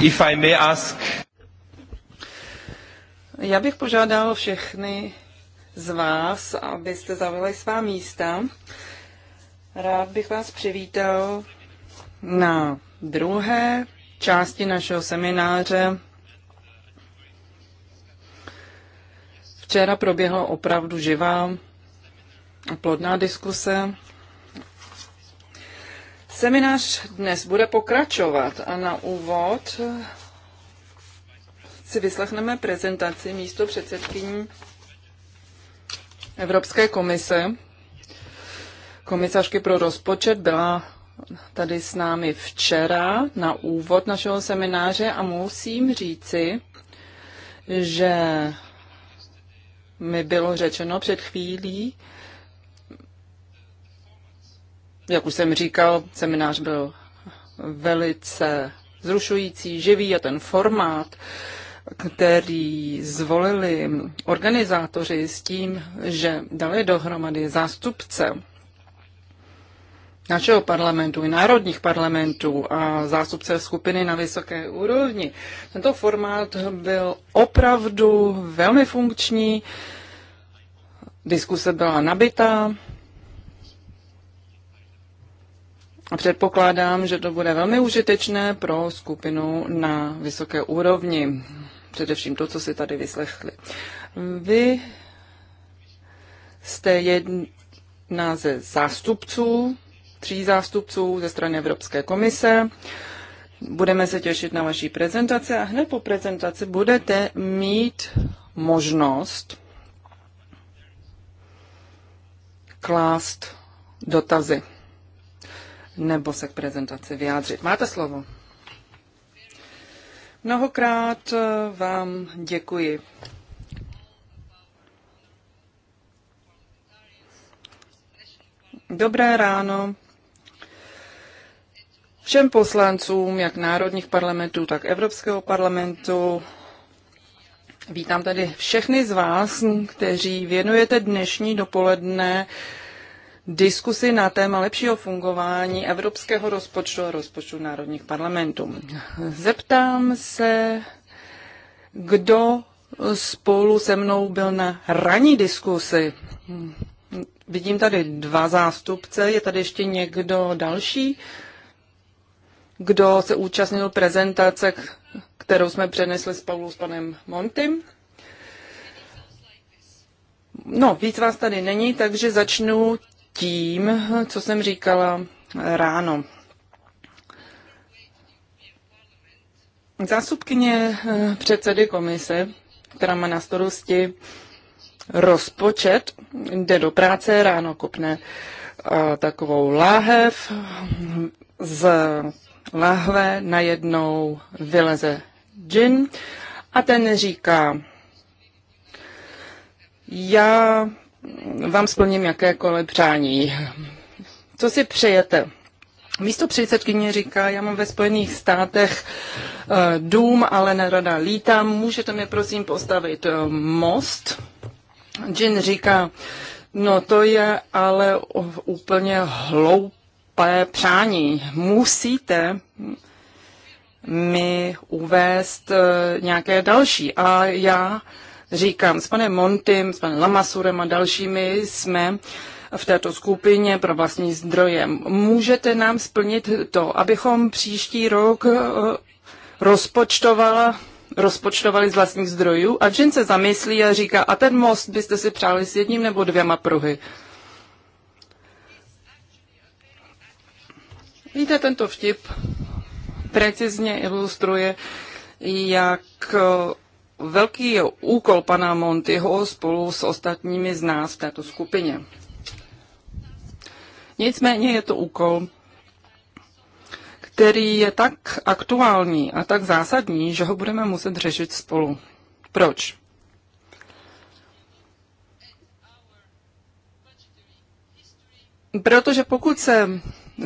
if I may ask... Já bych požádal všechny z vás, abyste zavolali svá místa. Rád bych vás přivítal na druhé části našeho semináře. Včera proběhla opravdu živá a plodná diskuse Seminář dnes bude pokračovat a na úvod si vyslechneme prezentaci místo předsedkyní Evropské komise. Komisařky pro rozpočet byla tady s námi včera na úvod našeho semináře a musím říci, že mi bylo řečeno před chvílí, jak už jsem říkal, seminář byl velice zrušující, živý a ten formát, který zvolili organizátoři s tím, že dali dohromady zástupce našeho parlamentu i národních parlamentů a zástupce skupiny na vysoké úrovni. Tento formát byl opravdu velmi funkční, diskuse byla nabitá, Předpokládám, že to bude velmi užitečné pro skupinu na vysoké úrovni, především to, co si tady vyslechli. Vy jste jedna ze zástupců, tří zástupců ze strany Evropské komise. Budeme se těšit na vaší prezentaci a hned po prezentaci budete mít možnost klást dotazy nebo se k prezentaci vyjádřit. Máte slovo. Mnohokrát eh, vám děkuji. Dobré ráno všem poslancům, jak národních parlamentů, tak Evropského parlamentu. Vítám tady všechny z vás, kteří věnujete dnešní dopoledne uh, diskusi na téma lepšího fungování evropského rozpočtu a rozpočtu národních parlamentů. Zeptám se, kdo spolu se mnou byl na ranní diskusi. Vidím tady dva zástupce, je tady ještě někdo další, kdo se účastnil prezentace, kterou jsme přenesli s Paulou s panem Montym. No, víc vás tady není, takže začnu tím, co jsem říkala ráno. Zásupkyně eh, předsedy komise, která má na starosti rozpočet, jde do práce, ráno kopne eh, takovou láhev, z lahve najednou vyleze džin a ten říká, já vám splním jakékoliv přání. Co si přejete? Místo předsedkyně říká, já mám ve Spojených státech eh, dům, ale nerada lítám. Můžete mi prosím postavit eh, most? Jin říká, no to je ale úplně hloupé přání. Musíte mi uvést eh, nějaké další. A já říkám, s panem Montym, s panem Lamasurem a dalšími jsme v této skupině pro vlastní zdroje. Můžete nám splnit to, abychom příští rok eh, rozpočtovala rozpočtovali z vlastních zdrojů a Jin se zamyslí a říká, a ten most byste si přáli s jedním nebo dvěma pruhy. Víte, tento vtip precizně ilustruje, jak eh, velký úkol pana Montyho spolu s ostatními z nás v této skupině. Nicméně je to úkol, který je tak aktuální a tak zásadní, že ho budeme muset řešit spolu. Proč? Protože pokud se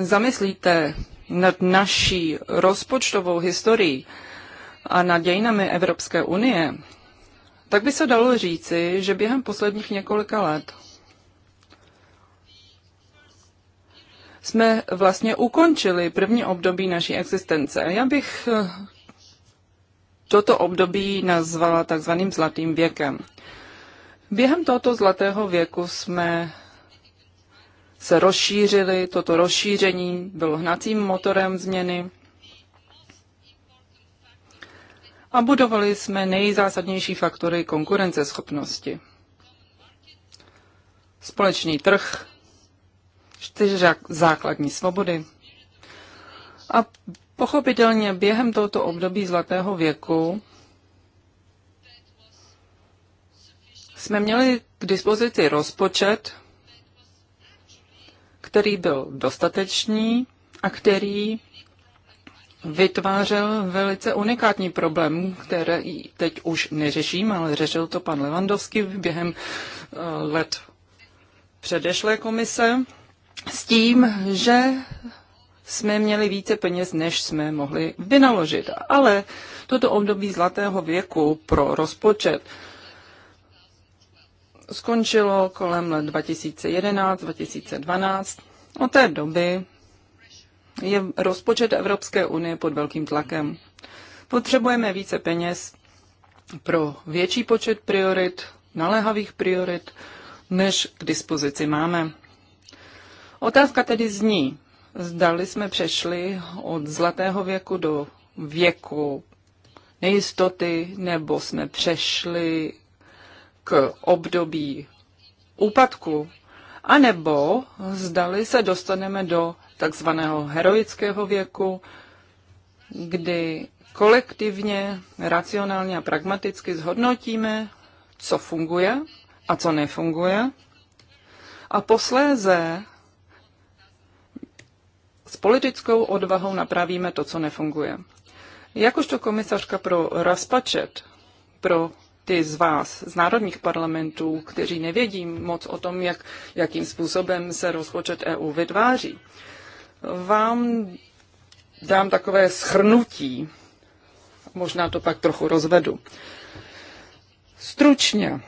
zamyslíte nad naší rozpočtovou historií, a nad dějinami Evropské unie, tak by se dalo říci, že během posledních několika let jsme vlastně ukončili první období naší existence. Já bych eh, toto období nazvala takzvaným zlatým věkem. Během tohoto zlatého věku jsme se rozšířili, toto rozšíření bylo hnacím motorem změny a budovali jsme nejzásadnější faktory konkurenceschopnosti. Společný trh, čtyři základní svobody a pochopitelně během tohoto období zlatého věku jsme měli k dispozici rozpočet, který byl dostatečný a který vytvářel velice unikátní problém, který teď už neřeším, ale řešil to pan Levandovský během eh, let předešlé komise s tím, že jsme měli více peněz, než jsme mohli vynaložit. Ale toto období zlatého věku pro rozpočet skončilo kolem let 2011-2012. Od té doby je rozpočet Evropské unie pod velkým tlakem. Potřebujeme více peněz pro větší počet priorit, naléhavých priorit, než k dispozici máme. Otázka tedy zní, zdali jsme přešli od zlatého věku do věku nejistoty, nebo jsme přešli k období úpadku, anebo zdali se dostaneme do takzvaného heroického věku, kdy kolektivně, racionálně a pragmaticky zhodnotíme, co funguje a co nefunguje, a posléze s politickou odvahou napravíme to, co nefunguje. Jakožto komisařka pro rozpočet pro ty z vás z národních parlamentů, kteří nevědí moc o tom, jak, jakým způsobem se rozpočet EU vytváří, vám dám takové schrnutí. Možná to pak trochu rozvedu. Stručně,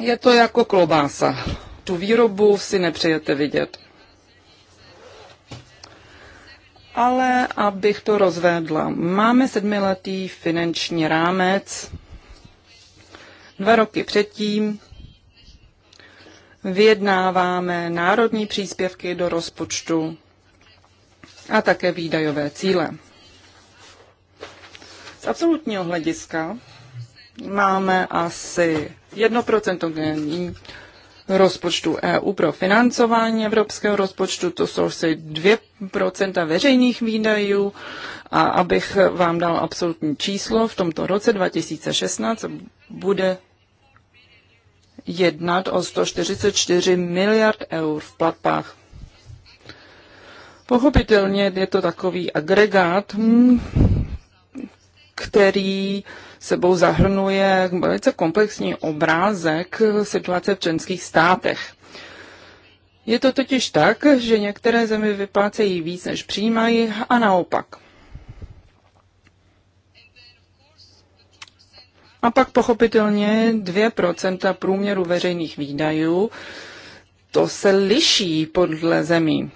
je to jako klobása. Tu výrobu si nepřejete vidět. Ale abych to rozvedla, máme sedmiletý finanční rámec. Dva roky předtím vyjednáváme národní příspěvky do rozpočtu a také výdajové cíle. Z absolutního hlediska máme asi 1% rozpočtu EU pro financování evropského rozpočtu, to jsou asi 2% veřejných výdajů. A abych vám dal absolutní číslo, v tomto roce 2016 bude jednat o 144 miliard eur v platbách. Pochopitelně je to takový agregát, hm, který sebou zahrnuje velice komplexní obrázek situace v členských státech. Je to totiž tak, že některé země vyplácejí víc, než přijímají, a naopak. A pak pochopitelně 2% průměru veřejných výdajů, to se liší podle zemí.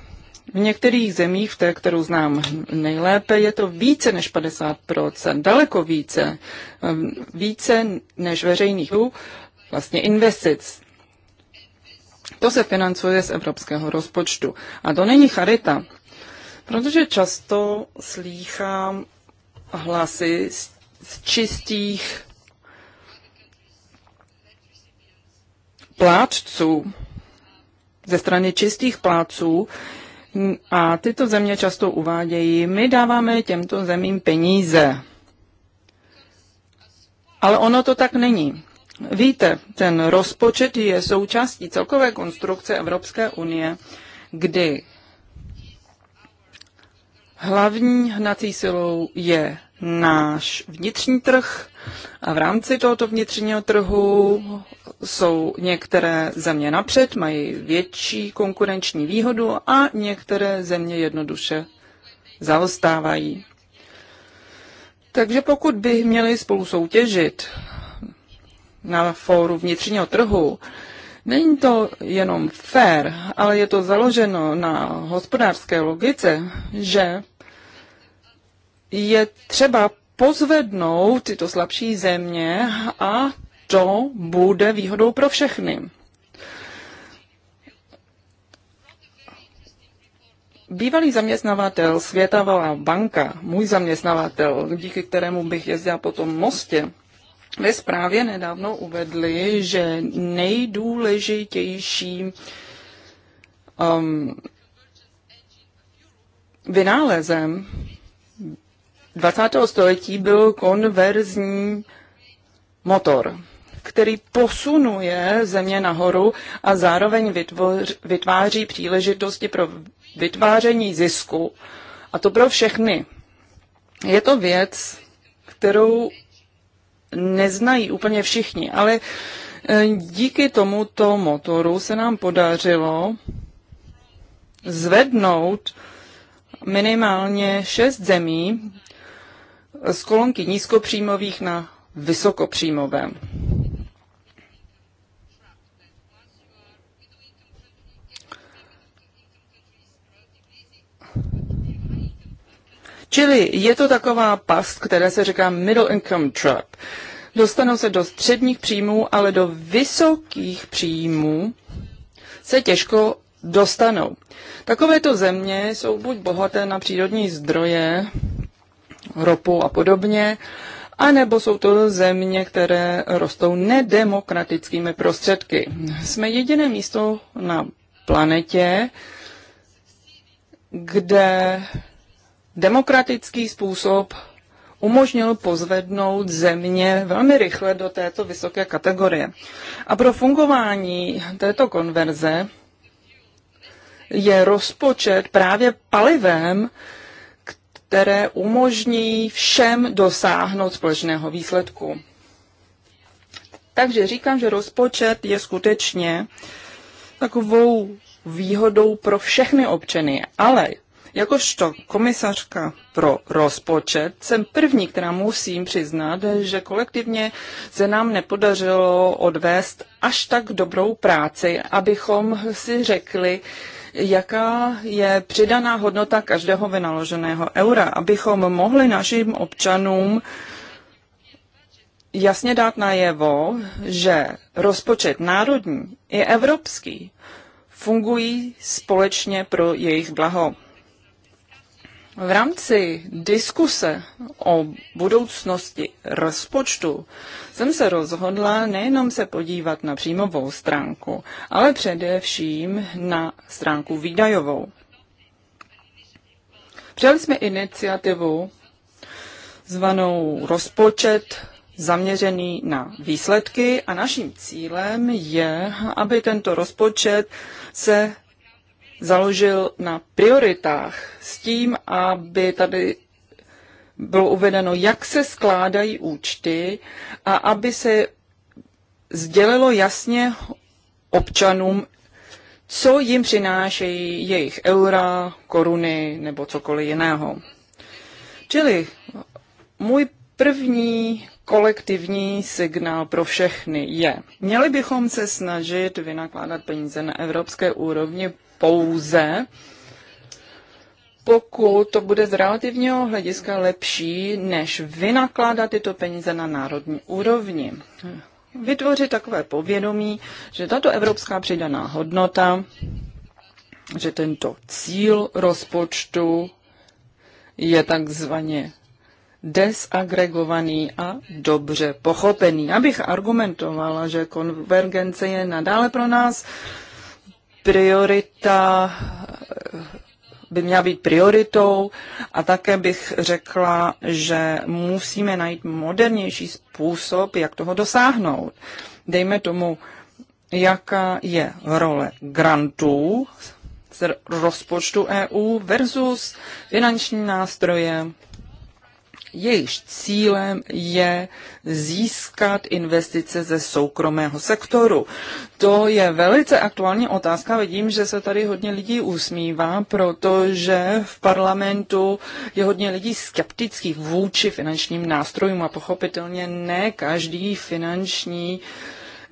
V některých zemích, v té, kterou znám nejlépe, je to více než 50%, daleko více, ehm, více než veřejných vlastně investic. To se financuje z evropského rozpočtu. A to není charita, protože často slýchám hlasy z, z čistých plátců, ze strany čistých plátců, a tyto země často uvádějí, my dáváme těmto zemím peníze. Ale ono to tak není. Víte, ten rozpočet je součástí celkové konstrukce Evropské unie, kdy hlavní hnací silou je náš vnitřní trh a v rámci tohoto vnitřního trhu jsou některé země napřed, mají větší konkurenční výhodu a některé země jednoduše zaostávají. Takže pokud by měli spolu soutěžit na fóru vnitřního trhu, není to jenom fér, ale je to založeno na hospodářské logice, že je třeba pozvednout tyto slabší země a to bude výhodou pro všechny. Bývalý zaměstnavatel Světová banka, můj zaměstnavatel, díky kterému bych jezdila po tom mostě, ve zprávě nedávno uvedli, že nejdůležitějším um, vynálezem 20. století byl konverzní motor, který posunuje země nahoru a zároveň vytvoř, vytváří příležitosti pro vytváření zisku. A to pro všechny. Je to věc, kterou neznají úplně všichni, ale e, díky tomuto motoru se nám podařilo zvednout minimálně šest zemí z kolonky nízkopříjmových na vysokopříjmové. Čili je to taková past, která se říká middle income trap. Dostanou se do středních příjmů, ale do vysokých příjmů se těžko dostanou. Takovéto země jsou buď bohaté na přírodní zdroje, ropu a podobně. A nebo jsou to země, které rostou nedemokratickými prostředky. Jsme jediné místo na planetě, kde demokratický způsob umožnil pozvednout země velmi rychle do této vysoké kategorie. A pro fungování této konverze je rozpočet právě palivem, které umožní všem dosáhnout společného výsledku. Takže říkám, že rozpočet je skutečně takovou výhodou pro všechny občany, ale jakožto komisařka pro rozpočet jsem první, která musím přiznat, že kolektivně se nám nepodařilo odvést až tak dobrou práci, abychom si řekli, jaká je přidaná hodnota každého vynaloženého eura, abychom mohli našim občanům jasně dát najevo, že rozpočet národní i evropský fungují společně pro jejich blaho. V rámci diskuse o budoucnosti rozpočtu jsem se rozhodla nejenom se podívat na příjmovou stránku, ale především na stránku výdajovou. Přijali jsme iniciativu zvanou rozpočet zaměřený na výsledky a naším cílem je, aby tento rozpočet se založil na prioritách s tím, aby tady bylo uvedeno, jak se skládají účty a aby se sdělilo jasně občanům, co jim přinášejí jejich eura, koruny nebo cokoliv jiného. Čili můj první kolektivní signál pro všechny je, měli bychom se snažit vynakládat peníze na evropské úrovni pouze pokud to bude z relativního hlediska lepší, než vynakládat tyto peníze na národní úrovni. Vytvořit takové povědomí, že tato evropská přidaná hodnota, že tento cíl rozpočtu je takzvaně desagregovaný a dobře pochopený. Abych argumentovala, že konvergence je nadále pro nás priorita by měla být prioritou a také bych řekla, že musíme najít modernější způsob, jak toho dosáhnout. Dejme tomu, jaká je role grantů z rozpočtu EU versus finanční nástroje Jejichž cílem je získat investice ze soukromého sektoru. To je velice aktuální otázka. Vidím, že se tady hodně lidí usmívá, protože v parlamentu je hodně lidí skeptických vůči finančním nástrojům a pochopitelně ne každý finanční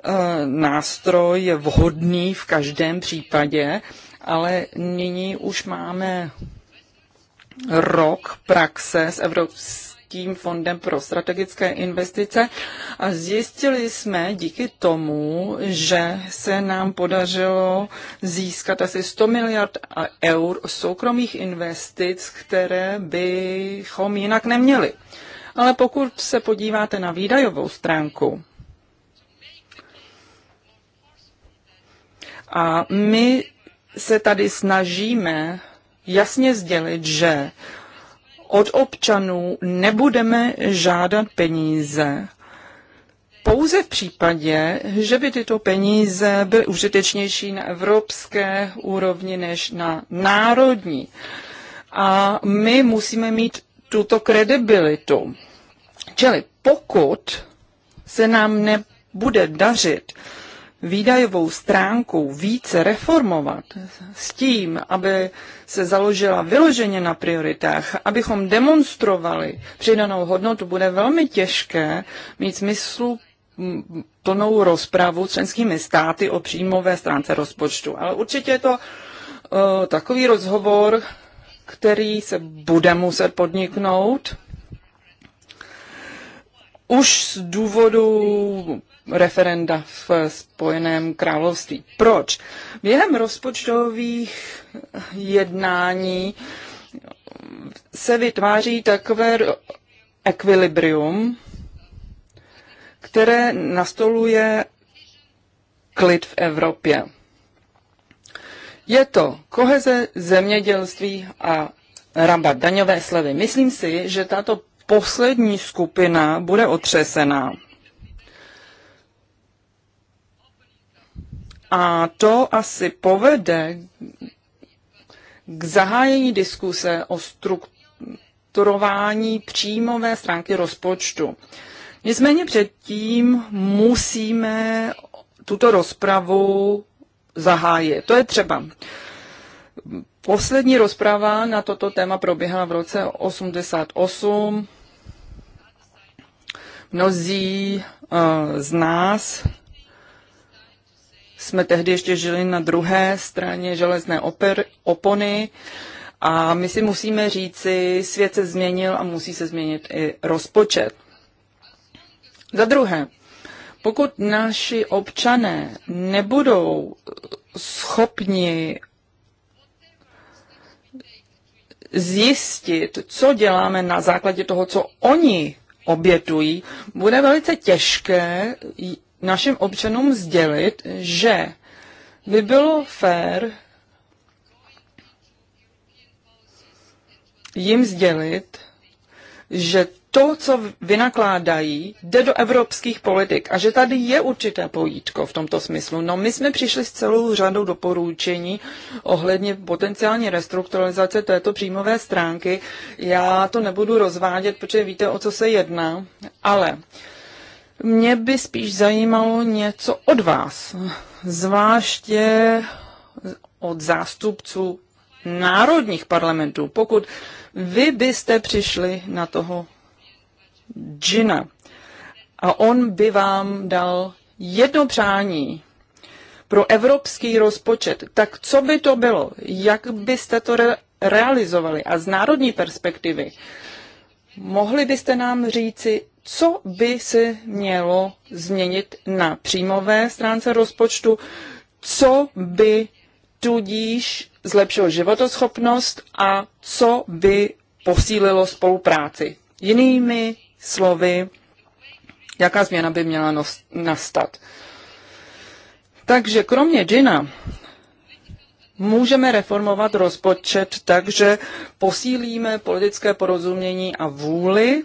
eh, nástroj je vhodný v každém případě, ale nyní už máme rok praxe s Evropským Evropským fondem pro strategické investice a zjistili jsme díky tomu, že se nám podařilo získat asi 100 miliard eur soukromých investic, které bychom jinak neměli. Ale pokud se podíváte na výdajovou stránku, a my se tady snažíme jasně sdělit, že od občanů nebudeme žádat peníze, pouze v případě, že by tyto peníze byly užitečnější na evropské úrovni než na národní. A my musíme mít tuto kredibilitu. Čili pokud se nám nebude dařit výdajovou stránku více reformovat s tím, aby se založila vyloženě na prioritách, abychom demonstrovali přidanou hodnotu, bude velmi těžké mít smyslu plnou rozpravu členskými státy o příjmové stránce rozpočtu. Ale určitě je to uh, takový rozhovor, který se bude muset podniknout už z důvodu referenda v Spojeném království. Proč? Během rozpočtových jednání se vytváří takové ekvilibrium, které nastoluje klid v Evropě. Je to koheze zemědělství a rabat daňové slevy. Myslím si, že tato poslední skupina bude otřesená. A to asi povede k zahájení diskuse o strukturování příjmové stránky rozpočtu. Nicméně předtím musíme tuto rozpravu zahájit. To je třeba. Poslední rozprava na toto téma proběhla v roce 88 Mnozí eh, z nás jsme tehdy ještě žili na druhé straně železné oper, opony a my si musíme říci, svět se změnil a musí se změnit i rozpočet. Za druhé, pokud naši občané nebudou schopni zjistit, co děláme na základě toho, co oni obětují, bude velice těžké našim občanům sdělit, že by bylo fér jim sdělit, že to, co vynakládají, jde do evropských politik a že tady je určité pojítko v tomto smyslu. No my jsme přišli s celou řadou doporučení ohledně potenciální restrukturalizace této příjmové stránky. Já to nebudu rozvádět, protože víte, o co se jedná, ale mě by spíš zajímalo něco od vás, zvláště od zástupců národních parlamentů, pokud vy byste přišli na toho džina. A on by vám dal jedno přání pro evropský rozpočet. Tak co by to bylo? Jak byste to re- realizovali? A z národní perspektivy, mohli byste nám říci, co by se mělo změnit na příjmové stránce rozpočtu, co by tudíž zlepšilo životoschopnost a co by posílilo spolupráci. Jinými slovy, jaká změna by měla nos, nastat. Takže kromě džina můžeme reformovat rozpočet tak, že posílíme politické porozumění a vůli,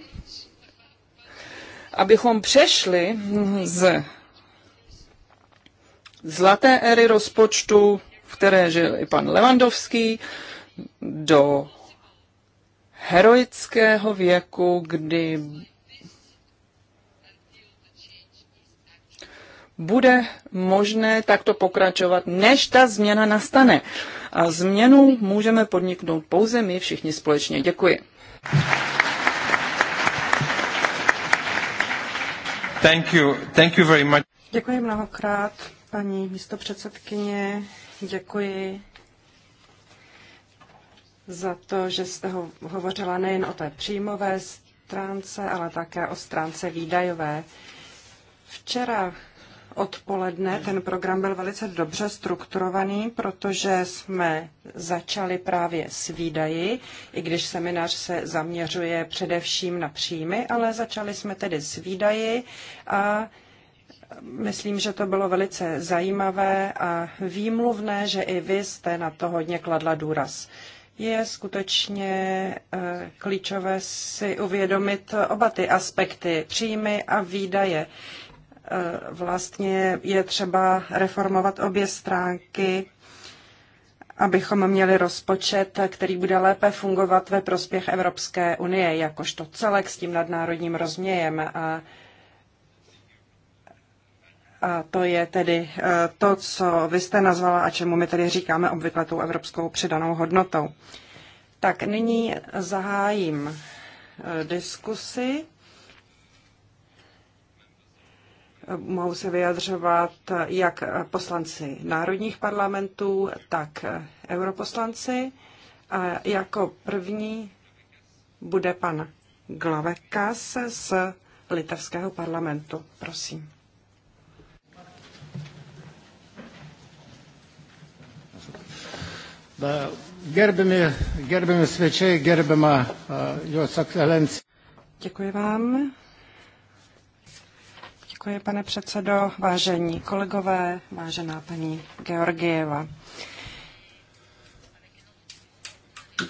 abychom přešli z zlaté éry rozpočtu, v které žil i pan Levandovský, do heroického věku, kdy bude možné takto pokračovat, než ta změna nastane. A změnu můžeme podniknout pouze my všichni společně. Děkuji. Thank you. Thank you very much. Děkuji mnohokrát, paní místopředsedkyně. Děkuji za to, že jste ho, hovořila nejen o té příjmové stránce, ale také o stránce výdajové. Včera odpoledne ten program byl velice dobře strukturovaný, protože jsme začali právě s výdaji, i když seminář se zaměřuje především na příjmy, ale začali jsme tedy s výdaji a Myslím, že to bylo velice zajímavé a výmluvné, že i vy jste na to hodně kladla důraz je skutečně eh, klíčové si uvědomit oba ty aspekty, příjmy a výdaje. Eh, vlastně je třeba reformovat obě stránky, abychom měli rozpočet, který bude lépe fungovat ve prospěch Evropské unie, jakožto celek s tím nadnárodním rozměrem. A a to je tedy e, to, co vy jste nazvala a čemu my tedy říkáme obvykle tou evropskou přidanou hodnotou. Tak nyní zahájím e, diskusi. Mohou se vyjadřovat jak poslanci národních parlamentů, tak europoslanci. A jako první bude pan Glavekas z litevského parlamentu. Prosím. gerbimi, gerbimi svečiai, gerbima jos Děkuji vám. Děkuji, pane předsedo, vážení kolegové, vážená paní Georgieva.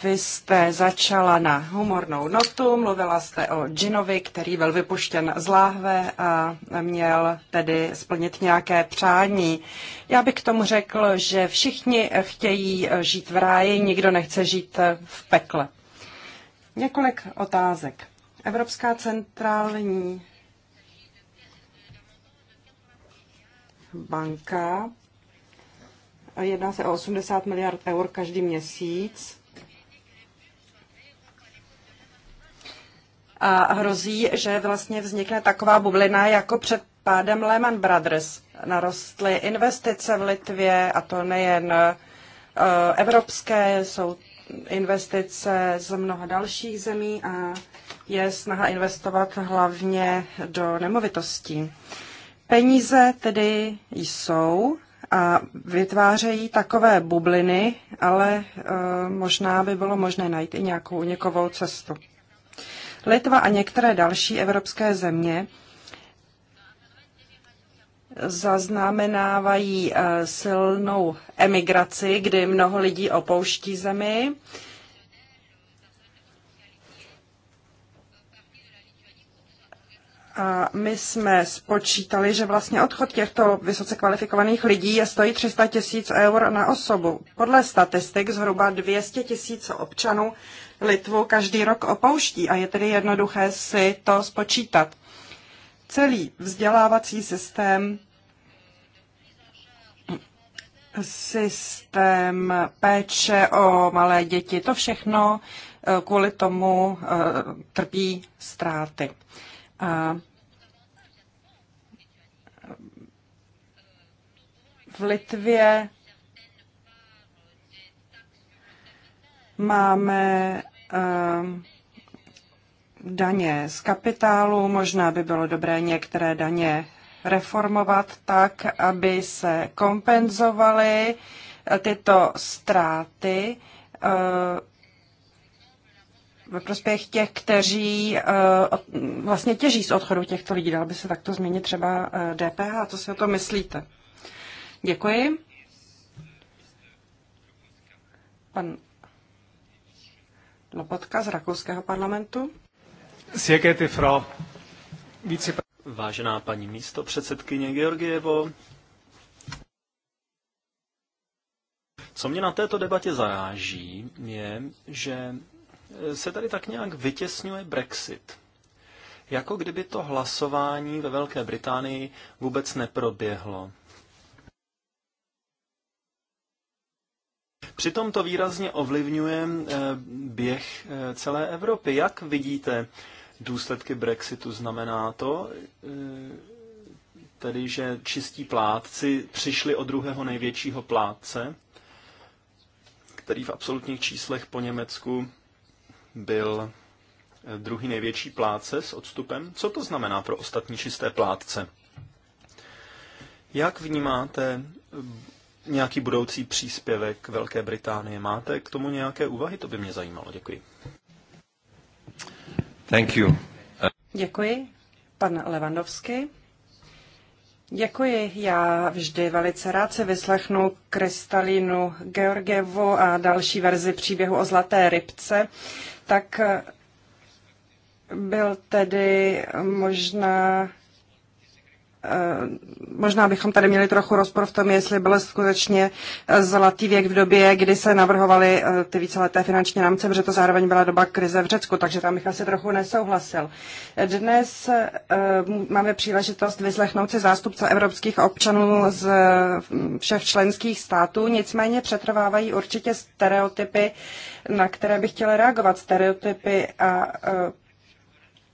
Vy jste začala na humornou notu, mluvila jste o Ginovi, který byl vypuštěn z láhve a měl tedy splnit nějaké přání. Já bych k tomu řekl, že všichni chtějí žít v ráji, nikdo nechce žít v pekle. Několik otázek. Evropská centrální banka. Jedná se o 80 miliard eur každý měsíc. a hrozí, že vlastně vznikne taková bublina jako před pádem Lehman Brothers. Narostly investice v Litvě a to nejen eh, evropské, jsou investice z mnoha dalších zemí a je snaha investovat hlavně do nemovitostí. Peníze tedy jsou a vytvářejí takové bubliny, ale eh, možná by bylo možné najít i nějakou unikovou cestu. Litva a některé další evropské země zaznamenávají eh, silnou emigraci, kdy mnoho lidí opouští zemi. A my jsme spočítali, že vlastně odchod těchto vysoce kvalifikovaných lidí je stojí 300 tisíc eur na osobu. Podle statistik zhruba 200 tisíc občanů Litvu každý rok opouští a je tedy jednoduché si to spočítat. Celý vzdělávací systém systém péče o malé děti, to všechno eh, kvůli tomu eh, trpí ztráty. A eh, v Litvě Máme eh, daně z kapitálu, možná by bylo dobré některé daně reformovat tak, aby se kompenzovaly eh, tyto ztráty eh, ve prospěch těch, kteří vlastně těží z odchodu těchto lidí. Dal by se takto změnit třeba DPH. Co si o to myslíte? Děkuji. Pan Lopatka z rakouského parlamentu. Vážená paní místo předsedkyně Georgievo, co mě na této debatě zaráží, je, že se tady tak nějak vytěsňuje Brexit. Jako kdyby to hlasování ve Velké Británii vůbec neproběhlo. Přitom to výrazně ovlivňuje eh, běh eh, celé Evropy. Jak vidíte důsledky Brexitu? Znamená to, eh, tedy že čistí plátci přišli o druhého největšího plátce, který v absolutních číslech po Německu byl druhý největší plátce s odstupem. Co to znamená pro ostatní čisté plátce? Jak vnímáte nějaký budoucí příspěvek Velké Británie. Máte k tomu nějaké úvahy? To by mě zajímalo. Děkuji. Thank you. Děkuji. Pan Levandovský. Děkuji. Já vždy velice rád se vyslechnu Kristalinu Georgievu a další verzi příběhu o zlaté rybce. Tak byl tedy možná Eh, možná bychom tady měli trochu rozpor v tom, jestli byl skutečně eh, zlatý věk v době, kdy se navrhovaly eh, ty víceleté finanční rámce, protože to zároveň byla doba krize v Řecku, takže tam bych asi trochu nesouhlasil. Dnes máme příležitost vyslechnout si zástupce evropských občanů z hm, všech členských států, nicméně přetrvávají určitě stereotypy, na které bych chtěla reagovat, stereotypy a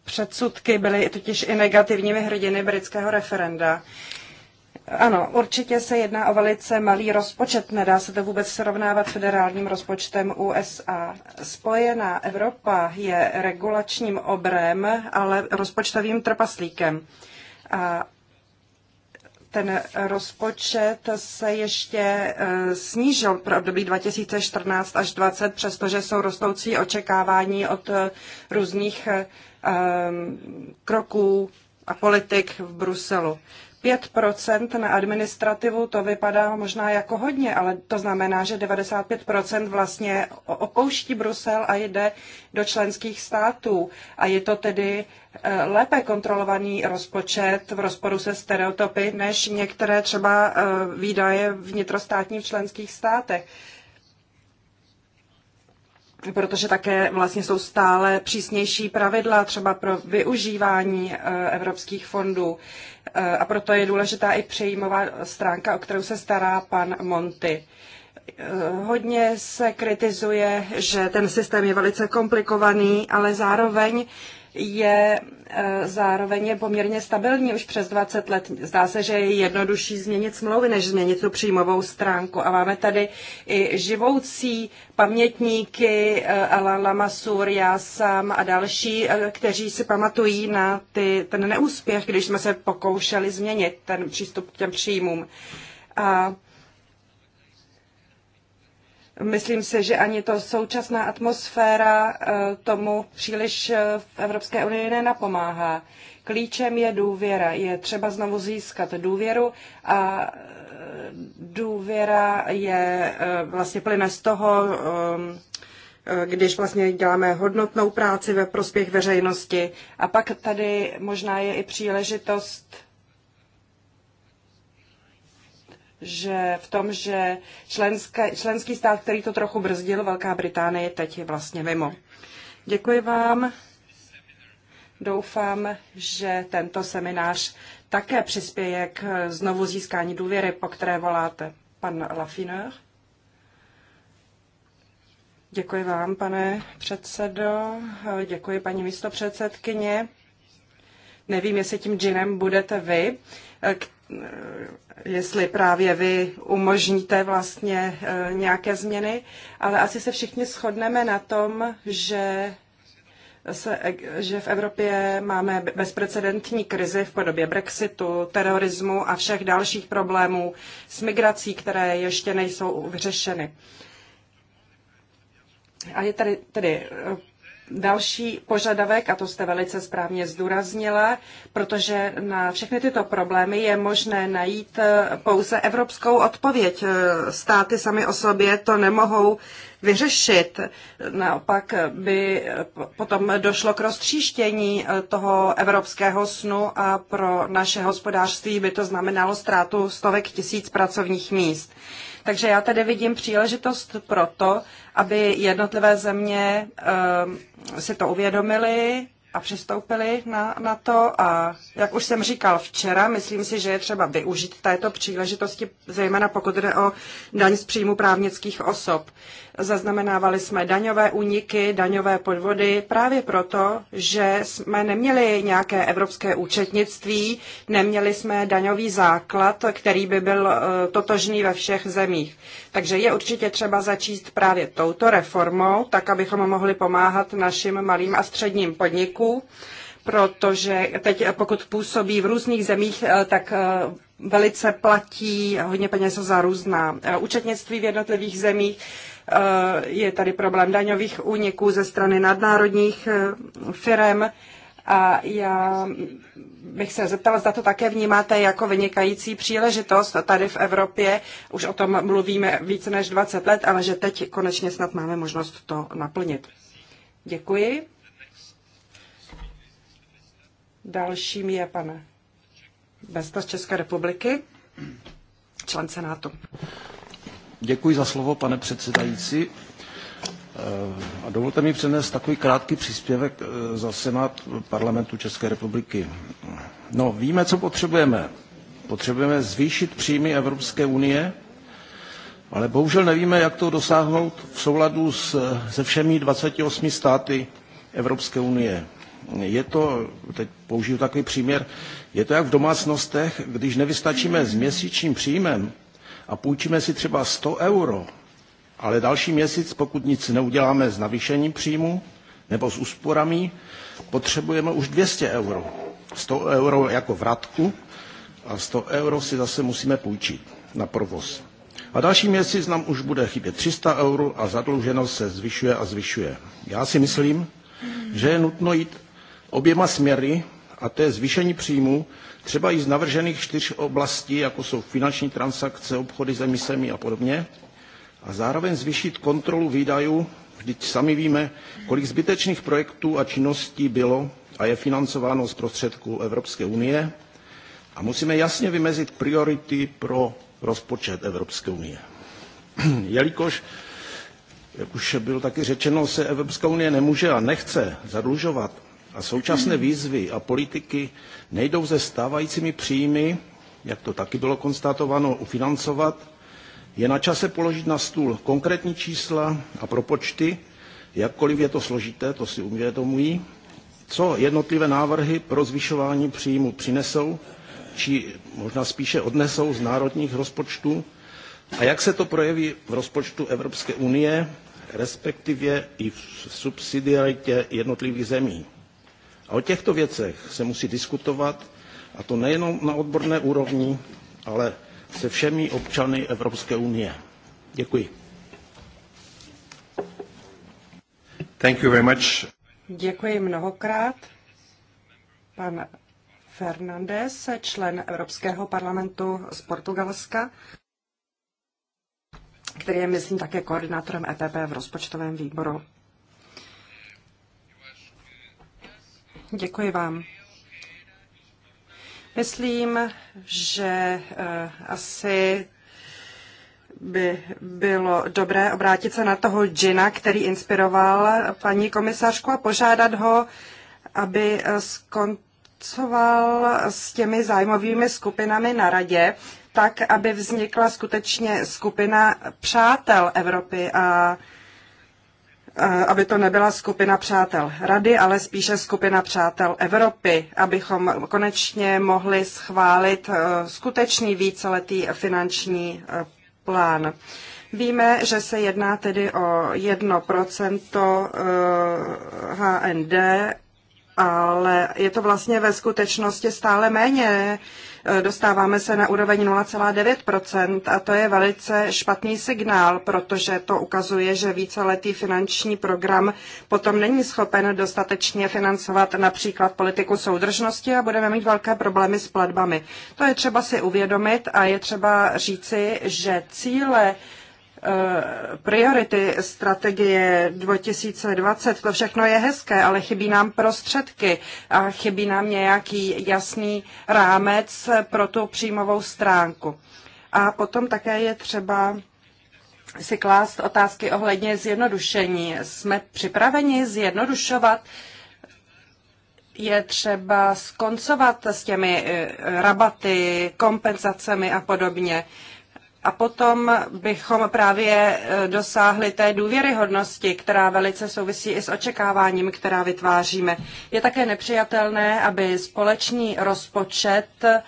Předsudky byly totiž i negativními hrdiny britského referenda. Ano, určitě se jedná o velice malý rozpočet, nedá se to vůbec srovnávat s federálním rozpočtem USA. Spojená Evropa je regulačním obrem, ale rozpočtovým trpaslíkem. A ten rozpočet se ještě eh, snížil pro období 2014 až 2020, přestože jsou rostoucí očekávání od eh, různých eh, kroků a politik v Bruselu. 5% na administrativu, to vypadá možná jako hodně, ale to znamená, že 95% vlastně opouští Brusel a jde do členských států. A je to tedy eh, lépe kontrolovaný rozpočet v rozporu se stereotypy, než některé třeba eh, výdaje vnitrostátní v členských státech protože také vlastně jsou stále přísnější pravidla třeba pro využívání eh, evropských fondů. Eh, a proto je důležitá i přejímová stránka, o kterou se stará pan Monty. Eh, hodně se kritizuje, že ten systém je velice komplikovaný, ale zároveň je eh, zároveň je poměrně stabilní už přes 20 let. Zdá se, že je jednodušší změnit smlouvy, než změnit tu příjmovou stránku. A máme tady i živoucí pamětníky eh, Alala Masur, já sám a další, eh, kteří si pamatují na ty, ten neúspěch, když jsme se pokoušeli změnit ten přístup k těm příjmům. A Myslím si, že ani to současná atmosféra eh, tomu příliš eh, v Evropské unii nenapomáhá. Klíčem je důvěra. Je třeba znovu získat důvěru a eh, důvěra je vlastně plyne z toho, když vlastně děláme hodnotnou práci ve prospěch veřejnosti. A pak tady možná je i příležitost že v tom, že členské, členský stát, který to trochu brzdil, Velká Británie, teď je vlastně mimo. Děkuji vám. Doufám, že tento seminář také přispěje k znovu získání důvěry, po které voláte. Pan Lafineur. Děkuji vám, pane předsedo. Děkuji, paní místopředsedkyně. Nevím, jestli tím džinem budete vy, jestli právě vy umožníte vlastně eh, nějaké změny, ale asi se všichni shodneme na tom, že se, že v Evropě máme bezprecedentní krizi v podobě Brexitu, terorismu a všech dalších problémů s migrací, které ještě nejsou vyřešeny. A je tady tedy eh, Další požadavek, a to jste velice správně zdůraznila, protože na všechny tyto problémy je možné najít eh, pouze evropskou odpověď. Eh, státy sami o sobě to nemohou vyřešit. Naopak by eh, potom došlo k roztříštění toho evropského snu a pro naše hospodářství by to znamenalo ztrátu stovek tisíc pracovních míst. Takže já tady vidím příležitost pro to, aby jednotlivé země ehm, si to uvědomily a přistoupili na, na to a jak už jsem říkal včera, myslím si, že je třeba využít této příležitosti, zejména pokud jde o daň z příjmu právnických osob. Zaznamenávali jsme daňové úniky, daňové podvody právě proto, že jsme neměli nějaké evropské účetnictví, neměli jsme daňový základ, který by byl eh, totožný ve všech zemích. Takže je určitě třeba začít právě touto reformou, tak abychom mohli pomáhat našim malým a středním podnikům protože teď eh, pokud působí v různých zemích, eh, tak velice platí hodně peněz za různá účetnictví v jednotlivých zemích Eh, je tady problém daňových úniků ze strany nadnárodních eh, firm. A já bych se zeptala, zda to také vnímáte jako vynikající příležitost tady v Evropě. Už o tom mluvíme více než 20 let, ale že teď konečně snad máme možnost to naplnit. Děkuji. Dalším je pan Besta z České republiky, člen Senátu. Děkuji za slovo, pane předsedající. Eh, a dovolte mi přenést takový krátký příspěvek eh, za Senát parlamentu České republiky. No, víme, co potřebujeme. Potřebujeme zvýšit příjmy Evropské unie, ale bohužel nevíme, jak to dosáhnout v souladu s, se všemi 28 státy Evropské unie. Je to, teď použiju takový příměr, je to jak v domácnostech, když nevystačíme s měsíčním příjmem, a půjčíme si třeba 100 euro, ale další měsíc, pokud nic neuděláme s navýšením příjmu nebo s úsporami, potřebujeme už 200 euro. 100 euro jako vratku a 100 euro si zase musíme půjčit na provoz. A další měsíc nám už bude chybět 300 euro a zadluženost se zvyšuje a zvyšuje. Já si myslím, že je nutno jít oběma směry, a to je zvýšení příjmu Třeba i z navržených čtyř oblastí, jako jsou finanční transakce, obchody s emisemi a podobně, a zároveň zvýšit kontrolu výdajů, vždyť sami víme, kolik zbytečných projektů a činností bylo a je financováno z prostředků Evropské unie a musíme jasně vymezit priority pro rozpočet Evropské unie. Jelikož, jak už bylo taky řečeno, se Evropská unie nemůže a nechce zadlužovat a současné výzvy a politiky nejdou se stávajícími příjmy, jak to taky bylo konstatováno, ufinancovat, je na čase položit na stůl konkrétní čísla a propočty, jakkoliv je to složité, to si uvědomují, co jednotlivé návrhy pro zvyšování příjmu přinesou, či možná spíše odnesou z národních rozpočtů a jak se to projeví v rozpočtu Evropské unie, respektive i v subsidiaritě jednotlivých zemí. A o těchto věcech se musí diskutovat, a to nejenom na odborné úrovni, ale se všemi občany Evropské unie. Děkuji. Thank you very much. Děkuji mnohokrát. Pan Fernandez, člen Evropského parlamentu z Portugalska, který je, myslím, také koordinátorem EPP v rozpočtovém výboru. Děkuji vám. Myslím, že eh, asi by bylo dobré obrátit se na toho džina, který inspiroval paní komisařku a požádat ho, aby eh, skoncoval s těmi zájmovými skupinami na radě, tak, aby vznikla skutečně skupina přátel Evropy a Eh, aby to nebyla skupina přátel Rady, ale spíše skupina přátel Evropy, abychom konečně mohli schválit eh, skutečný víceletý finanční eh, plán. Víme, že se jedná tedy o 1% HND, ale je to vlastně ve skutečnosti stále méně Eh, dostáváme se na úroveň 0,9 a to je velice špatný signál, protože to ukazuje, že víceletý finanční program potom není schopen dostatečně financovat například politiku soudržnosti a budeme mít velké problémy s platbami. To je třeba si uvědomit a je třeba říci, že cíle Eh, priority strategie 2020, to všechno je hezké, ale chybí nám prostředky a chybí nám nějaký jasný rámec pro tu příjmovou stránku. A potom také je třeba si klást otázky ohledně zjednodušení. Jsme připraveni zjednodušovat je třeba skoncovat s těmi eh, rabaty, kompenzacemi a podobně a potom bychom právě e, dosáhli té důvěryhodnosti, která velice souvisí i s očekáváním, která vytváříme. Je také nepřijatelné, aby společný rozpočet e,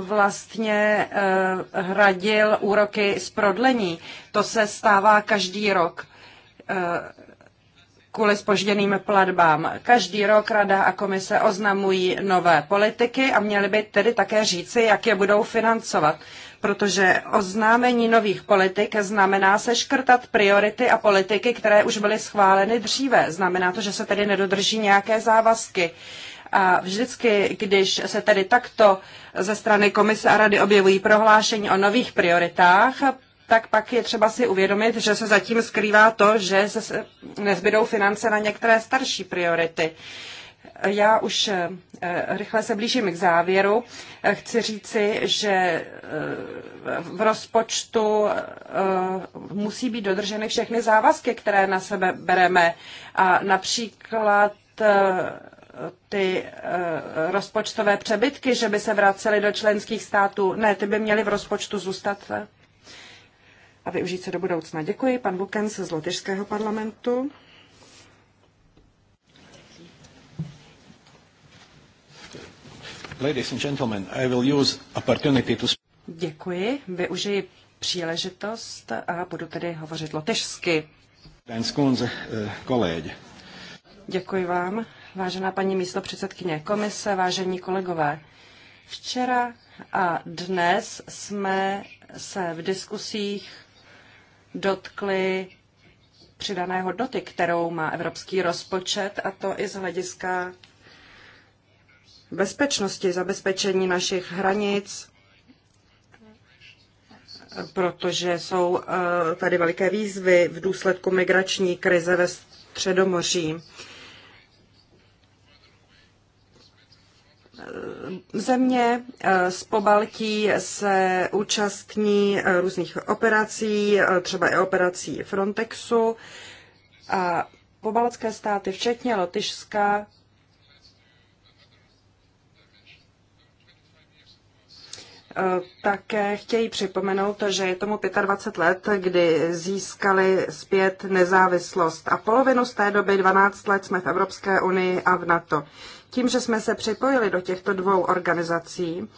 vlastně e, hradil úroky z prodlení. To se stává každý rok kvůli spožděným platbám. Každý rok Rada a Komise oznamují nové politiky a měly by tedy také říci, jak je budou financovat protože oznámení nových politik znamená se škrtat priority a politiky, které už byly schváleny dříve. Znamená to, že se tedy nedodrží nějaké závazky. A vždycky, když se tedy takto ze strany komise a rady objevují prohlášení o nových prioritách, tak pak je třeba si uvědomit, že se zatím skrývá to, že se nezbydou finance na některé starší priority. Já už eh, rychle se blížím k závěru. Eh, chci říci, že eh, v rozpočtu musí být dodrženy všechny závazky, které na sebe bereme. A například ty rozpočtové přebytky, že by se vracely do členských států. Ne, ty by měly v rozpočtu zůstat a využít se do budoucna. Děkuji. Pan Bukens, z Lotyšského parlamentu. Ladies and gentlemen, I will use opportunity to... Děkuji, využiji příležitost a budu tedy hovořit lotyšsky. Eh, Děkuji vám, vážená paní místopředsedkyně komise, vážení kolegové. Včera a dnes jsme se v diskusích dotkli přidané hodnoty, kterou má evropský rozpočet, a to i z hlediska bezpečnosti, zabezpečení našich hranic, protože jsou eh, tady veliké výzvy v důsledku migrační krize ve Středomoří. Eh, země eh, z Pobaltí se účastní různých operací, třeba i operací Frontexu. A pobaltské státy, včetně Lotyšska, Eh, také chtějí připomenout, že je tomu 25 let, kdy získali zpět nezávislost a polovinu z té doby 12 let jsme v Evropské unii a v NATO. Tím, že jsme se připojili do těchto dvou organizací,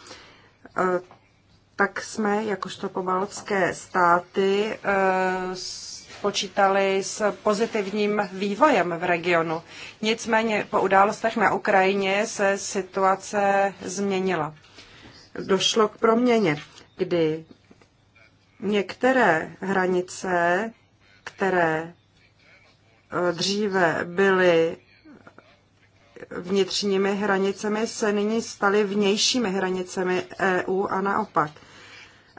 eh, tak jsme, jakožto pobaltské státy, eh, počítali s pozitivním vývojem v regionu. Nicméně po událostech na Ukrajině se situace změnila došlo k proměně, kdy některé hranice, které eh, dříve byly vnitřními hranicemi, se nyní staly vnějšími hranicemi EU a naopak.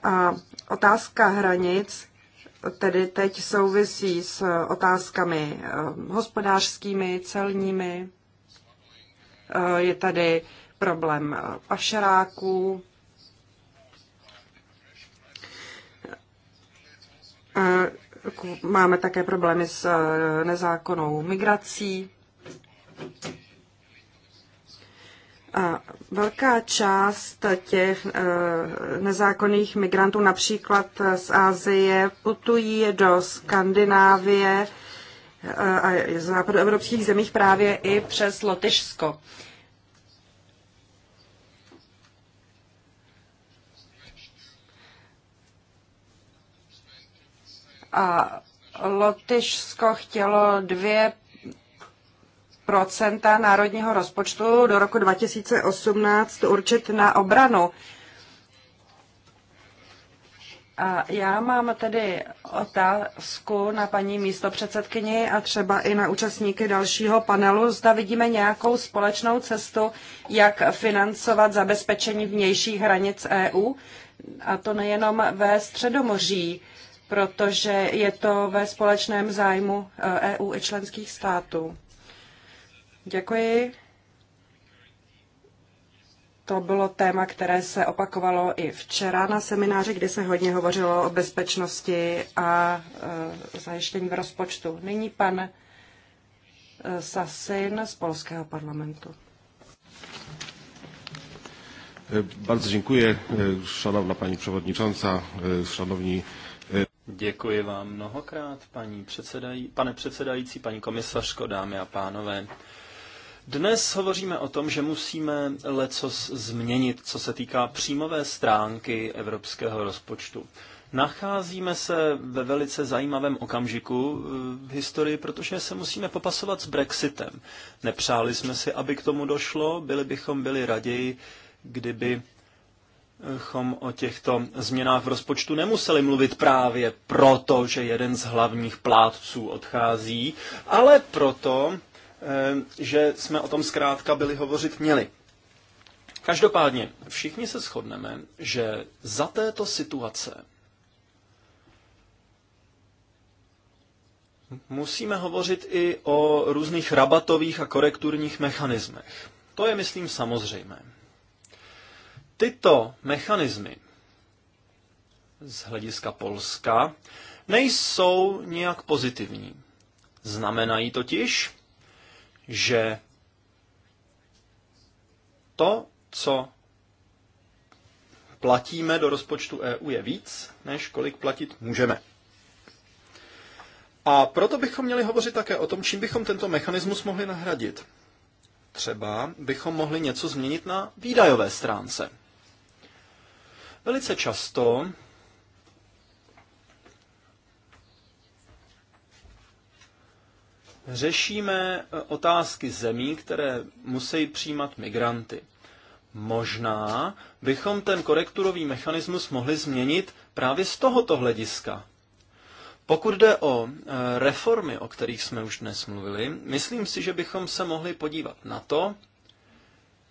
A otázka hranic tedy teď souvisí s otázkami eh, hospodářskými, celními. Eh, je tady problém pašeráků. Máme také problémy s eh, nezákonnou migrací. A velká část těch eh, nezákonných migrantů například z Asie putují do Skandinávie eh, a západoevropských zemích právě i přes Lotyšsko. a Lotyšsko chtělo 2 procenta národního rozpočtu do roku 2018 určit na obranu. A já mám tedy otázku na paní místopředsedkyni a třeba i na účastníky dalšího panelu. Zda vidíme nějakou společnou cestu, jak financovat zabezpečení vnějších hranic EU, a to nejenom ve Středomoří protože je to ve společném zájmu EU eh, e i členských států. Děkuji. To bylo téma, které se opakovalo i včera na semináři, kde se hodně hovořilo o bezpečnosti a eh, zajištění v rozpočtu. Nyní pan eh, Sasin z polského parlamentu. Bardzo dziękuję, szanowna pani przewodnicząca, szanowni Děkuji vám mnohokrát, paní předsedají, pane předsedající, paní komisařko, dámy a pánové. Dnes hovoříme o tom, že musíme lecos změnit, co se týká příjmové stránky evropského rozpočtu. Nacházíme se ve velice zajímavém okamžiku eh, v historii, protože se musíme popasovat s Brexitem. Nepřáli jsme si, aby k tomu došlo, byli bychom byli raději, kdyby chom o těchto změnách v rozpočtu nemuseli mluvit právě proto, že jeden z hlavních plátců odchází, ale proto, eh, že jsme o tom zkrátka byli hovořit měli. Každopádně, všichni se shodneme, že za této situace musíme hovořit i o různých rabatových a korekturních mechanismech. To je, myslím, samozřejmé tyto mechanismy z hlediska Polska nejsou nijak pozitivní. Znamenají totiž, že to, co platíme do rozpočtu EU, je víc, než kolik platit můžeme. A proto bychom měli hovořit také o tom, čím bychom tento mechanismus mohli nahradit. Třeba bychom mohli něco změnit na výdajové stránce. Velice často řešíme eh, otázky zemí, které musí přijímat migranty. Možná bychom ten korekturový mechanismus mohli změnit právě z tohoto hlediska. Pokud jde o eh, reformy, o kterých jsme už dnes mluvili, myslím si, že bychom se mohli podívat na to,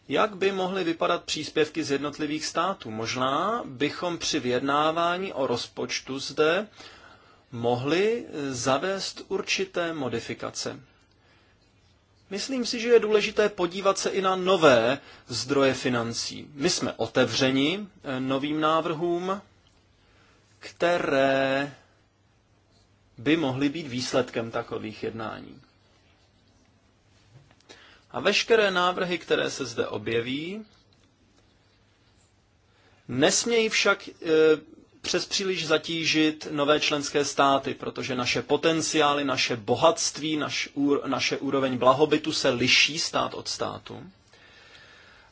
jak by mohly vypadat příspěvky z jednotlivých států? Možná bychom při vyjednávání o rozpočtu zde mohli zavést určité modifikace. Myslím si, že je důležité podívat se i na nové zdroje financí. My jsme otevřeni eh, novým návrhům, které by mohly být výsledkem takových jednání. A veškeré návrhy, které se zde objeví, nesmějí však e, přes příliš zatížit nové členské státy, protože naše potenciály, naše bohatství, naš, naše úroveň blahobytu se liší stát od státu.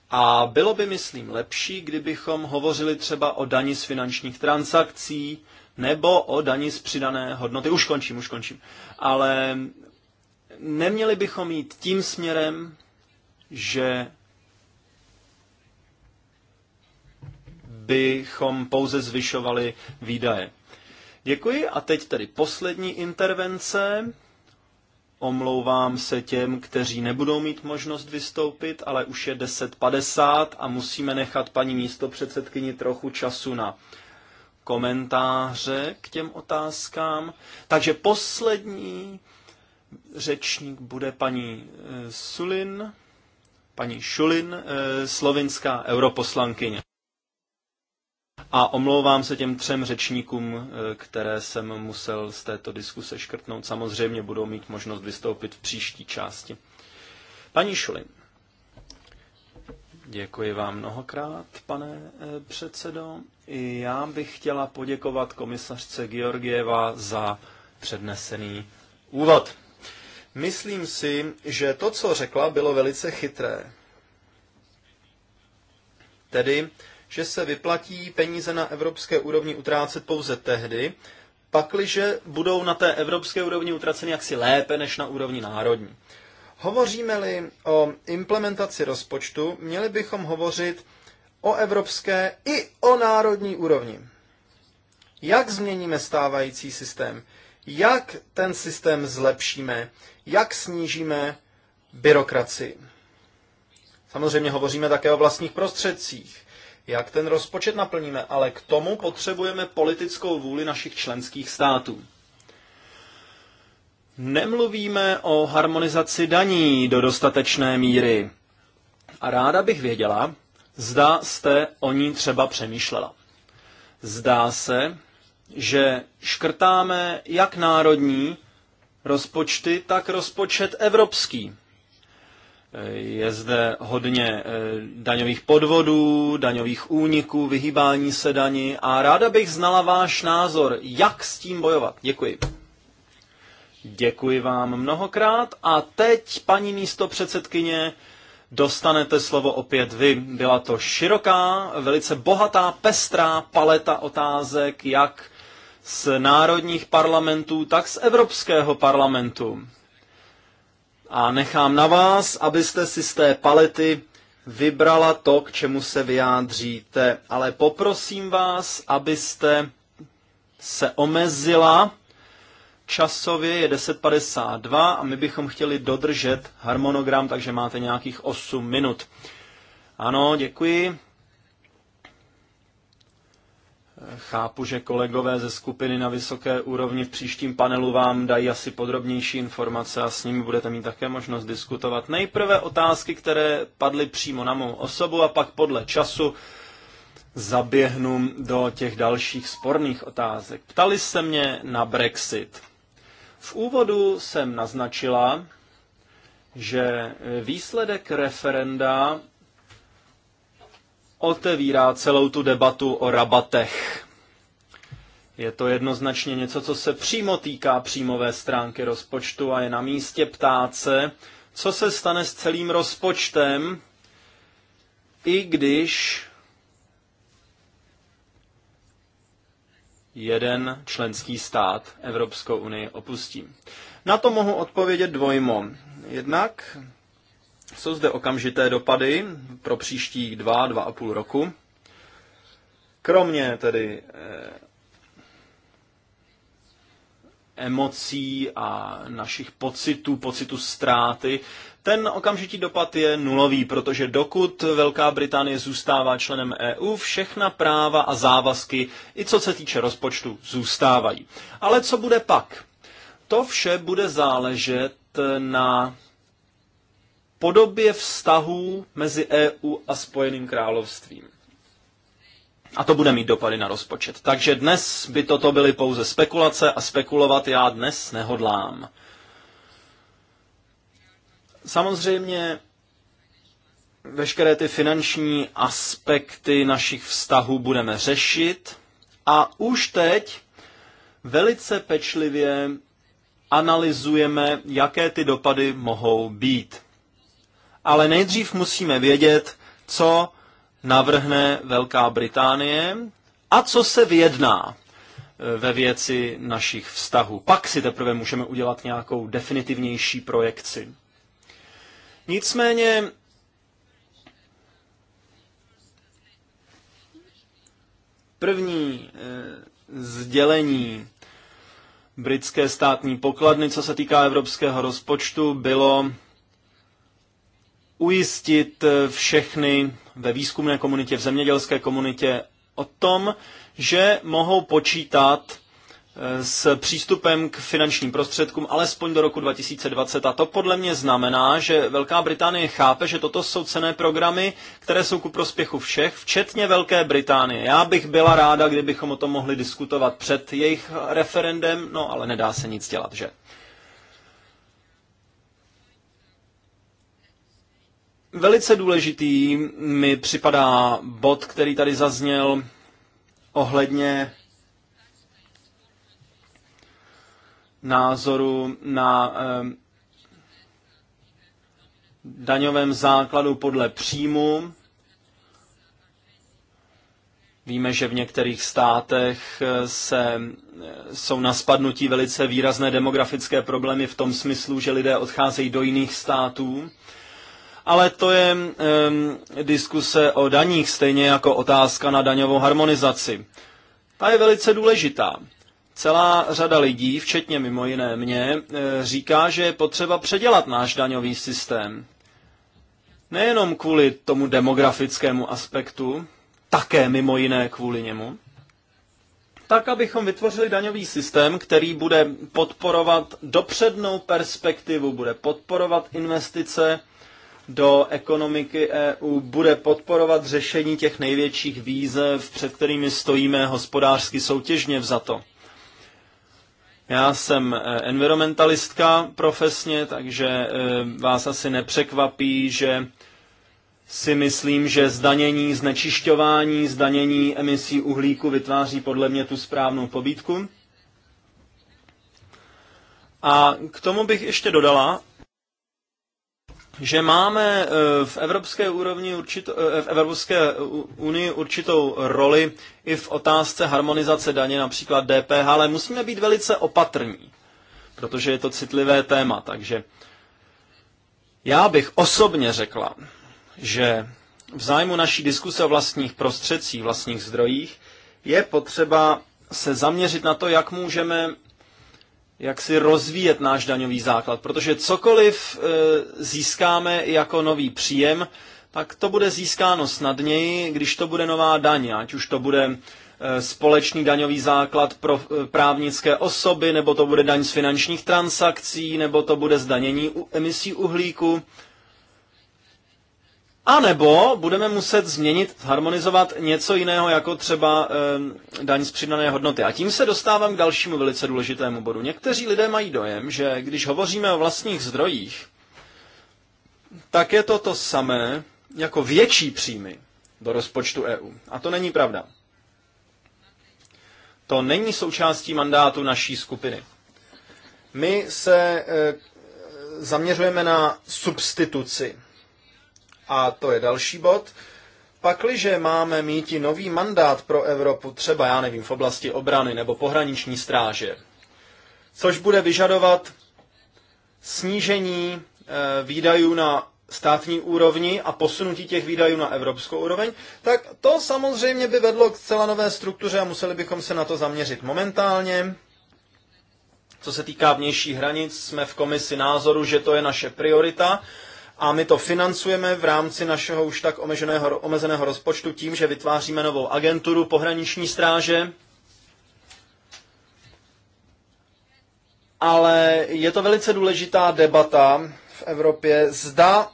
A bylo by, myslím, lepší, kdybychom hovořili třeba o dani z finančních transakcí nebo o dani z přidané hodnoty. Už končím, už končím. Ale neměli bychom jít tím směrem, že bychom pouze zvyšovali výdaje. Děkuji a teď tedy poslední intervence. Omlouvám se těm, kteří nebudou mít možnost vystoupit, ale už je 10.50 a musíme nechat paní místopředsedkyni trochu času na komentáře k těm otázkám. Takže poslední Řečník bude paní eh, Sulin, paní Šulin, eh, slovinská europoslankyně. A omlouvám se těm třem řečníkům, eh, které jsem musel z této diskuse škrtnout. Samozřejmě budou mít možnost vystoupit v příští části. Paní Šulin. Děkuji vám mnohokrát, pane předsedo. I já bych chtěla poděkovat komisařce Georgieva za přednesený úvod. Myslím si, že to, co řekla, bylo velice chytré. Tedy, že se vyplatí peníze na evropské úrovni utrácet pouze tehdy, pakliže budou na té evropské úrovni utraceny jaksi lépe než na úrovni národní. Hovoříme-li o implementaci rozpočtu, měli bychom hovořit o evropské i o národní úrovni. Jak změníme stávající systém? Jak ten systém zlepšíme? jak snížíme byrokracii. Samozřejmě hovoříme také o vlastních prostředcích, jak ten rozpočet naplníme, ale k tomu potřebujeme politickou vůli našich členských států. Nemluvíme o harmonizaci daní do dostatečné míry. A ráda bych věděla, zda jste o ní třeba přemýšlela. Zdá se, že škrtáme jak národní, rozpočty, tak rozpočet evropský. Je zde hodně eh, daňových podvodů, daňových úniků, vyhýbání se daní a ráda bych znala váš názor, jak s tím bojovat. Děkuji. Děkuji vám mnohokrát a teď, paní místo předsedkyně, dostanete slovo opět vy. Byla to široká, velice bohatá, pestrá paleta otázek, jak z národních parlamentů, tak z Evropského parlamentu. A nechám na vás, abyste si z té palety vybrala to, k čemu se vyjádříte. Ale poprosím vás, abyste se omezila. Časově je 10.52 a my bychom chtěli dodržet harmonogram, takže máte nějakých 8 minut. Ano, děkuji. Chápu, že kolegové ze skupiny na vysoké úrovni v příštím panelu vám dají asi podrobnější informace a s nimi budete mít také možnost diskutovat. Nejprve otázky, které padly přímo na mou osobu a pak podle času zaběhnu do těch dalších sporných otázek. Ptali se mě na Brexit. V úvodu jsem naznačila, že výsledek referenda otevírá celou tu debatu o rabatech. Je to jednoznačně něco, co se přímo týká příjmové stránky rozpočtu a je na místě ptát se, co se stane s celým rozpočtem, i když jeden členský stát Evropskou unii opustí. Na to mohu odpovědět dvojmo. Jednak jsou zde okamžité dopady pro příští dva, dva a půl roku. Kromě tedy eh, emocí a našich pocitů, pocitu ztráty, ten okamžitý dopad je nulový, protože dokud Velká Británie zůstává členem EU, všechna práva a závazky, i co se týče rozpočtu, zůstávají. Ale co bude pak? To vše bude záležet na podobě vztahů mezi EU a Spojeným královstvím. A to bude mít dopady na rozpočet. Takže dnes by toto byly pouze spekulace a spekulovat já dnes nehodlám. Samozřejmě veškeré ty finanční aspekty našich vztahů budeme řešit a už teď velice pečlivě analyzujeme, jaké ty dopady mohou být ale nejdřív musíme vědět, co navrhne Velká Británie a co se vyjedná eh, ve věci našich vztahů. Pak si teprve můžeme udělat nějakou definitivnější projekci. Nicméně první eh, sdělení britské státní pokladny, co se týká evropského rozpočtu, bylo ujistit eh, všechny ve výzkumné komunitě, v zemědělské komunitě o tom, že mohou počítat eh, s přístupem k finančním prostředkům alespoň do roku 2020. A to podle mě znamená, že Velká Británie chápe, že toto jsou cené programy, které jsou ku prospěchu všech, včetně Velké Británie. Já bych byla ráda, kdybychom o tom mohli diskutovat před jejich referendem, no ale nedá se nic dělat, že? Velice důležitý mi připadá bod, který tady zazněl ohledně názoru na ehm, daňovém základu podle příjmu. Víme, že v některých státech eh, se, eh, jsou na spadnutí velice výrazné demografické problémy v tom smyslu, že lidé odcházejí do jiných států ale to je um, diskuse o daních, stejně jako otázka na daňovou harmonizaci. Ta je velice důležitá. Celá řada lidí, včetně mimo jiné mě, eh, říká, že je potřeba předělat náš daňový systém. Nejenom kvůli tomu demografickému aspektu, také mimo jiné kvůli němu, tak, abychom vytvořili daňový systém, který bude podporovat dopřednou perspektivu, bude podporovat investice do ekonomiky EU bude podporovat řešení těch největších výzev, před kterými stojíme hospodářsky soutěžně vzato. Já jsem eh, environmentalistka profesně, takže eh, vás asi nepřekvapí, že si myslím, že zdanění znečišťování, zdanění emisí uhlíku vytváří podle mě tu správnou pobídku. A k tomu bych ještě dodala, že máme eh, v evropské úrovni určito, eh, v Evropské unii určitou roli i v otázce harmonizace daně, například DPH, ale musíme být velice opatrní, protože je to citlivé téma. Takže já bych osobně řekla, že v zájmu naší diskuse o vlastních prostředcích, vlastních zdrojích, je potřeba se zaměřit na to, jak můžeme jak si rozvíjet náš daňový základ, protože cokoliv e, získáme jako nový příjem, tak to bude získáno snadněji, když to bude nová daň, ať už to bude e, společný daňový základ pro e, právnické osoby, nebo to bude daň z finančních transakcí, nebo to bude zdanění emisí uhlíku. A nebo budeme muset změnit, harmonizovat něco jiného, jako třeba e, daň z přidané hodnoty. A tím se dostávám k dalšímu velice důležitému bodu. Někteří lidé mají dojem, že když hovoříme o vlastních zdrojích, tak je to to samé jako větší příjmy do rozpočtu EU. A to není pravda. To není součástí mandátu naší skupiny. My se e, zaměřujeme na substituci a to je další bod. Pakliže máme mít nový mandát pro Evropu, třeba já nevím, v oblasti obrany nebo pohraniční stráže, což bude vyžadovat snížení eh, výdajů na státní úrovni a posunutí těch výdajů na evropskou úroveň, tak to samozřejmě by vedlo k celé nové struktuře a museli bychom se na to zaměřit momentálně. Co se týká vnějších hranic, jsme v komisi názoru, že to je naše priorita a my to financujeme v rámci našeho už tak omezeného, omezeného rozpočtu tím, že vytváříme novou agenturu pohraniční stráže, ale je to velice důležitá debata v Evropě. Zda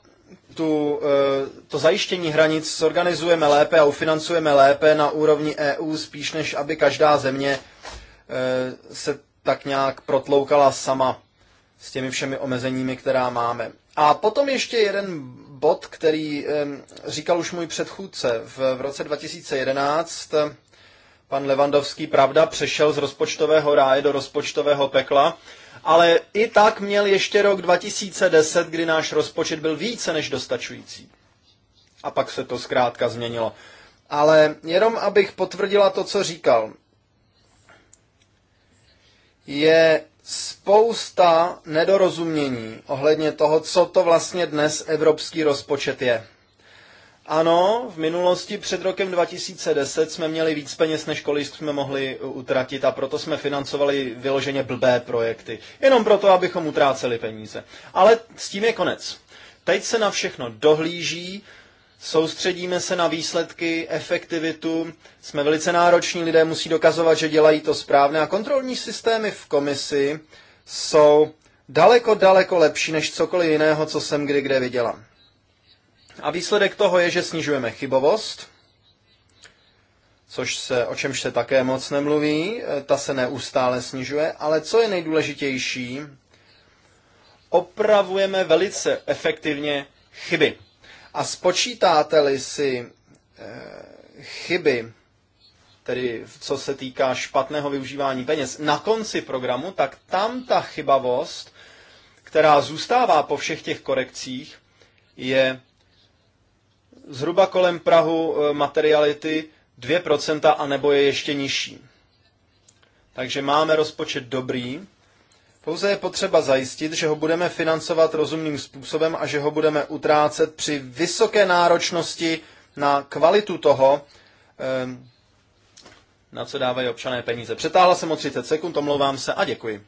tu, eh, to zajištění hranic zorganizujeme lépe a ufinancujeme lépe na úrovni EU, spíš než aby každá země eh, se tak nějak protloukala sama s těmi všemi omezeními, která máme. A potom ještě jeden bod, který říkal už můj předchůdce v, v roce 2011. Eh, pan Levandovský, pravda, přešel z rozpočtového ráje do rozpočtového pekla, ale i tak měl ještě rok 2010, kdy náš rozpočet byl více než dostačující. A pak se to zkrátka změnilo. Ale jenom abych potvrdila to, co říkal. Je spousta nedorozumění ohledně toho, co to vlastně dnes evropský rozpočet je. Ano, v minulosti před rokem 2010 jsme měli víc peněz, než kolik jsme mohli utratit a proto jsme financovali vyloženě blbé projekty. Jenom proto, abychom utráceli peníze. Ale s tím je konec. Teď se na všechno dohlíží, Soustředíme se na výsledky, efektivitu. Jsme velice nároční, lidé musí dokazovat, že dělají to správně. A kontrolní systémy v komisi jsou daleko, daleko lepší než cokoliv jiného, co jsem kdy kde viděla. A výsledek toho je, že snižujeme chybovost, což se, o čemž se také moc nemluví, e, ta se neustále snižuje, ale co je nejdůležitější, opravujeme velice efektivně chyby. A spočítáte-li si eh, chyby, tedy co se týká špatného využívání peněz, na konci programu, tak tam ta chybavost, která zůstává po všech těch korekcích, je zhruba kolem Prahu eh, materiality 2% a nebo je ještě nižší. Takže máme rozpočet dobrý, pouze je potřeba zajistit, že ho budeme financovat rozumným způsobem a že ho budeme utrácet při vysoké náročnosti na kvalitu toho, ehm, na co dávají občané peníze. Přetáhla jsem o 30 sekund, omlouvám se a děkuji.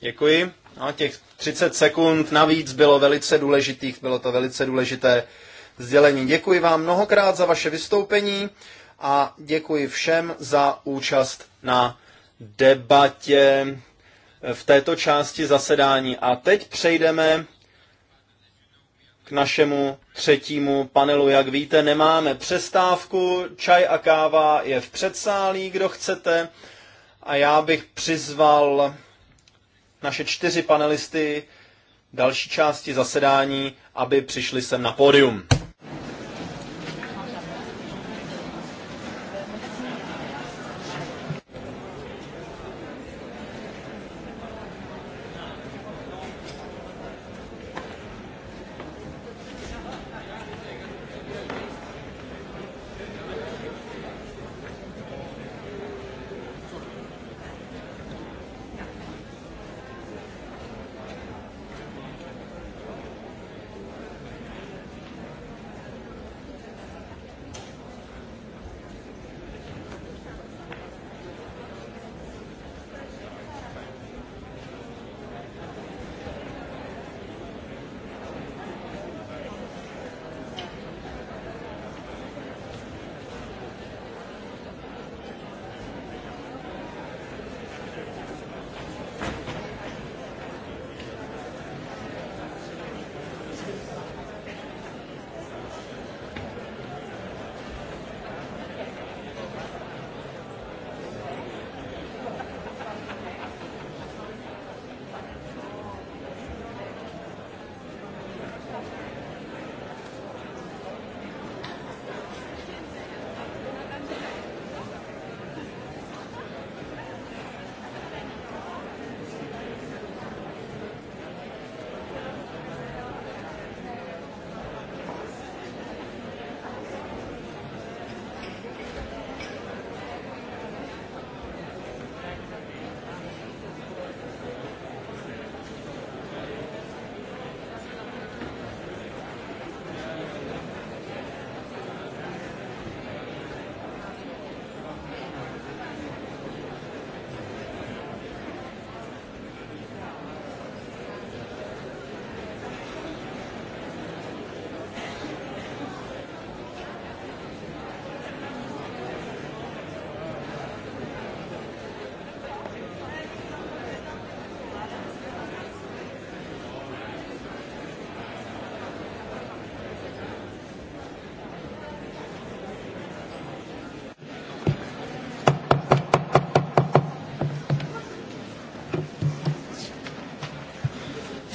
Děkuji. No a těch 30 sekund navíc bylo velice důležitých, bylo to velice důležité sdělení. Děkuji vám mnohokrát za vaše vystoupení a děkuji všem za účast na debatě v této části zasedání. A teď přejdeme k našemu třetímu panelu. Jak víte, nemáme přestávku, čaj a káva je v předsálí, kdo chcete. A já bych přizval naše čtyři panelisty další části zasedání, aby přišli sem na pódium.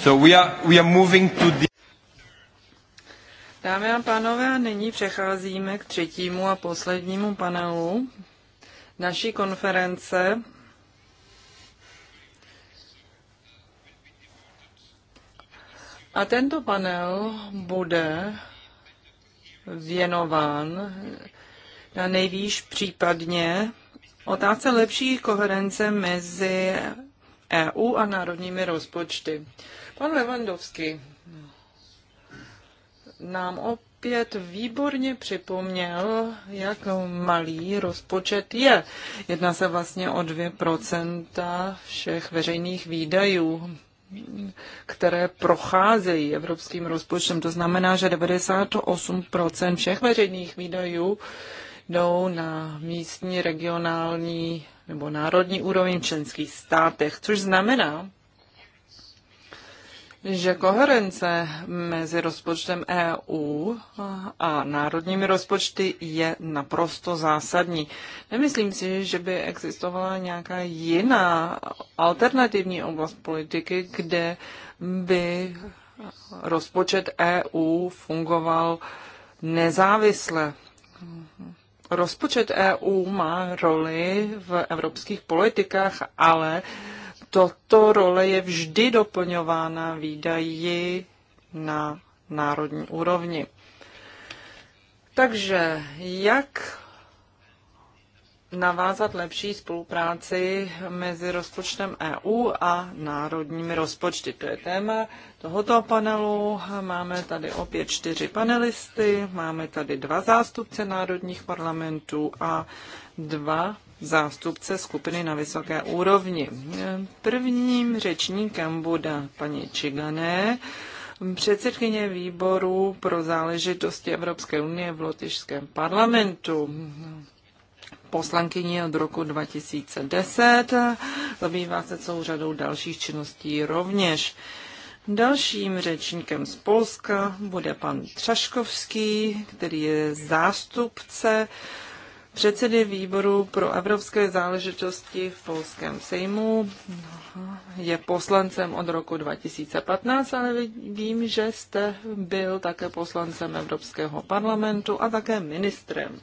So we are, we are moving to the... Dámy a pánové, nyní přecházíme k třetímu a poslednímu panelu naší konference. A tento panel bude věnován na nejvýš případně otázce lepší koherence mezi EU a národními rozpočty. Pan Levandovský nám opět výborně připomněl, jak malý rozpočet je. Jedná se vlastně o 2% všech veřejných výdajů které procházejí evropským rozpočtem. To znamená, že 98% všech veřejných výdajů jdou na místní, regionální nebo národní úroveň v členských státech, což znamená, že koherence mezi rozpočtem EU a národními rozpočty je naprosto zásadní. Nemyslím si, že by existovala nějaká jiná alternativní oblast politiky, kde by rozpočet EU fungoval nezávisle. Rozpočet EU má roli v evropských politikách, ale toto role je vždy doplňována výdají na národní úrovni. Takže jak navázat lepší spolupráci mezi rozpočtem EU a národními rozpočty. To je téma tohoto panelu. Máme tady opět čtyři panelisty, máme tady dva zástupce národních parlamentů a dva zástupce skupiny na vysoké úrovni. Prvním řečníkem bude paní Čigané, předsedkyně výboru pro záležitosti Evropské unie v Lotyšském parlamentu poslankyně od roku 2010. Zabývá se celou řadou dalších činností rovněž. Dalším řečníkem z Polska bude pan Třaškovský, který je zástupce předsedy výboru pro evropské záležitosti v Polském sejmu. Je poslancem od roku 2015, ale vím, že jste byl také poslancem Evropského parlamentu a také ministrem.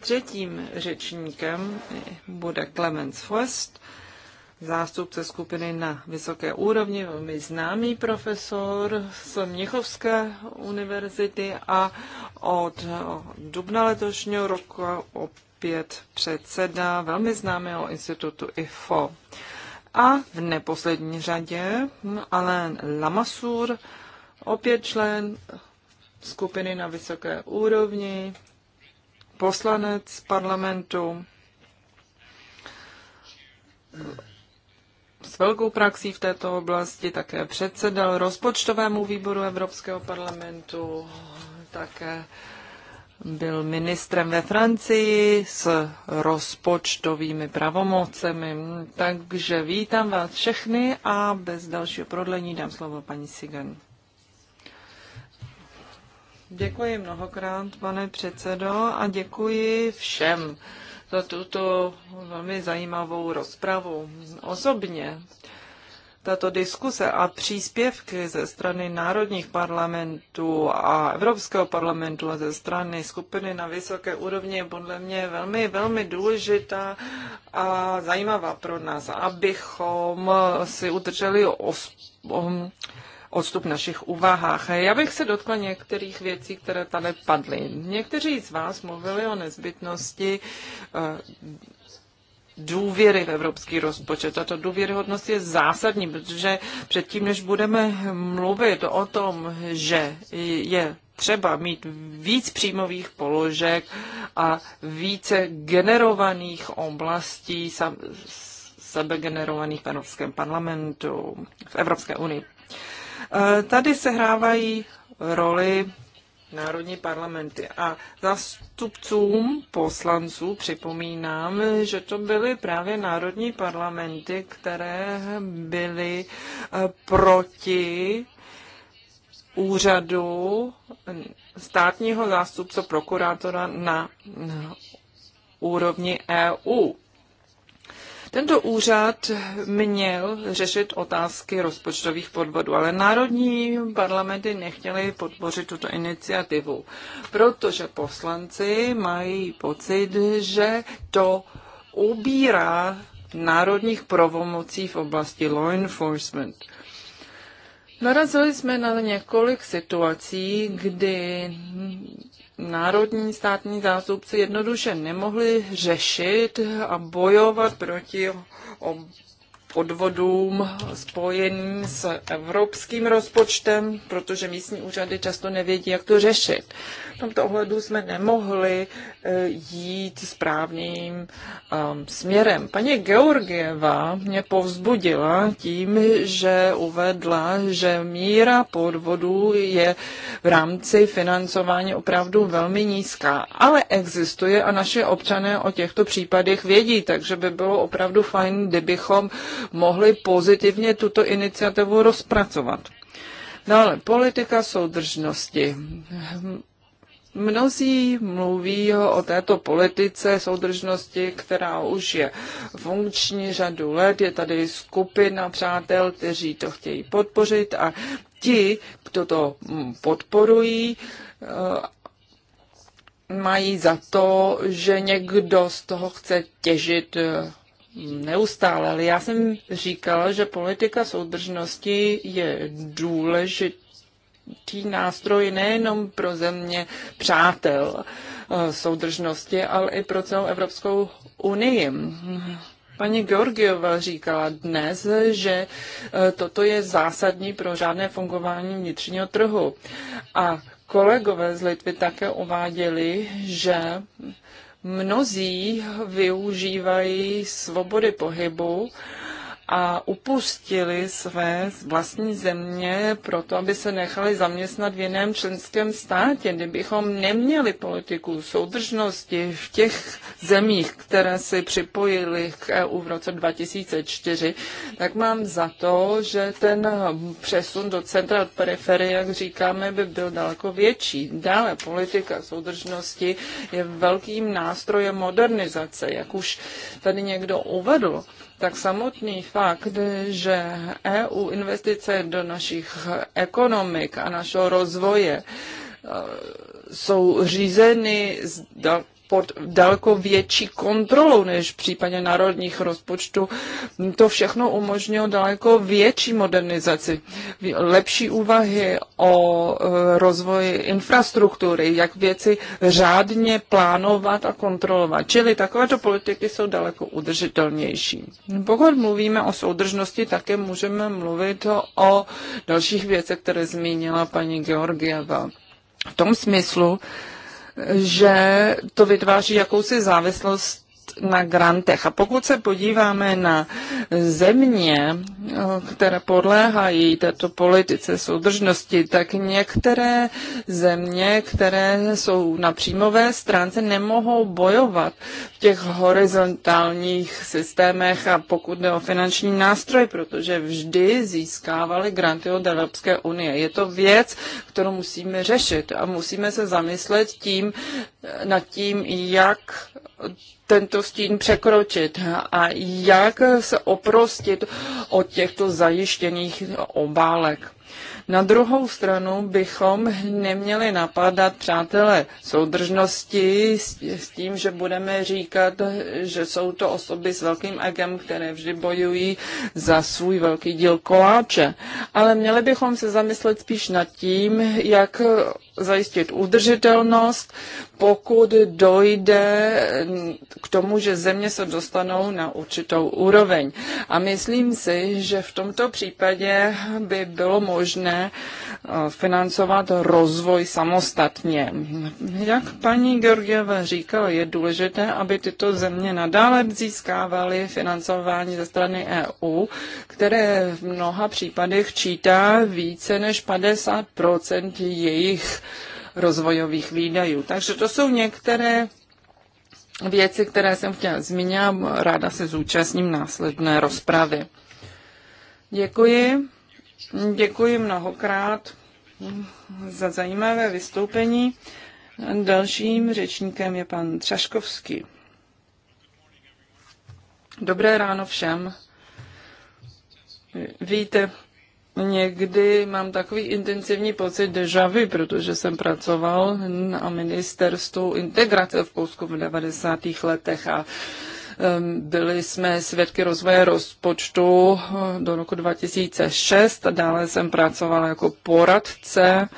Třetím řečníkem bude Clemens Fest, zástupce skupiny na vysoké úrovni, velmi známý profesor z Měchovské univerzity a od dubna letošního roku opět předseda velmi známého institutu IFO. A v neposlední řadě Alain Lamassur, opět člen skupiny na vysoké úrovni, poslanec parlamentu, s velkou praxí v této oblasti, také předsedal rozpočtovému výboru Evropského parlamentu, také byl ministrem ve Francii s rozpočtovými pravomocemi. Takže vítám vás všechny a bez dalšího prodlení dám slovo paní Sigan. Děkuji mnohokrát, pane předsedo, a děkuji všem za tuto velmi zajímavou rozpravu. Osobně tato diskuse a příspěvky ze strany národních parlamentů a Evropského parlamentu a ze strany skupiny na vysoké úrovni je podle mě velmi, velmi důležitá a zajímavá pro nás, abychom si udrželi os- odstup v našich úvahách. Já bych se dotkla některých věcí, které tady padly. Někteří z vás mluvili o nezbytnosti eh, důvěry v evropský rozpočet. to důvěryhodnost je zásadní, protože předtím, než budeme mluvit o tom, že je třeba mít víc příjmových položek a více generovaných oblastí sebegenerovaných v Evropském parlamentu, v Evropské unii. Eh, tady se hrávají roli národní parlamenty a zastupcům poslanců připomínám, že to byly právě národní parlamenty, které byly eh, proti úřadu státního zástupce prokurátora na úrovni EU. Tento úřad měl řešit otázky rozpočtových podvodů, ale národní parlamenty nechtěly podpořit tuto iniciativu, protože poslanci mají pocit, že to ubírá národních provomocí v oblasti law enforcement. Narazili jsme na několik situací, kdy národní státní zástupci jednoduše nemohli řešit a bojovat proti podvodům spojeným s evropským rozpočtem, protože místní úřady často nevědí, jak to řešit. V tomto ohledu jsme nemohli jít správným um, směrem. Paní Georgieva mě povzbudila tím, že uvedla, že míra podvodů je v rámci financování opravdu velmi nízká, ale existuje a naše občané o těchto případech vědí, takže by bylo opravdu fajn, kdybychom mohli pozitivně tuto iniciativu rozpracovat. ale politika soudržnosti. Mnozí mluví o této politice soudržnosti, která už je funkční řadu let. Je tady skupina přátel, kteří to chtějí podpořit a ti, kdo to mm, podporují, eh, mají za to, že někdo z toho chce těžit eh, neustále. Ale já jsem říkala, že politika soudržnosti je důležitá tý nástroj nejenom pro země přátel eh, soudržnosti, ale i pro celou Evropskou unii. Paní Georgiova říkala dnes, že eh, toto je zásadní pro řádné fungování vnitřního trhu. A kolegové z Litvy také uváděli, že mnozí využívají svobody pohybu a upustili své vlastní země proto, aby se nechali zaměstnat v jiném členském státě. Kdybychom neměli politiku soudržnosti v těch zemích, které si připojili k EU v roce 2004, tak mám za to, že ten přesun do centra od periferie, jak říkáme, by byl daleko větší. Dále politika soudržnosti je velkým nástrojem modernizace, jak už tady někdo uvedl tak samotný fakt, že EU investice do našich ekonomik a našeho rozvoje e, jsou řízeny pod daleko větší kontrolou než v případě národních rozpočtů. To všechno umožnilo daleko větší modernizaci, lepší úvahy o e, rozvoji infrastruktury, jak věci řádně plánovat a kontrolovat. Čili takovéto politiky jsou daleko udržitelnější. Pokud mluvíme o soudržnosti, také můžeme mluvit o dalších věcech, které zmínila paní Georgieva. V tom smyslu, že to vytváří jakousi závislost na grantech. A pokud se podíváme na země, eh, které podléhají této politice soudržnosti, tak některé země, které jsou na příjmové stránce, nemohou bojovat v těch horizontálních systémech a pokud jde o finanční nástroj, protože vždy získávaly granty od Evropské unie. Je to věc, kterou musíme řešit a musíme se zamyslet tím, nad tím, jak tento stín překročit a jak se oprostit od těchto zajištěných obálek. Na druhou stranu bychom neměli napadat přátelé soudržnosti s tím, že budeme říkat, že jsou to osoby s velkým egem, které vždy bojují za svůj velký díl koláče. Ale měli bychom se zamyslet spíš nad tím, jak zajistit udržitelnost, pokud dojde k tomu, že země se dostanou na určitou úroveň. A myslím si, že v tomto případě by bylo možné eh, financovat rozvoj samostatně. Jak paní Georgieva říkala, je důležité, aby tyto země nadále získávaly financování ze strany EU, které v mnoha případech čítá více než 50 jejich rozvojových výdajů. Takže to jsou některé věci, které jsem chtěla zmínit a ráda se zúčastním následné rozpravy. Děkuji. Děkuji mnohokrát za zajímavé vystoupení. Dalším řečníkem je pan Třaškovský. Dobré ráno všem. Víte, někdy mám takový intenzivní pocit deja vu, protože jsem pracoval na ministerstvu integrace v Polsku v 90. letech a byli jsme svědky rozvoje rozpočtu eh, do roku 2006, dále jsem pracovala jako poradce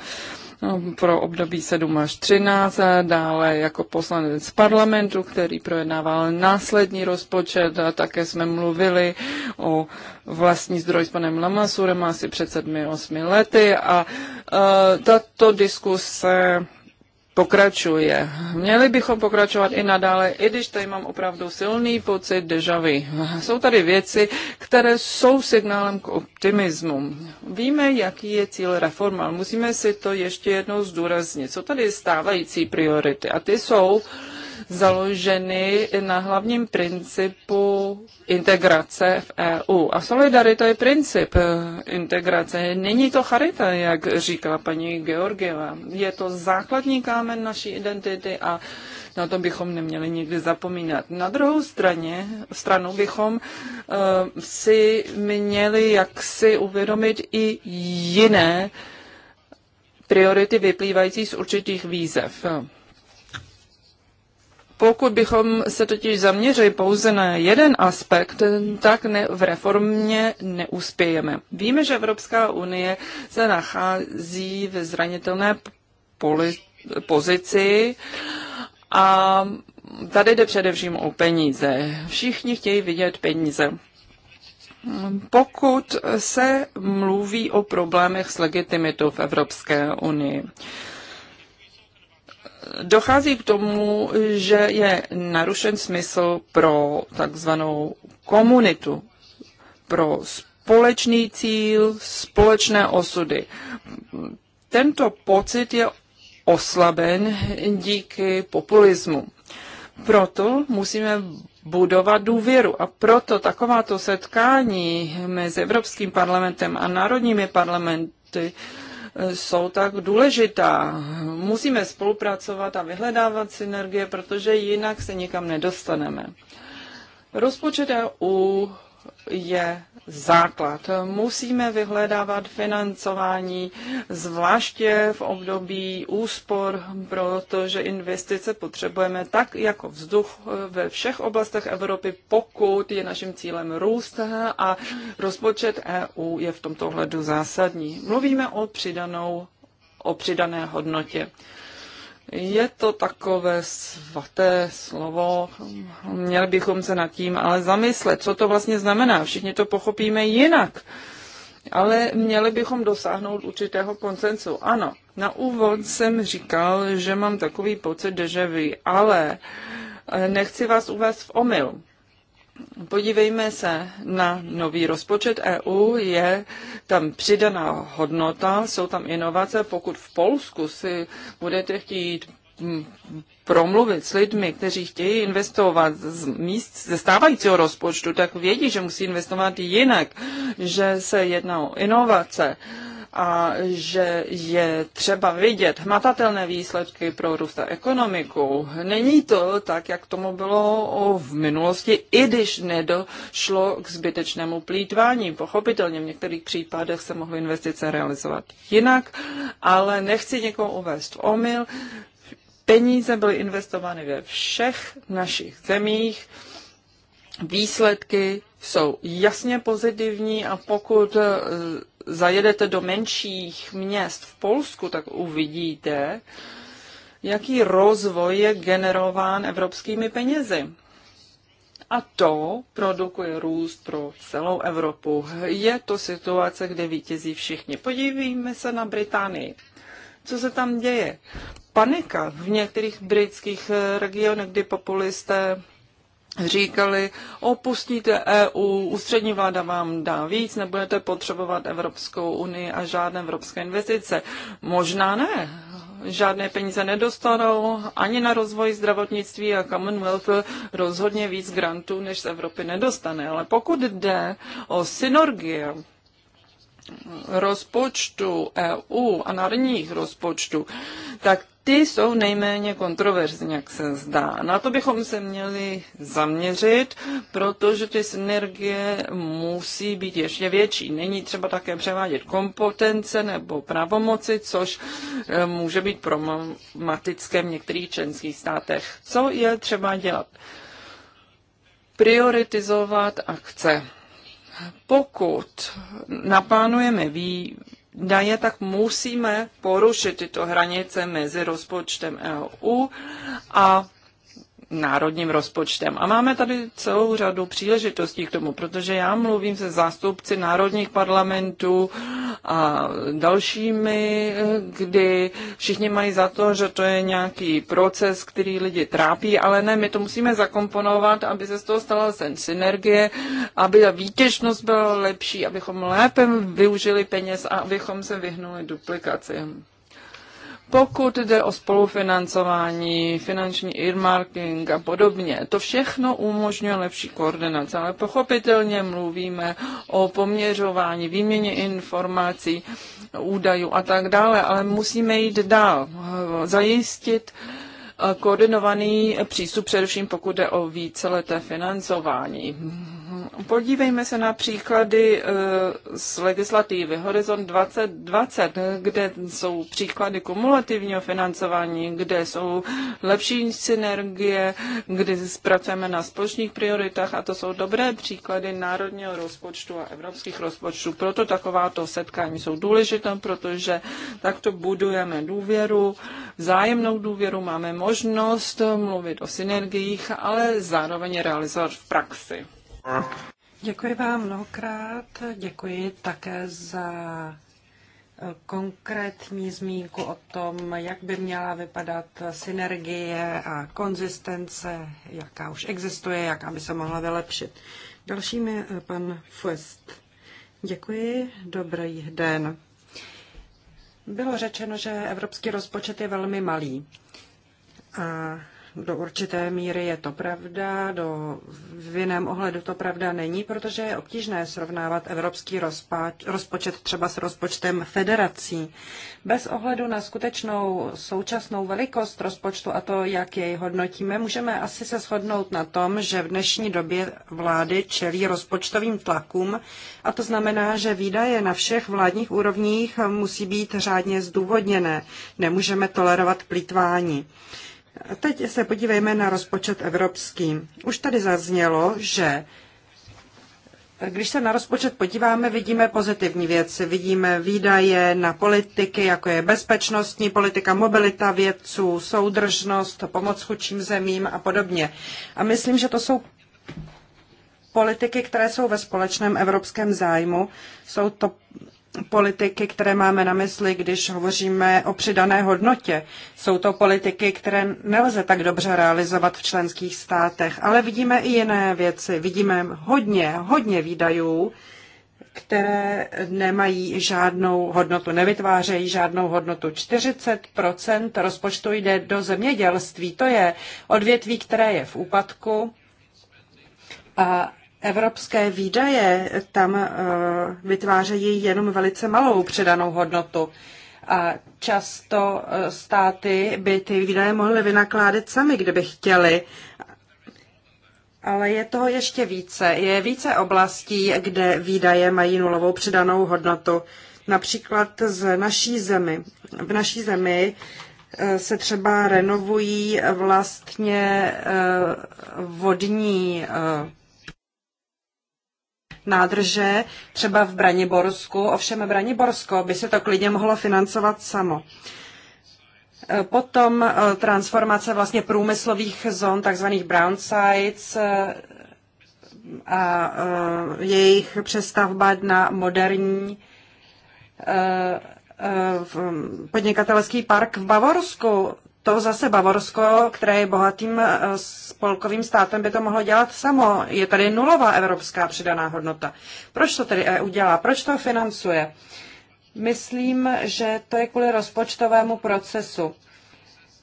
No, pro období 7 až 13, dále jako poslanec parlamentu, který projednával následní rozpočet a také jsme mluvili o vlastní zdroj s panem Lamasurem asi před 7-8 lety a a e, tato diskuse pokračuje. Měli bychom pokračovat i nadále, i když tady mám opravdu silný pocit dejavy. Jsou tady věci, které jsou signálem k optimismu. Víme, jaký je cíl reforma. musíme si to ještě jednou zdůraznit. Jsou tady stávající priority a ty jsou uh, založeny na hlavním principu integrace v EU. A solidarita je princip eh, integrace. Není to charita, jak říkala paní Georgieva. Je to základní kámen naší identity a na to bychom neměli nikdy zapomínat. Na druhou straně, stranu bychom uh, si měli jaksi uvědomit i jiné priority vyplývající z určitých výzev. Pokud bychom se totiž zaměřili pouze na jeden aspekt, tak ne, v reformě neuspějeme. Víme, že Evropská unie se nachází ve zranitelné poli, pozici a tady jde především o peníze. Všichni chtějí vidět peníze. Pokud se mluví o problémech s legitimitou v Evropské unii, dochází k tomu, že je narušen smysl pro takzvanou komunitu, pro společný cíl, společné osudy. Tento pocit je oslaben díky populismu. Proto musíme budovat důvěru. A proto takováto setkání mezi Evropským parlamentem a národními parlamenty jsou tak důležitá. Musíme spolupracovat a vyhledávat synergie, protože jinak se nikam nedostaneme. Rozpočet EU je základ. Musíme vyhledávat financování, zvláště v období úspor, protože investice potřebujeme tak jako vzduch ve všech oblastech Evropy, pokud je naším cílem růst a rozpočet EU je v tomto ohledu zásadní. Mluvíme o přidanou o přidané hodnotě. Je to takové svaté slovo, měli bychom se nad tím ale zamyslet, co to vlastně znamená. Všichni to pochopíme jinak, ale měli bychom dosáhnout určitého koncensu. Ano, na úvod jsem říkal, že mám takový pocit deževy, ale eh, nechci vás uvést v omyl. Podívejme se na nový rozpočet EU, je tam přidaná hodnota, jsou tam inovace. Pokud v Polsku si budete chtít promluvit s lidmi, kteří chtějí investovat z míst ze stávajícího rozpočtu, tak vědí, že musí investovat jinak, že se jedná o inovace. Uh, a že je třeba vidět hmatatelné výsledky pro růst a ekonomiku. Není to tak, jak tomu bylo v minulosti, i když nedošlo k zbytečnému plítvání. Pochopitelně v některých případech se mohly investice realizovat jinak, ale nechci někoho uvést v omyl. Peníze byly investovány ve všech našich zemích. Výsledky jsou jasně pozitivní a pokud eh, zajedete do menších měst v Polsku, tak uvidíte, jaký rozvoj je generován evropskými penězi. A to produkuje růst pro celou Evropu. Je to situace, kde vítězí všichni. Podívejme se na Británii. Co se tam děje? Panika v některých britských regionech, kdy populisté říkali, opustíte EU, ústřední vláda vám dá víc, nebudete potřebovat Evropskou unii a žádné evropské investice. Možná ne. Žádné peníze nedostanou ani na rozvoj zdravotnictví a Commonwealth rozhodně víc grantů, než z Evropy nedostane. Ale pokud jde o synergie rozpočtu EU a národních rozpočtu, tak ty jsou nejméně kontroverzní, jak se zdá. Na to bychom se měli zaměřit, protože ty synergie musí být ještě větší. Není třeba také převádět kompetence nebo pravomoci, což eh, může být problematické v některých členských státech. Co je třeba dělat? Prioritizovat akce. Pokud naplánujeme vý daně, tak musíme porušit tyto hranice mezi rozpočtem EU a národním rozpočtem. A máme tady celou řadu příležitostí k tomu, protože já mluvím se zástupci národních parlamentů a dalšími, kdy všichni mají za to, že to je nějaký proces, který lidi trápí, ale ne, my to musíme zakomponovat, aby se z toho stala sen synergie, aby ta výtěžnost byla lepší, abychom lépe využili peněz a abychom se vyhnuli duplikaci. Pokud jde o spolufinancování, finanční earmarking a podobně, to všechno umožňuje lepší koordinace, ale pochopitelně mluvíme o poměřování, výměně informací, údajů a tak dále, ale musíme jít dál, zajistit eh, koordinovaný přístup, především pokud jde o víceleté financování Podívejme se na příklady eh, z legislativy Horizon 2020, kde jsou příklady kumulativního financování, kde jsou lepší synergie, kde zpracujeme na společných prioritách a to jsou dobré příklady národního rozpočtu a evropských rozpočtů. Proto takováto setkání jsou důležitá, protože takto budujeme důvěru, zájemnou důvěru, máme možnost mluvit o synergiích, ale zároveň realizovat v praxi. Děkuji vám mnohokrát, děkuji také za eh, konkrétní zmínku o tom, jak by měla vypadat synergie a konzistence, jaká už existuje, jaká by se mohla vylepšit. Dalším je eh, pan Fuest. Děkuji, dobrý den. Bylo řečeno, že evropský rozpočet je velmi malý. A do určité míry je to pravda, do, v jiném ohledu to pravda není, protože je obtížné srovnávat evropský rozpač, rozpočet třeba s rozpočtem federací. Bez ohledu na skutečnou současnou velikost rozpočtu a to, jak jej hodnotíme, můžeme asi se shodnout na tom, že v dnešní době vlády čelí rozpočtovým tlakům a to znamená, že výdaje na všech vládních úrovních musí být řádně zdůvodněné. Nemůžeme tolerovat plítvání. Teď se podívejme na rozpočet evropský. Už tady zaznělo, že když se na rozpočet podíváme, vidíme pozitivní věci. Vidíme výdaje na politiky, jako je bezpečnostní politika, mobilita vědců, soudržnost, pomoc chudším zemím a podobně. A myslím, že to jsou politiky, které jsou ve společném evropském zájmu. Jsou to politiky, které máme na mysli, když hovoříme o přidané hodnotě. Jsou to politiky, které nelze tak dobře realizovat v členských státech, ale vidíme i jiné věci. Vidíme hodně, hodně výdajů, které nemají žádnou hodnotu, nevytvářejí žádnou hodnotu. 40 rozpočtu jde do zemědělství. To je odvětví, které je v úpadku a evropské výdaje tam eh, vytvářejí jenom velice malou přidanou hodnotu. A často eh, státy by ty výdaje mohly vynakládat sami, kdyby chtěli. Ale je toho ještě více. Je více oblastí, kde výdaje mají nulovou přidanou hodnotu. Například z naší zemi. V naší zemi eh, se třeba renovují vlastně vodní nádrže, třeba v Braniborsku. Ovšem Braniborsko by se to klidně mohlo financovat samo. E, potom e, transformace vlastně průmyslových zón, takzvaných brown sites, e, a jejich přestavba na moderní podnikatelský park v Bavorsku to zase Bavorsko, které je bohatým eh, spolkovým státem, by to mohlo dělat samo. Je tady nulová evropská přidaná hodnota. Proč to tedy EU dělá? Proč to financuje? Myslím, že to je kvůli rozpočtovému procesu.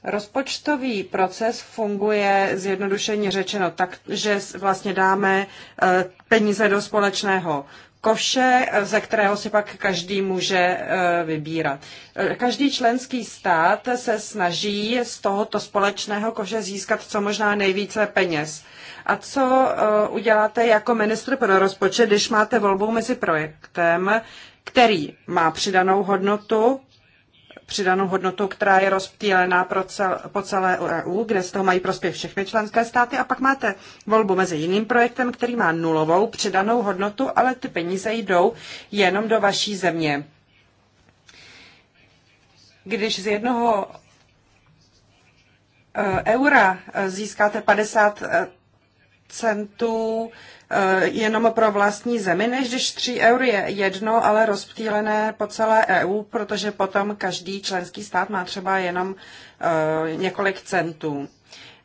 Rozpočtový proces funguje zjednodušeně řečeno tak, že vlastně dáme eh, peníze do společného koše, ze kterého si pak každý může eh, vybírat. Každý členský stát se snaží z tohoto společného koše získat co možná nejvíce peněz. A co eh, uděláte jako ministr pro rozpočet, když máte volbu mezi projektem, který má přidanou hodnotu, přidanou hodnotu, která je rozptýlená pro cel, po celé EU, kde z toho mají prospěch všechny členské státy. A pak máte volbu mezi jiným projektem, který má nulovou přidanou hodnotu, ale ty peníze jdou jenom do vaší země. Když z jednoho eh, eura eh, získáte 50 eh, centů, Eh, jenom pro vlastní zemi, než když 3 eur je jedno, ale rozptýlené po celé EU, protože potom každý členský stát má třeba jenom eh, několik centů.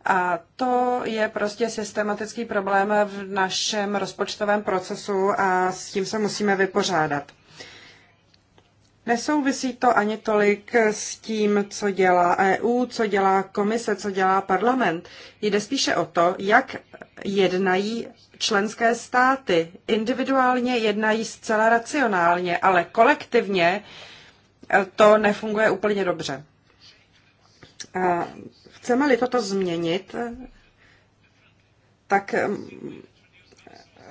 A to je prostě systematický problém v našem rozpočtovém procesu a s tím se musíme vypořádat. Nesouvisí to ani tolik s tím, co dělá EU, co dělá komise, co dělá parlament. Jde spíše o to, jak jednají členské státy individuálně jednají zcela racionálně, ale kolektivně eh, to nefunguje úplně dobře. chceme-li toto změnit, tak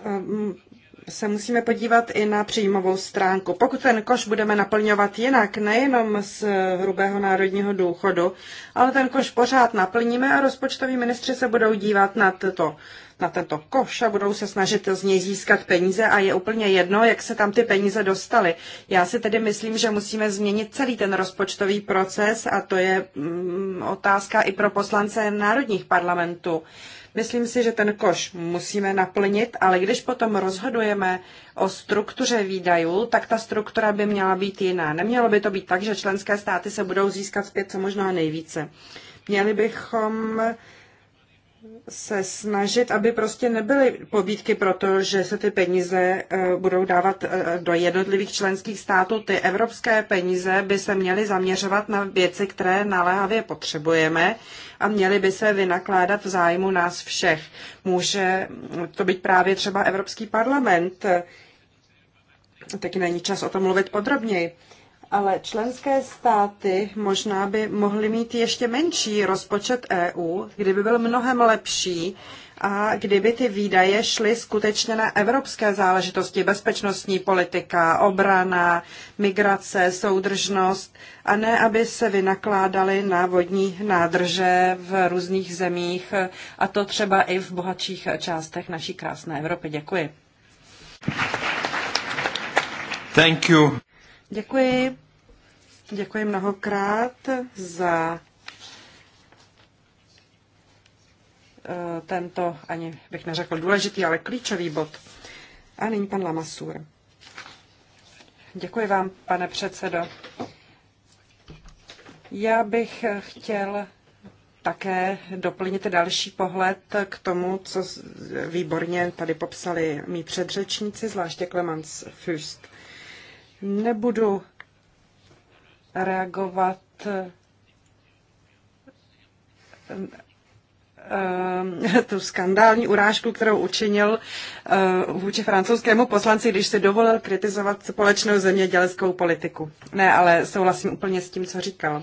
mm, mm, se musíme podívat i na příjmovou stránku. Pokud ten koš budeme naplňovat jinak, nejenom z hrubého národního důchodu, ale ten koš pořád naplníme a rozpočtoví ministři se budou dívat na, tato, na tento koš a budou se snažit z něj získat peníze a je úplně jedno, jak se tam ty peníze dostaly. Já si tedy myslím, že musíme změnit celý ten rozpočtový proces a to je mm, otázka i pro poslance národních parlamentů. Myslím si, že ten koš musíme naplnit, ale když potom rozhodujeme o struktuře výdajů, tak ta struktura by měla být jiná. Nemělo by to být tak, že členské státy se budou získat zpět co možná nejvíce. Měli bychom se snažit, aby prostě nebyly pobídky pro to, že se ty peníze eh, budou dávat eh, do jednotlivých členských států. Ty evropské peníze by se měly zaměřovat na věci, které naléhavě potřebujeme a měly by se vynakládat v zájmu nás všech. Může to být právě třeba Evropský parlament. Taky není čas o tom mluvit podrobněji ale členské státy možná by mohly mít ještě menší rozpočet EU, kdyby byl mnohem lepší a kdyby ty výdaje šly skutečně na evropské záležitosti, bezpečnostní politika, obrana, migrace, soudržnost, a ne aby se vynakládaly na vodní nádrže v různých zemích, a to třeba i v bohatších částech naší krásné Evropy. Děkuji. Thank you. Děkuji. Děkuji mnohokrát za eh, tento, ani bych neřekl důležitý, ale klíčový bod. A nyní pan Lamasur. Děkuji vám, pane předsedo. Já bych chtěl také doplnit další pohled k tomu, co výborně tady popsali mý předřečníci, zvláště Clemens Fust. Nebudu reagovat ehm, ehm, tu skandální urážku, kterou učinil eh, vůči francouzskému poslanci, když se dovolil kritizovat společnou zemědělskou politiku. Ne, ale souhlasím úplně s tím, co říkal.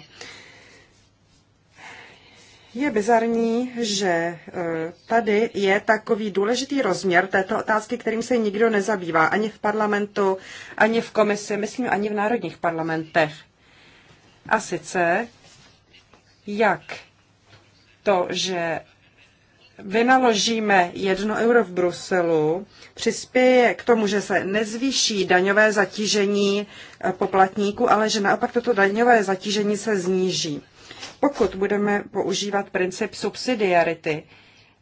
Je bizarní, že e, tady je takový důležitý rozměr této otázky, kterým se nikdo nezabývá, ani v parlamentu, ani v komisi, myslím ani v národních parlamentech. A sice, jak to, že vynaložíme jedno euro v Bruselu, přispěje k tomu, že se nezvýší daňové zatížení e, poplatníků, ale že naopak toto daňové zatížení se zníží pokud budeme používat princip subsidiarity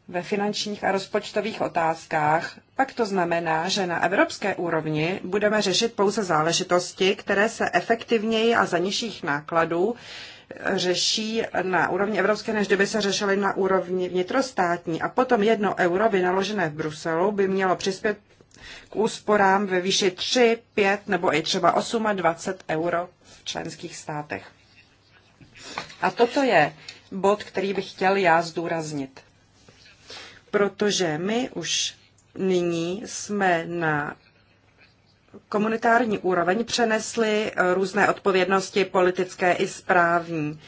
ve finančních a rozpočtových otázkách, pak to znamená, že na evropské úrovni budeme řešit pouze záležitosti, které se efektivněji a za nižších nákladů eh, řeší na úrovni evropské, než kdyby se řešily na úrovni vnitrostátní. A potom jedno euro vynaložené v Bruselu by mělo přispět k úsporám ve výši 3, 5 nebo i třeba 8 a 20 euro v členských státech. A toto je bod, který bych chtěl já zdůraznit. Protože my už nyní jsme na komunitární úroveň přenesli eh, různé odpovědnosti politické i správní.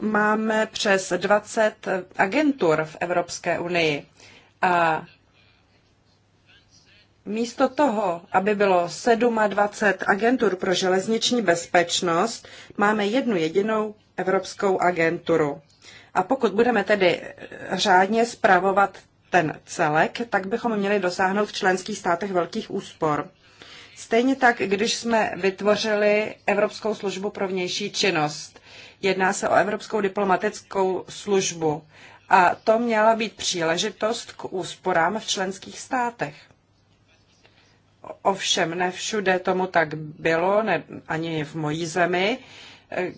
Máme přes 20 agentur v Evropské unii a místo toho, aby bylo 27 agentur pro železniční bezpečnost, máme jednu jedinou evropskou agenturu. A pokud budeme tedy řádně spravovat ten celek, tak bychom měli dosáhnout v členských státech velkých úspor. Stejně tak, když jsme vytvořili Evropskou službu pro vnější činnost. Jedná se o Evropskou diplomatickou službu. A to měla být příležitost k úsporám v členských státech. Ovšem ne všude tomu tak bylo, ne, ani v mojí zemi.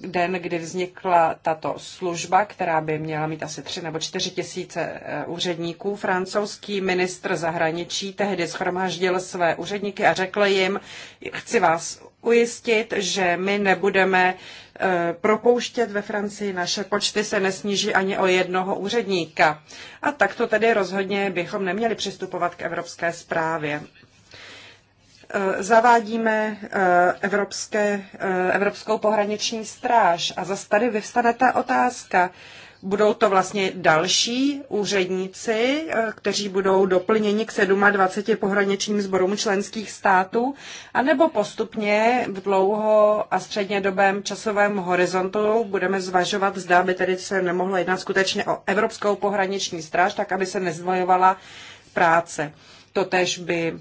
Den, kdy vznikla tato služba, která by měla mít asi tři nebo čtyři tisíce eh, úředníků, francouzský ministr zahraničí tehdy schromáždil své úředníky a řekl jim, chci vás ujistit, že my nebudeme eh, propouštět ve Francii, naše počty se nesníží ani o jednoho úředníka. A takto tedy rozhodně bychom neměli přistupovat k evropské zprávě. Eh, zavádíme eh, evropské, eh, evropskou pohraniční stráž a zase tady vyvstane ta otázka, budou to vlastně další úředníci, kteří budou doplněni k 27 pohraničním sborům členských států, anebo postupně v dlouho a střednědobém časovém horizontu budeme zvažovat, zda by tedy se nemohlo jednat skutečně o Evropskou pohraniční stráž, tak aby se nezdvojovala práce. Totež by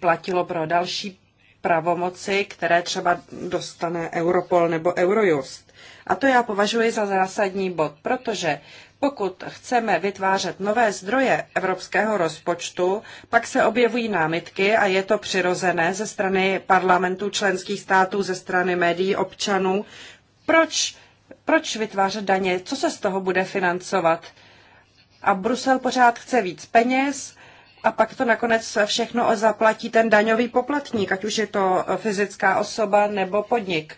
platilo pro další pravomoci, které třeba dostane Europol nebo Eurojust. A to já považuji za zásadní bod, protože pokud chceme vytvářet nové zdroje evropského rozpočtu, pak se objevují námitky a je to přirozené ze strany parlamentů členských států, ze strany médií, občanů. Proč, proč vytvářet daně? Co se z toho bude financovat? A Brusel pořád chce víc peněz a pak to nakonec všechno zaplatí ten daňový poplatník, ať už je to fyzická osoba nebo podnik.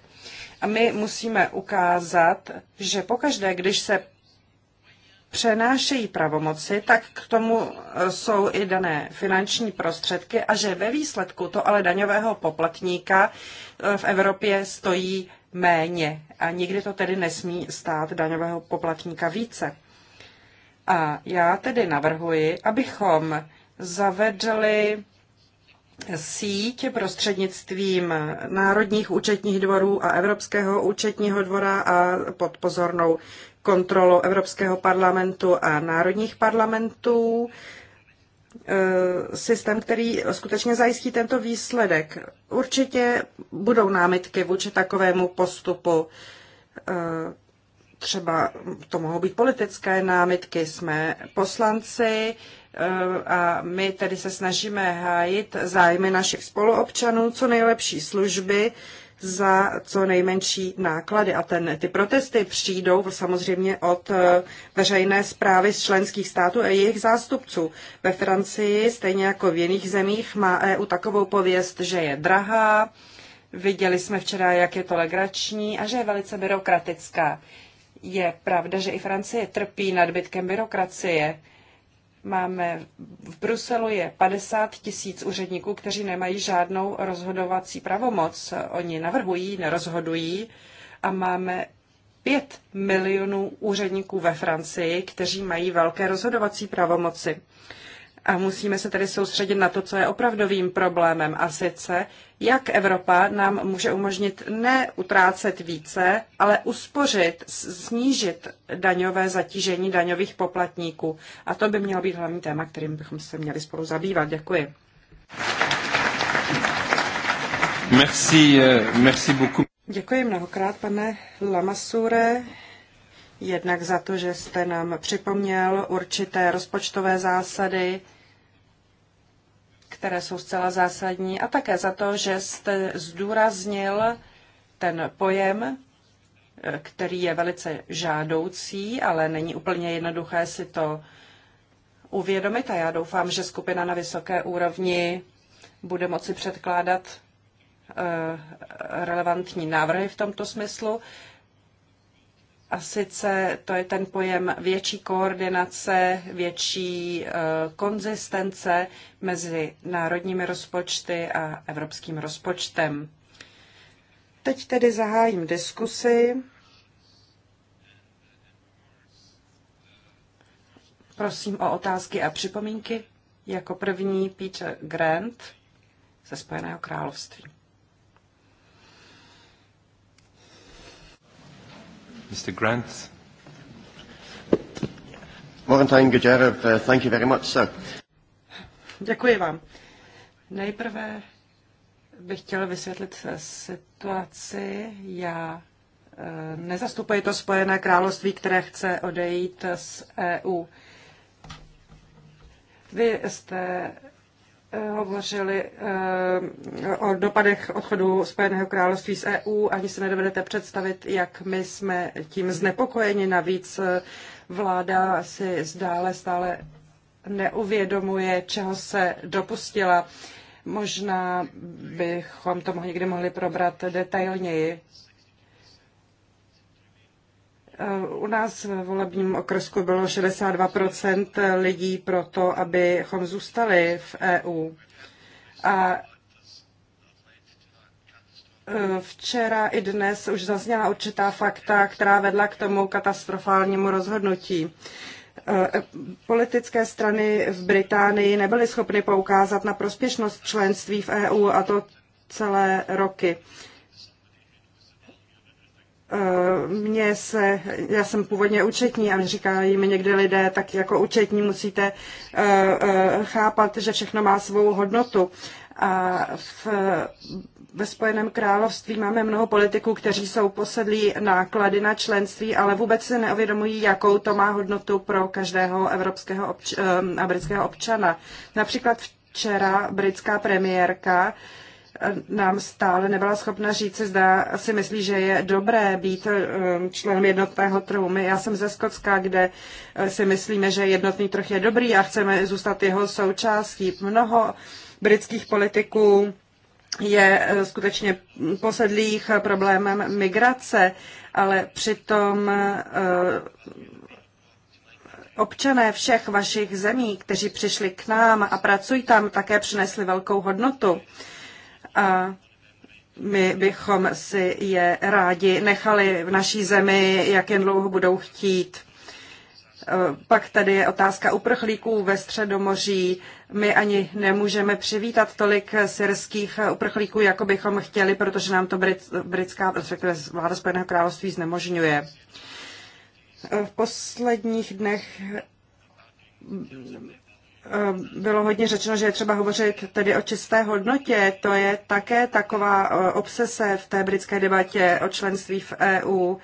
A my musíme ukázat, že pokaždé, když se přenášejí pravomoci, tak k tomu e, jsou i dané finanční prostředky a že ve výsledku to ale daňového poplatníka e, v Evropě stojí méně a nikdy to tedy nesmí stát daňového poplatníka více. A já tedy navrhuji, abychom zavedli síť prostřednictvím národních účetních dvorů a Evropského účetního dvora a pod pozornou kontrolou Evropského parlamentu a národních parlamentů e, systém, který skutečně zajistí tento výsledek. Určitě budou námitky vůči takovému postupu e, třeba to mohou být politické námitky, jsme poslanci eh, a my tedy se snažíme hájit zájmy našich spoluobčanů, co nejlepší služby za co nejmenší náklady. A ten, ty protesty přijdou samozřejmě od eh, veřejné zprávy z členských států a jejich zástupců. Ve Francii, stejně jako v jiných zemích, má EU takovou pověst, že je drahá, Viděli jsme včera, jak je to legrační a že je velice byrokratická. Je pravda, že i Francie trpí nadbytkem byrokracie. Máme v Bruselu je 50 tisíc úředníků, kteří nemají žádnou rozhodovací pravomoc. Oni navrhují, nerozhodují a máme 5 milionů úředníků ve Francii, kteří mají velké rozhodovací pravomoci. A musíme se tedy soustředit na to, co je opravdovým problémem, a sice, jak Evropa nám může umožnit utrácet více, ale uspořit, snížit daňové zatížení daňových poplatníků. A to by mělo být hlavní téma, kterým bychom se měli spolu zabývat. Děkuji. Merci, eh, merci beaucoup. Děkuji mnohokrát, pane Lamasure jednak za to, že jste nám připomněl určité rozpočtové zásady, které jsou zcela zásadní, a také za to, že jste zdůraznil ten pojem, který je velice žádoucí, ale není úplně jednoduché si to uvědomit a já doufám, že skupina na vysoké úrovni bude moci předkládat eh, relevantní návrhy v tomto smyslu. A sice to je ten pojem větší koordinace, větší eh, konzistence mezi národními rozpočty a evropským rozpočtem. Teď tedy zahájím diskusi. Prosím o otázky a připomínky. Jako první Peter Grant ze Spojeného království. Mr. Grant. uh, thank you very much, sir. Děkuji vám. Nejprve bych chtěl vysvětlit situaci. Já eh, nezastupuji to Spojené království, které chce odejít z EU. Vy jste hovořili eh, o dopadech odchodu Spojeného království z EU. Ani si nedovedete představit, jak my jsme tím znepokojeni. Navíc eh, vláda si zdále stále neuvědomuje, čeho se dopustila. Možná bychom to někdy mohli probrat detailněji. U nás v volebním okresku bylo 62% lidí pro to, abychom zůstali v EU. A e, včera i dnes už zazněla určitá fakta, která vedla k tomu katastrofálnímu rozhodnutí. E, politické strany v Británii nebyly schopny poukázat na prospěšnost členství v EU a to celé roky. Eh, mě se, já jsem původně účetní a říkají mi někdy lidé, tak jako účetní musíte eh, eh, chápat, že všechno má svou hodnotu. A v, ve Spojeném království máme mnoho politiků, kteří jsou posedlí náklady na členství, ale vůbec se neuvědomují, jakou to má hodnotu pro každého evropského obč- a britského občana. Například včera britská premiérka uh, nám stále nebyla schopna říct, zda si myslí, že je dobré být eh, členem jednotného trhu. My, já jsem ze Skotska, kde eh, si myslíme, že jednotný trh je dobrý a chceme zůstat jeho součástí. Mnoho britských politiků je eh, skutečně posedlých problémem migrace, ale přitom občané všech vašich zemí, kteří přišli k nám a pracují tam, také přinesli velkou hodnotu a my bychom si je rádi nechali v naší zemi, jak jen dlouho budou chtít. E, pak tady je otázka uprchlíků ve Středomoří. My ani nemůžeme přivítat tolik syrských uprchlíků, jako bychom chtěli, protože nám to britská, respektive vláda Spojeného království znemožňuje. E, v posledních dnech Eh, bylo hodně řečeno, že je třeba hovořit tedy o čisté hodnotě. To je také taková eh, obsese v té britské debatě o členství v EU.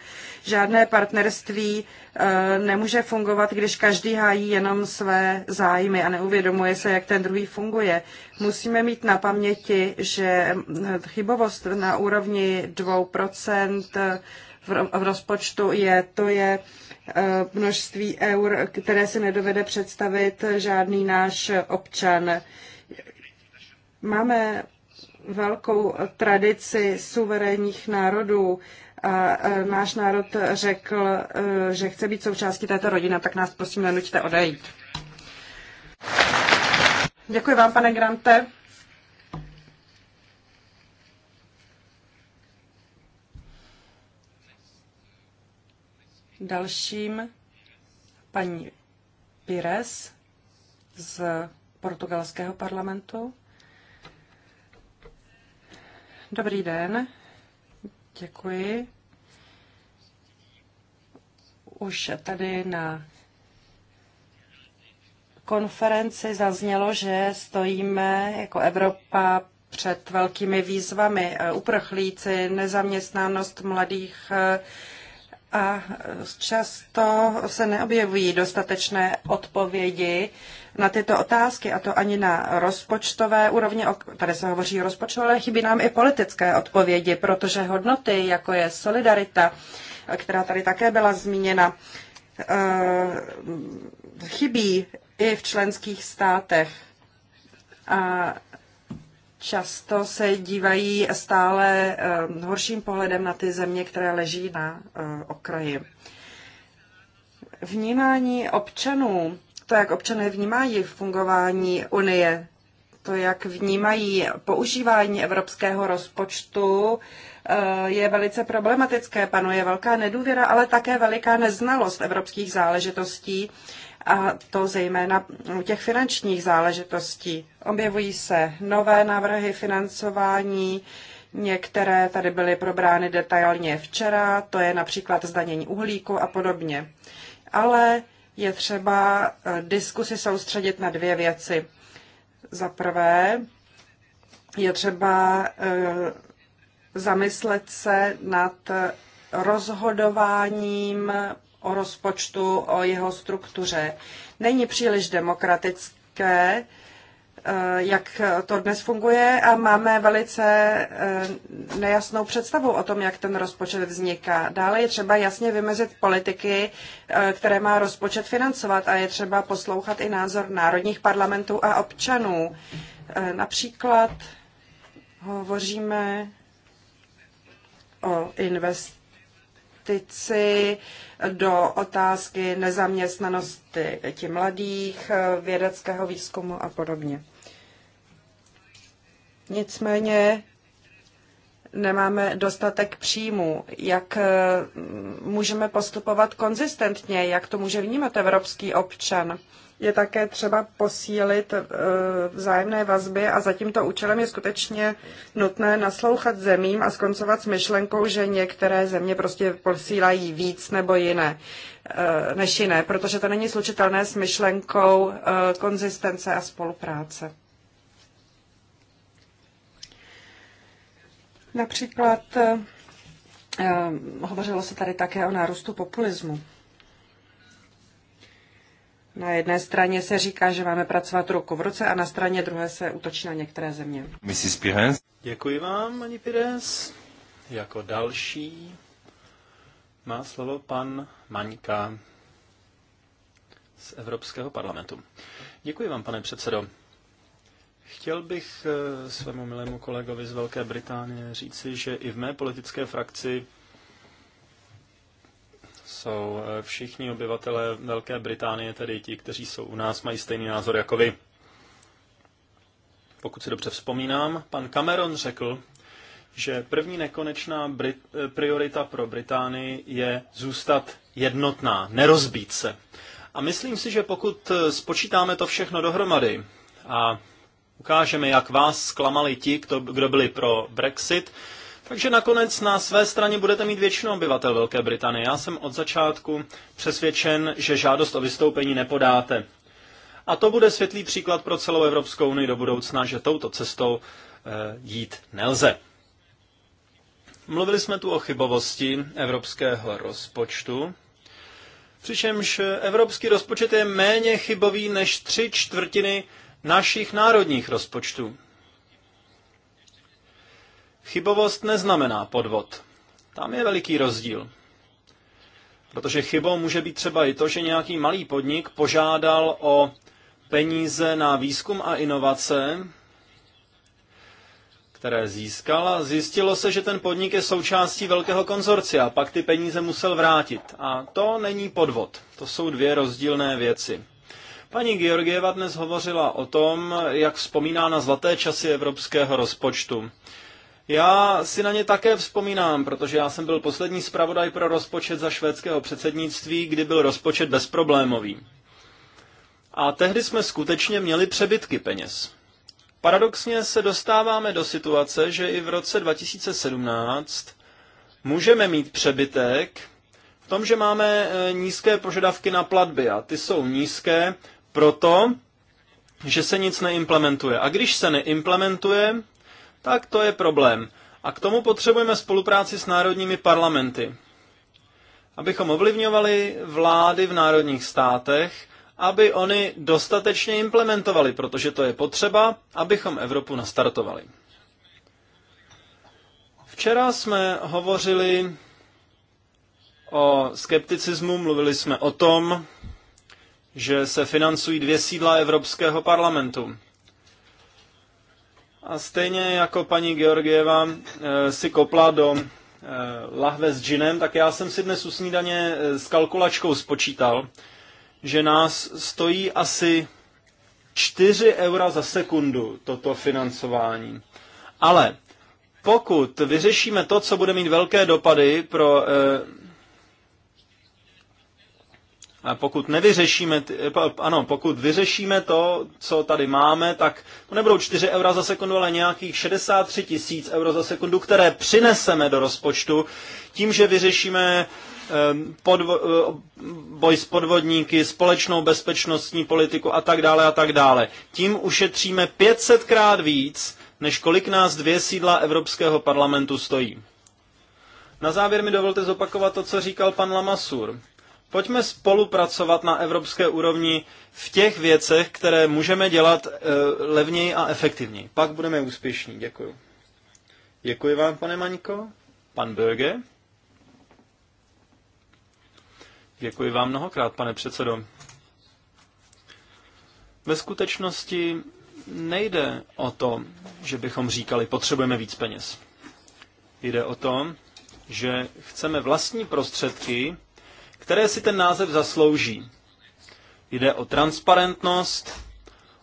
Žádné partnerství eh, nemůže fungovat, když každý hájí jenom své zájmy a neuvědomuje se, jak ten druhý funguje. Musíme mít na paměti, že chybovost na úrovni 2% v rozpočtu je, to je Eh, množství eur, které si nedovede představit žádný náš občan. Máme velkou tradici suverénních národů a eh, náš národ řekl, eh, že chce být součástí této rodiny, tak nás prosím nenuďte odejít. Děkuji vám, pane Grante. Dalším paní Pires z portugalského parlamentu. Dobrý den, děkuji. Už tady na konferenci zaznělo, že stojíme jako Evropa před velkými výzvami. Uprchlíci, nezaměstnanost mladých a často se neobjevují dostatečné odpovědi na tyto otázky, a to ani na rozpočtové úrovni, tady se hovoří o rozpočtu, ale chybí nám i politické odpovědi, protože hodnoty, jako je solidarita, která tady také byla zmíněna, eh, chybí i v členských státech. A často se dívají stále eh, horším pohledem na ty země, které leží na eh, okraji. Vnímání občanů, to, jak občané vnímají fungování Unie, to, jak vnímají používání evropského rozpočtu, eh, je velice problematické. Panuje velká nedůvěra, ale také veliká neznalost evropských záležitostí a to zejména u těch finančních záležitostí. Objevují se nové návrhy financování, některé tady byly probrány detailně včera, to je například zdanění uhlíku a podobně. Ale je třeba eh, diskusy soustředit na dvě věci. Za prvé je třeba eh, zamyslet se nad rozhodováním o rozpočtu, o jeho struktuře. Není příliš demokratické, eh, jak to dnes funguje a máme velice eh, nejasnou představu o tom, jak ten rozpočet vzniká. Dále je třeba jasně vymezit politiky, eh, které má rozpočet financovat a je třeba poslouchat i názor národních parlamentů a občanů. Například hovoříme o invest praktici do otázky nezaměstnanosti ti mladých, vědeckého výzkumu a podobně. Nicméně nemáme dostatek příjmů, jak mm, můžeme postupovat konzistentně, jak to může vnímat evropský občan je také třeba posílit eh, vzájemné vazby a za tímto účelem je skutečně nutné naslouchat zemím a skoncovat s myšlenkou, že některé země prostě posílají víc nebo jiné eh, než jiné, protože to není slučitelné s myšlenkou eh, konzistence a spolupráce. Například hovořilo se tady také o nárůstu populismu. Na jedné straně se říká, že máme pracovat ruku v ruce a na straně druhé se útočí na některé země. Mrs. Pires. Děkuji vám, paní Pires. Jako další má slovo pan Maňka z Evropského parlamentu. Děkuji vám, pane předsedo. Chtěl bych eh, svému milému kolegovi z Velké Británie říci, že i v mé politické frakci jsou e, všichni obyvatelé Velké Británie, tedy ti, kteří jsou u nás, mají stejný názor jako vy. Pokud si dobře vzpomínám, pan Cameron řekl, že první nekonečná Brit- e, priorita pro Británii je zůstat jednotná, nerozbít se. A myslím si, že pokud e, spočítáme to všechno dohromady a ukážeme, jak vás zklamali ti, kdo, kdo byli pro Brexit, takže nakonec na své straně budete mít většinu obyvatel Velké Británie. Já jsem od začátku přesvědčen, že žádost o vystoupení nepodáte. A to bude světlý příklad pro celou Evropskou unii do budoucna, že touto cestou e, jít nelze. Mluvili jsme tu o chybovosti evropského rozpočtu, přičemž evropský rozpočet je méně chybový než tři čtvrtiny našich národních rozpočtů. Chybovost neznamená podvod. Tam je veliký rozdíl. Protože chybou může být třeba i to, že nějaký malý podnik požádal o peníze na výzkum a inovace, které získal a zjistilo se, že ten podnik je součástí velkého konzorcia, pak ty peníze musel vrátit. A to není podvod. To jsou dvě rozdílné věci. Paní Georgieva dnes hovořila o tom, jak vzpomíná na zlaté časy evropského rozpočtu. Já si na ně také vzpomínám, protože já jsem byl poslední zpravodaj pro rozpočet za švédského předsednictví, kdy byl rozpočet bezproblémový. A tehdy jsme skutečně měli přebytky peněz. Paradoxně se dostáváme do situace, že i v roce 2017 můžeme mít přebytek v tom, že máme eh, nízké požadavky na platby a ty jsou nízké proto, že se nic neimplementuje. A když se neimplementuje, tak to je problém. A k tomu potřebujeme spolupráci s národními parlamenty. Abychom ovlivňovali vlády v národních státech, aby oni dostatečně implementovali, protože to je potřeba, abychom Evropu nastartovali. Včera jsme hovořili o skepticismu, mluvili jsme o tom, že se financují dvě sídla Evropského parlamentu. A stejně jako paní Georgieva eh, si kopla do eh, lahve s džinem, tak já jsem si dnes u snídaně eh, s kalkulačkou spočítal, že nás stojí asi 4 eura za sekundu toto financování. Ale pokud vyřešíme to, co bude mít velké dopady pro a pokud nevyřešíme, ano, pokud vyřešíme to, co tady máme, tak to nebudou 4 eura za sekundu, ale nějakých 63 tisíc euro za sekundu, které přineseme do rozpočtu tím, že vyřešíme ehm, podvo- e, boj s podvodníky, společnou bezpečnostní politiku a tak dále a tak dále. Tím ušetříme 500 krát víc, než kolik nás dvě sídla Evropského parlamentu stojí. Na závěr mi dovolte zopakovat to, co říkal pan Lamasur. Pojďme spolupracovat na evropské úrovni v těch věcech, které můžeme dělat eh, levněji a efektivněji. Pak budeme úspěšní. Děkuji. Děkuji vám, pane Maňko. Pan Böge. Děkuji vám mnohokrát, pane předsedo. Ve skutečnosti nejde o to, že bychom říkali, potřebujeme víc peněz. Jde o to, že chceme vlastní prostředky které si ten název zaslouží. Jde o transparentnost,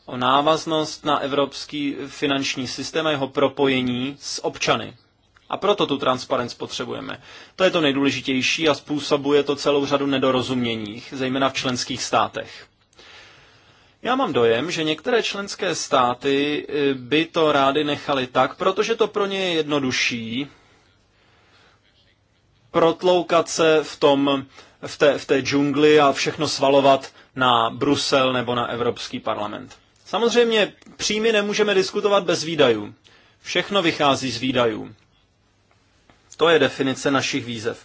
o návaznost na evropský finanční systém a jeho propojení s občany. A proto tu transparentnost potřebujeme. To je to nejdůležitější a způsobuje to celou řadu nedorozuměních, zejména v členských státech. Já mám dojem, že některé členské státy eh, by to rády nechali tak, protože to pro ně je jednodušší protloukat se v tom v té, v té džungli a všechno svalovat na Brusel nebo na Evropský parlament. Samozřejmě příjmy nemůžeme diskutovat bez výdajů. Všechno vychází z výdajů. To je definice našich výzev.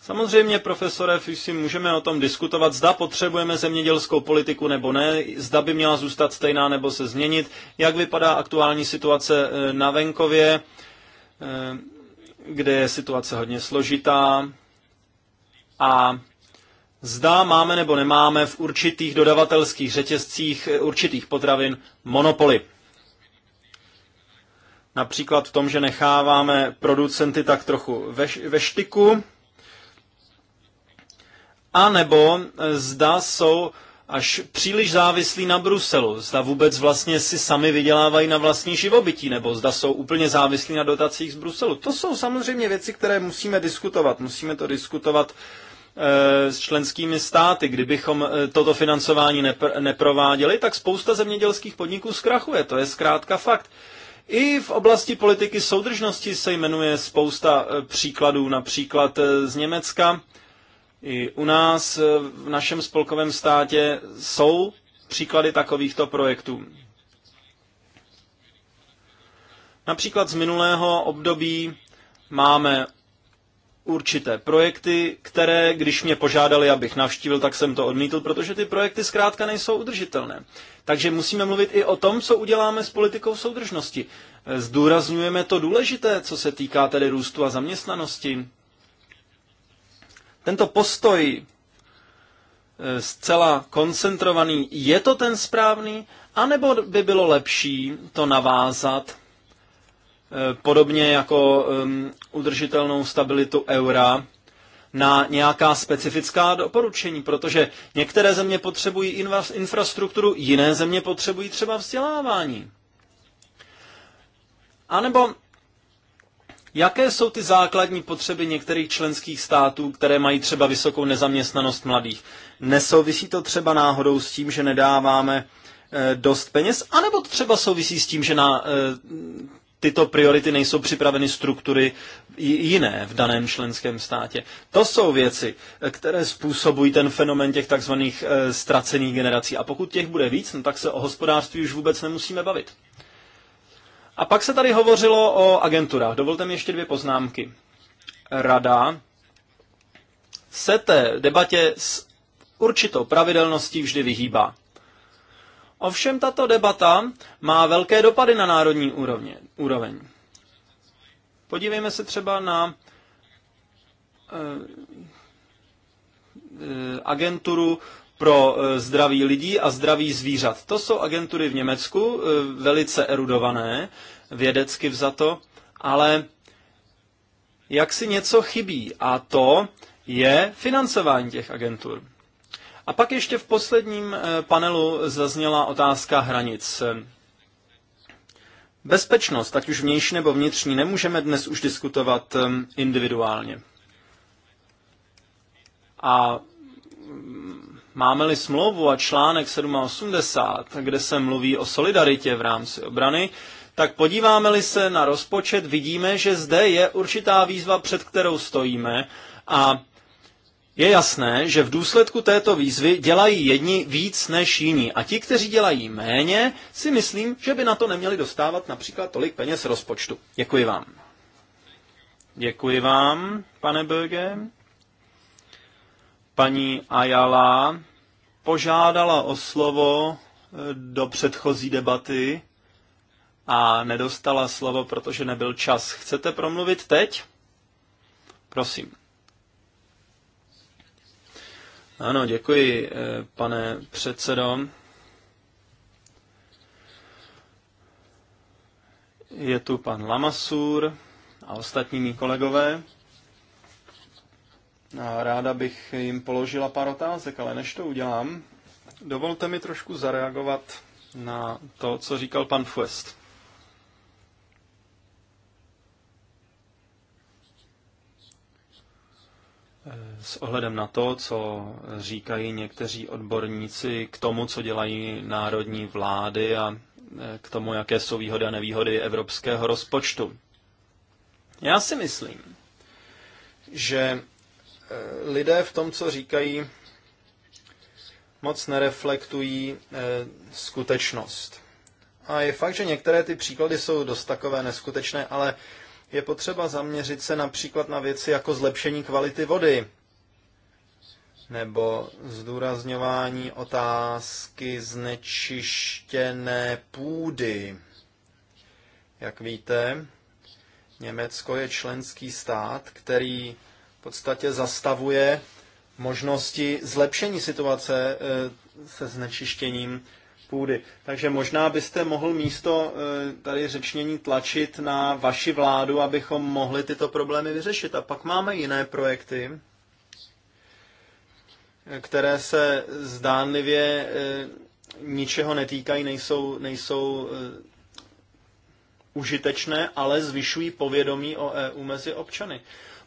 Samozřejmě, profesore Fusi, můžeme o tom diskutovat, zda potřebujeme zemědělskou politiku nebo ne, zda by měla zůstat stejná nebo se změnit, jak vypadá aktuální situace eh, na venkově, eh, kde je situace hodně složitá, a zda máme nebo nemáme v určitých dodavatelských řetězcích eh, určitých potravin monopoly. Například v tom, že necháváme producenty tak trochu ve, ve štiku, a nebo eh, zda jsou až příliš závislí na Bruselu, zda vůbec vlastně si sami vydělávají na vlastní živobytí, nebo zda jsou úplně závislí na dotacích z Bruselu. To jsou samozřejmě věci, které musíme diskutovat. Musíme to diskutovat uh, Eh, s členskými státy. Kdybychom eh, toto financování nepr- neprováděli, tak spousta zemědělských podniků zkrachuje. To je zkrátka fakt. I v oblasti politiky soudržnosti se jmenuje spousta eh, příkladů, například z Německa. I u nás v našem spolkovém státě jsou příklady takovýchto projektů. Například z minulého období máme určité projekty, které, když mě požádali, abych navštívil, tak jsem to odmítl, protože ty projekty zkrátka nejsou udržitelné. Takže musíme mluvit i o tom, co uděláme s politikou soudržnosti. Zdůrazňujeme to důležité, co se týká tedy růstu a zaměstnanosti. Tento postoj e, zcela koncentrovaný, je to ten správný, anebo by bylo lepší to navázat Eh, podobně jako udržitelnou stabilitu eura, na nějaká specifická doporučení, protože některé země potřebují infrastrukturu, jiné země potřebují třeba vzdělávání. A nebo jaké jsou ty základní potřeby některých členských států, které mají třeba vysokou nezaměstnanost mladých? Nesouvisí to třeba náhodou s tím, že nedáváme eh, dost peněz, anebo třeba souvisí s tím, že na eh, tyto priority nejsou připraveny struktury jiné v daném členském státě. To jsou věci, které způsobují ten fenomen těch takzvaných e, ztracených generací. A pokud těch bude víc, no tak se o hospodářství už vůbec nemusíme bavit. A pak se tady hovořilo o agenturách. Dovolte mi ještě dvě poznámky. Rada se té debatě s určitou pravidelností vždy vyhýbá. Ovšem tato debata má velké dopady na národní úrovně, úroveň. Podívejme se třeba na eh, eh, agenturu pro eh, zdraví lidí a zdraví zvířat. To jsou agentury v Německu, velice erudované, vědecky vzato, ale jak si něco chybí a to je financování těch agentur. A pak ještě v posledním eh, panelu zazněla otázka hranic. Bezpečnost, ať už vnější nebo vnitřní, nemůžeme dnes už diskutovat eh, individuálně. A mm, máme-li smlouvu a článek 87, kde se mluví o solidaritě v rámci obrany, tak podíváme-li se na rozpočet, vidíme, že zde je určitá výzva, před kterou stojíme a je jasné, že v důsledku této výzvy dělají jedni víc než jiní a ti, kteří dělají méně, si myslím, že by na to neměli dostávat například tolik peněz rozpočtu. Děkuji vám. Děkuji vám, pane Böge. Paní Ayala požádala o slovo eh, do předchozí debaty a nedostala slovo, protože nebyl čas. Chcete promluvit teď? Prosím. Ano, děkuji, eh, pane předsedo. Je tu pan Lamasur a ostatní mý kolegové. A ráda bych jim položila pár otázek, ale než to udělám, dovolte mi trošku zareagovat na to, co říkal pan Fuest. s ohledem na to, co říkají někteří odborníci k tomu, co dělají národní vlády a e, k tomu, jaké jsou výhody a nevýhody evropského rozpočtu. Já si myslím, že e, lidé v tom, co říkají, moc nereflektují e, skutečnost. A je fakt, že některé ty příklady jsou dost takové neskutečné, ale je potřeba zaměřit se například na věci jako zlepšení kvality vody nebo zdůrazňování otázky znečištěné půdy. Jak víte, Německo je členský stát, který v podstatě zastavuje možnosti zlepšení situace eh, se znečištěním půdy. Takže možná byste mohl místo eh, tady řečnění tlačit na vaši vládu, abychom mohli tyto problémy vyřešit. A pak máme jiné projekty, eh, které se zdánlivě eh, ničeho netýkají, nejsou, nejsou užitečné, ale zvyšují povědomí o EU mezi občany.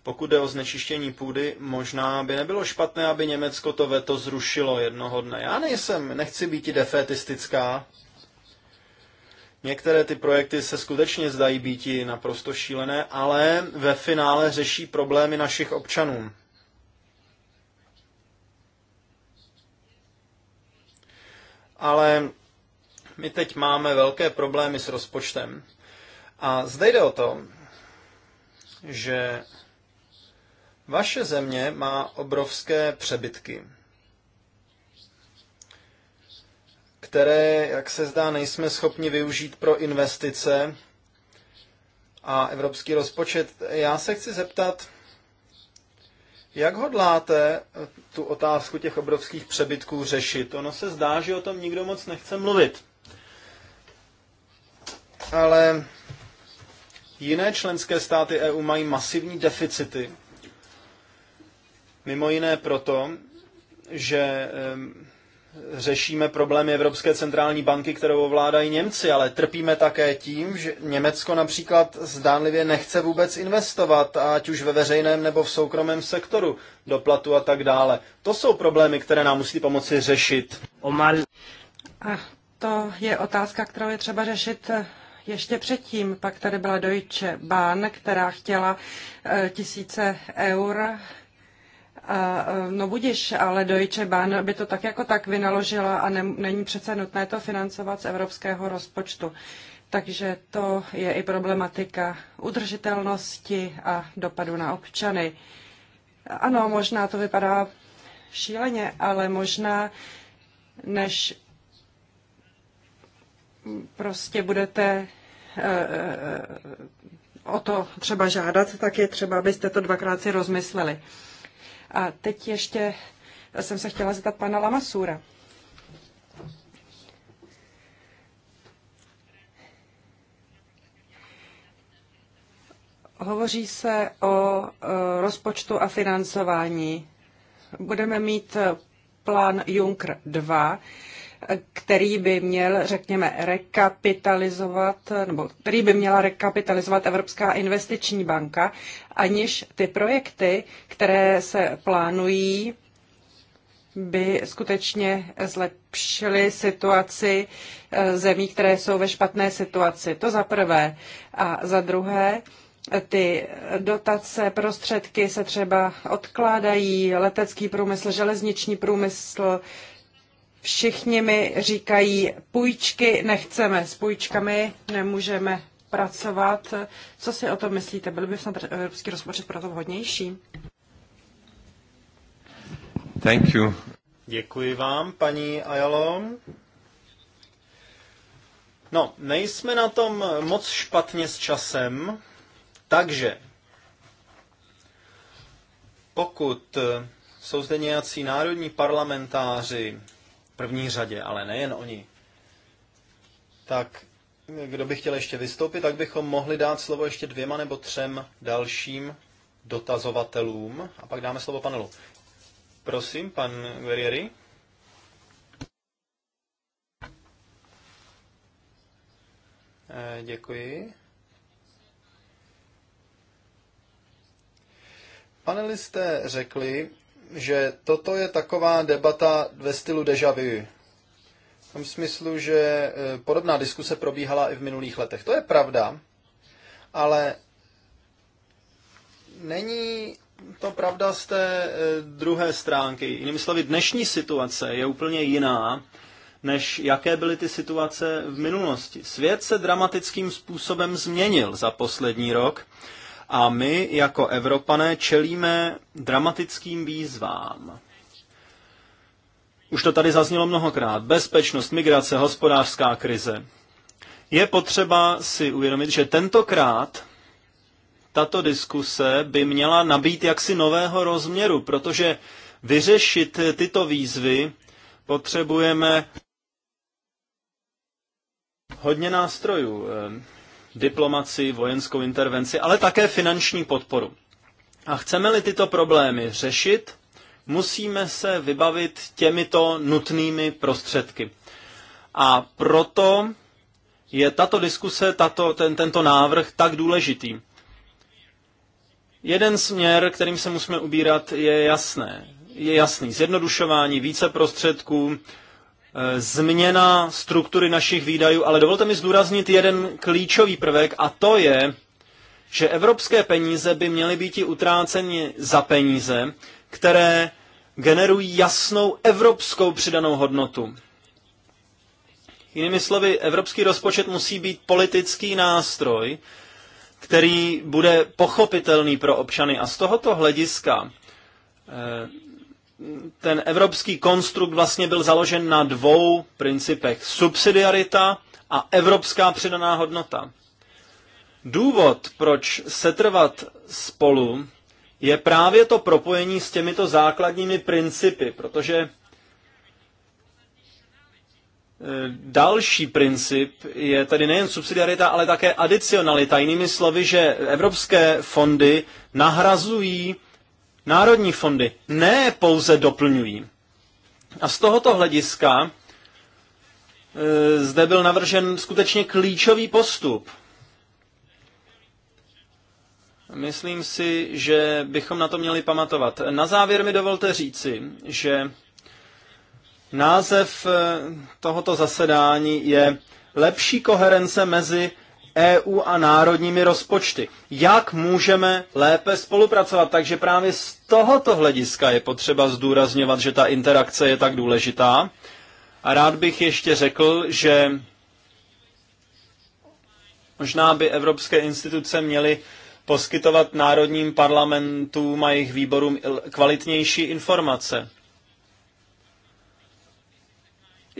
Pokud jde o znečištění půdy, možná by nebylo špatné, aby Německo to veto zrušilo jednoho dne. Já nejsem, nechci být i defetistická. Některé ty projekty se skutečně zdají být naprosto šílené, ale ve finále řeší problémy našich občanů. Ale my teď máme velké problémy s rozpočtem. A zde jde o to, že vaše země má obrovské přebytky, které, jak se zdá, nejsme schopni využít pro investice a evropský rozpočet. Já se chci zeptat, jak hodláte tu otázku těch obrovských přebytků řešit? Ono se zdá, že o tom nikdo moc nechce mluvit. Ale jiné členské státy EU mají masivní deficity Mimo jiné proto, že řešíme problémy Evropské centrální banky, kterou ovládají Němci, ale trpíme také tím, že Německo například zdánlivě nechce vůbec investovat, ať už ve veřejném nebo v soukromém sektoru, doplatu a tak dále. To jsou problémy, které nám musí pomoci řešit. Omar. A to je otázka, kterou je třeba řešit eh, ještě předtím. Pak tady byla Deutsche Bahn, která chtěla eh, tisíce eur E, no budíš, ale Deutsche Bahn by to tak jako tak vynaložila a ne, není přece nutné to financovat z evropského rozpočtu. Takže to je i problematika udržitelnosti a dopadu na občany. Ano, možná to vypadá šíleně, ale možná než prostě budete e, e, o to třeba žádat, tak je třeba, abyste to dvakrát si rozmysleli. A teď ještě jsem se chtěla zeptat pana Lamasura. Hovoří se o e, rozpočtu a financování. Budeme mít e, plán Juncker 2 který by měl, řekněme, rekapitalizovat, nebo který by měla rekapitalizovat Evropská investiční banka, aniž ty projekty, které se plánují, by skutečně zlepšily situaci eh, zemí, které jsou ve špatné situaci. To za prvé. A za druhé, ty dotace, prostředky se třeba odkládají, letecký průmysl, železniční průmysl, Všichni mi říkají, půjčky nechceme, s půjčkami nemůžeme pracovat. Co si o tom myslíte? Byl by snad evropský rozpočet to vhodnější? Thank you. Děkuji vám, paní Ajalo. No, nejsme na tom moc špatně s časem, takže pokud jsou zde nějací národní parlamentáři, první řadě, ale nejen oni. Tak kdo by chtěl ještě vystoupit, tak bychom mohli dát slovo ještě dvěma nebo třem dalším dotazovatelům a pak dáme slovo panelu. Prosím, pan Guerrieri. Eh, děkuji. Panelisté řekli, že toto je taková debata ve stylu deja vu. V tom smyslu, že e, podobná diskuse probíhala i v minulých letech. To je pravda, ale není to pravda z té e, druhé stránky. Jinými slovy, dnešní situace je úplně jiná, než jaké byly ty situace v minulosti. Svět se dramatickým způsobem změnil za poslední rok a my jako Evropané čelíme dramatickým výzvám. Už to tady zaznělo mnohokrát. Bezpečnost, migrace, hospodářská krize. Je potřeba si uvědomit, že tentokrát tato diskuse by měla nabít jaksi nového rozměru, protože vyřešit tyto výzvy potřebujeme hodně nástrojů diplomaci, vojenskou intervenci, ale také finanční podporu. A chceme-li tyto problémy řešit, musíme se vybavit těmito nutnými prostředky. A proto je tato diskuse, tato, ten, tento návrh tak důležitý. Jeden směr, kterým se musíme ubírat, je jasné. Je jasný zjednodušování, více prostředků, Eh, změna struktury našich výdajů, ale dovolte mi zdůraznit jeden klíčový prvek a to je, že evropské peníze by měly být i utráceny za peníze, které generují jasnou evropskou přidanou hodnotu. Jinými slovy, evropský rozpočet musí být politický nástroj, který bude pochopitelný pro občany. A z tohoto hlediska eh, ten evropský konstrukt vlastně byl založen na dvou principech. Subsidiarita a evropská přidaná hodnota. Důvod, proč setrvat spolu, je právě to propojení s těmito základními principy, protože eh, Další princip je tedy nejen subsidiarita, ale také adicionalita. Jinými slovy, že evropské fondy nahrazují národní fondy ne pouze doplňují. A z tohoto hlediska e, zde byl navržen skutečně klíčový postup. Myslím si, že bychom na to měli pamatovat. Na závěr mi dovolte říci, že název e, tohoto zasedání je lepší koherence mezi EU a národními rozpočty. Jak můžeme lépe spolupracovat? Takže právě z tohoto hlediska je potřeba zdůrazňovat, že ta interakce je tak důležitá. A rád bych ještě řekl, že možná by evropské instituce měly poskytovat národním parlamentům a jejich výborům kvalitnější informace.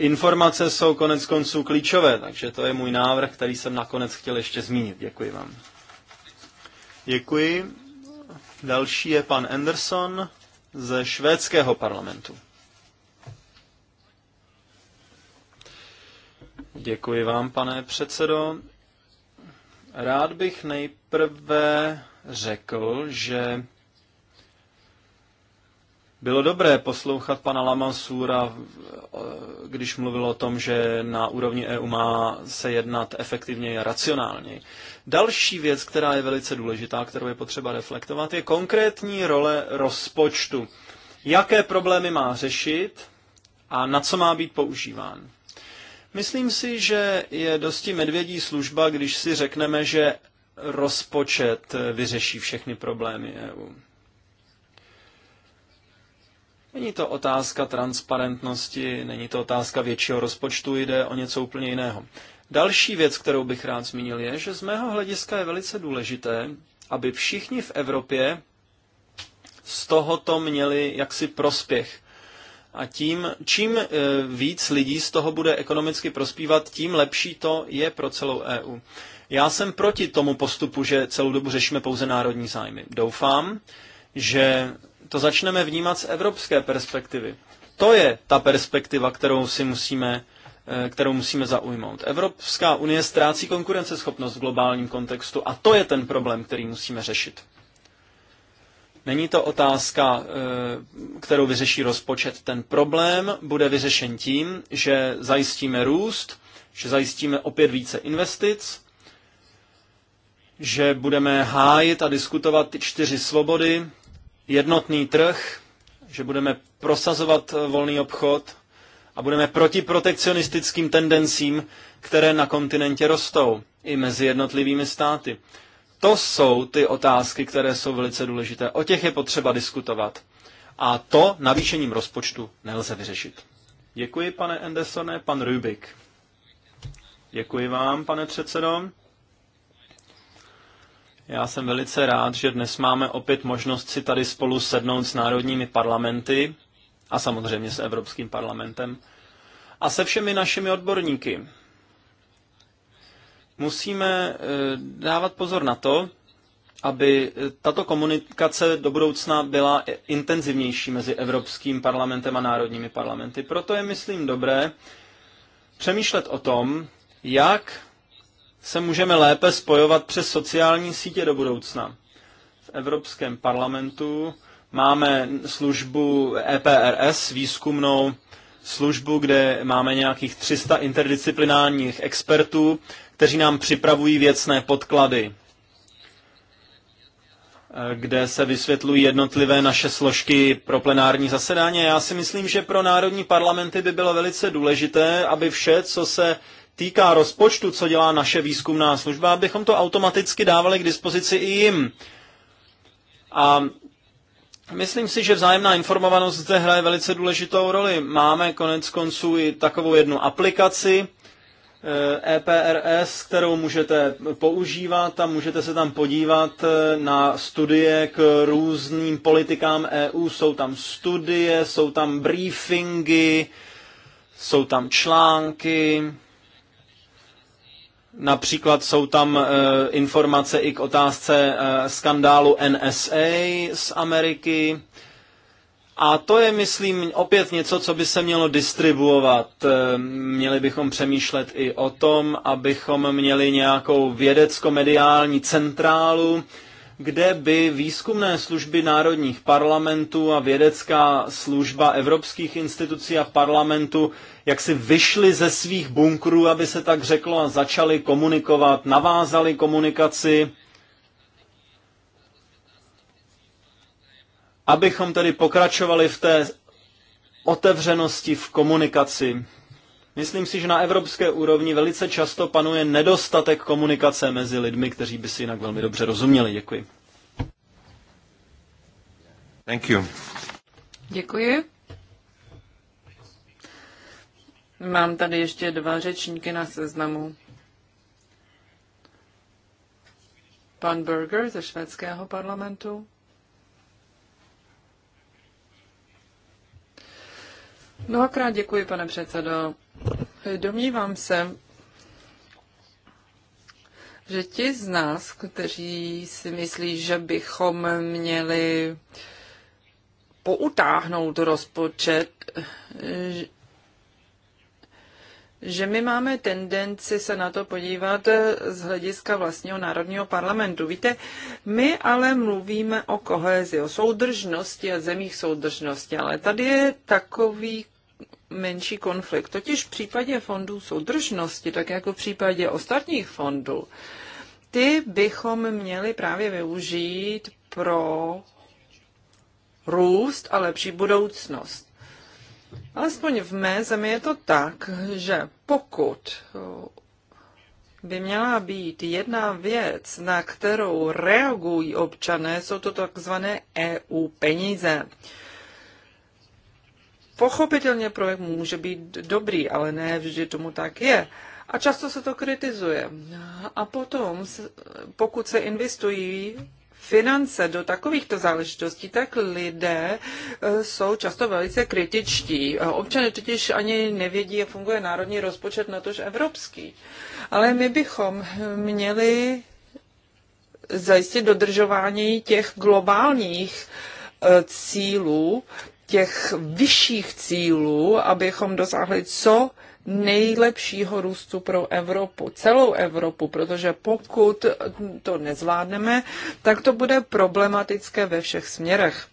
Informace jsou konec konců klíčové, takže to je můj návrh, který jsem nakonec chtěl ještě zmínit. Děkuji vám. Děkuji. Další je pan Anderson ze švédského parlamentu. Děkuji vám, pane předsedo. Rád bych nejprve řekl, že bylo dobré poslouchat pana Lamansura, eh, když mluvil o tom, že na úrovni EU má se jednat efektivněji a racionálněji. Další věc, která je velice důležitá, kterou je potřeba reflektovat, je konkrétní role rozpočtu. Jaké problémy má řešit a na co má být používán? Myslím si, že je dosti medvědí služba, když si řekneme, že rozpočet vyřeší všechny problémy EU. Není to otázka transparentnosti, není to otázka většího rozpočtu, jde o něco úplně jiného. Další věc, kterou bych rád zmínil, je, že z mého hlediska je velice důležité, aby všichni v Evropě z tohoto měli jaksi prospěch. A tím, čím eh, víc lidí z toho bude ekonomicky prospívat, tím lepší to je pro celou EU. Já jsem proti tomu postupu, že celou dobu řešíme pouze národní zájmy. Doufám, že to začneme vnímat z evropské perspektivy. To je ta perspektiva, kterou si musíme eh, kterou musíme zaujmout. Evropská unie ztrácí konkurenceschopnost v globálním kontextu a to je ten problém, který musíme řešit. Není to otázka, eh, kterou vyřeší rozpočet. Ten problém bude vyřešen tím, že zajistíme růst, že zajistíme opět více investic, že budeme hájit a diskutovat ty čtyři svobody, jednotný trh, že budeme prosazovat eh, volný obchod a budeme proti protekcionistickým tendencím, které na kontinentě rostou i mezi jednotlivými státy. To jsou ty otázky, které jsou velice důležité. O těch je potřeba diskutovat. A to navýšením rozpočtu nelze vyřešit. Děkuji, pane Endesone, pan Rubik. Děkuji vám, pane předsedo. Já jsem velice rád, že dnes máme opět možnost si tady spolu sednout s národními parlamenty a samozřejmě s Evropským parlamentem a se všemi našimi odborníky. Musíme eh, dávat pozor na to, aby eh, tato komunikace do budoucna byla intenzivnější mezi Evropským parlamentem a národními parlamenty. Proto je, myslím, dobré přemýšlet o tom, jak se můžeme lépe spojovat přes sociální sítě do budoucna. V Evropském parlamentu máme službu EPRS, výzkumnou službu, kde máme nějakých 300 interdisciplinárních expertů, kteří nám připravují věcné podklady, kde se vysvětlují jednotlivé naše složky pro plenární zasedání. Já si myslím, že pro národní parlamenty by bylo velice důležité, aby vše, co se týká rozpočtu, co dělá naše výzkumná služba, abychom to automaticky dávali k dispozici i jim. A Myslím si, že vzájemná informovanost zde hraje velice důležitou roli. Máme konec konců i takovou jednu aplikaci, EPRS, eh, e kterou můžete používat a můžete se tam podívat eh, na studie k různým politikám EU. Jsou tam studie, jsou tam briefingy, jsou tam články, Například jsou tam eh, informace i k otázce eh, skandálu NSA z Ameriky. A to je, myslím, opět něco, co by se mělo distribuovat. Eh, měli bychom přemýšlet i o tom, abychom měli nějakou vědecko-mediální centrálu, kde by výzkumné služby národních parlamentů a vědecká služba evropských institucí a parlamentu jak si vyšly ze svých bunkrů, aby se tak řeklo, a začaly komunikovat, navázali komunikaci, abychom tedy pokračovali v té otevřenosti v komunikaci Myslím si, že na evropské úrovni velice často panuje nedostatek komunikace mezi lidmi, kteří by si jinak velmi dobře rozuměli. Děkuji. Thank you. Děkuji. Mám tady ještě dva řečníky na seznamu. Pan Berger ze švédského parlamentu. Mnohokrát děkuji, pane předsedo. Domnívám se, že ti z nás, kteří si myslí, že bychom měli poutáhnout rozpočet, že my máme tendenci se na to podívat z hlediska vlastního národního parlamentu. Víte, my ale mluvíme o kohezi, o soudržnosti a zemích soudržnosti, ale tady je takový menší konflikt. Totiž v případě fondů soudržnosti, tak jako v případě ostatních fondů, ty bychom měli právě využít pro růst a lepší budoucnost. Alespoň v mé zemi je to tak, že pokud by měla být jedna věc, na kterou reagují občané, jsou to takzvané EU peníze. Pochopitelně projekt může být dobrý, ale ne vždy tomu tak je. A často se to kritizuje. A potom, pokud se investují finance do takovýchto záležitostí, tak lidé eh, jsou často velice kritičtí. Občany totiž ani nevědí, jak funguje národní rozpočet, natož evropský. Ale my bychom měli zajistit dodržování těch globálních eh, cílů, těch vyšších cílů, abychom dosáhli co nejlepšího růstu pro Evropu, celou Evropu, protože pokud to nezvládneme, tak to bude problematické ve všech směrech.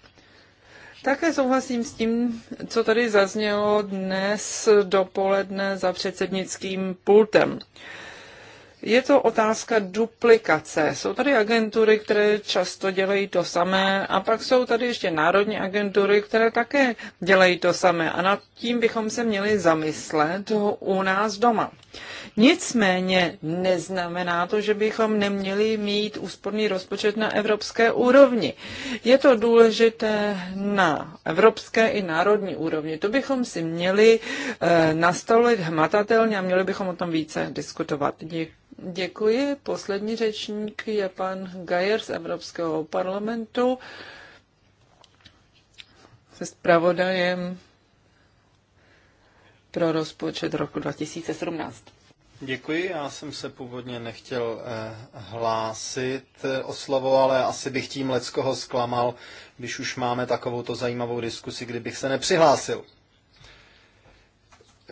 Také souhlasím s tím, co tady zaznělo dnes dopoledne za předsednickým pultem. Je to otázka duplikace. Jsou tady agentury, které často dělají to samé a pak jsou tady ještě národní agentury, které také dělají to samé a nad tím bychom se měli zamyslet u nás doma. Nicméně neznamená to, že bychom neměli mít úsporný rozpočet na evropské úrovni. Je to důležité na evropské i národní úrovni. To bychom si měli eh, nastolit hmatatelně a měli bychom o tom více diskutovat. Děkuji. Děkuji. Poslední řečník je pan Gajer z Evropského parlamentu se zpravodajem pro rozpočet roku 2017. Děkuji, já jsem se původně nechtěl eh, hlásit o slovo, ale asi bych tím leckoho zklamal, když už máme takovouto zajímavou diskusi, kdybych se nepřihlásil.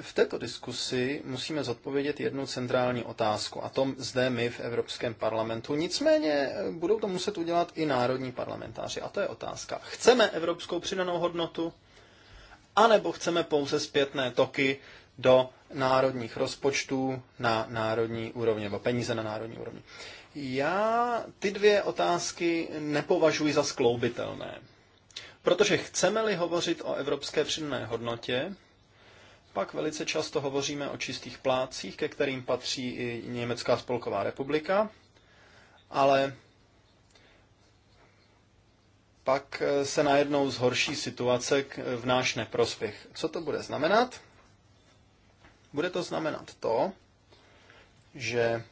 V této diskusi musíme zodpovědět jednu centrální otázku, a to zde my v Evropském parlamentu. Nicméně eh, budou to muset udělat i národní parlamentáři. A to je otázka. Chceme evropskou přidanou hodnotu, anebo chceme pouze zpětné toky do národních rozpočtů na národní úrovni, nebo peníze na národní úrovni. Já ty dvě otázky nepovažuji za skloubitelné. Protože chceme-li hovořit o evropské přidané hodnotě, pak velice často hovoříme o čistých plácích, ke kterým patří i Německá spolková republika, ale pak se najednou zhorší situace v náš neprospěch. Co to bude znamenat? Bude to znamenat to, že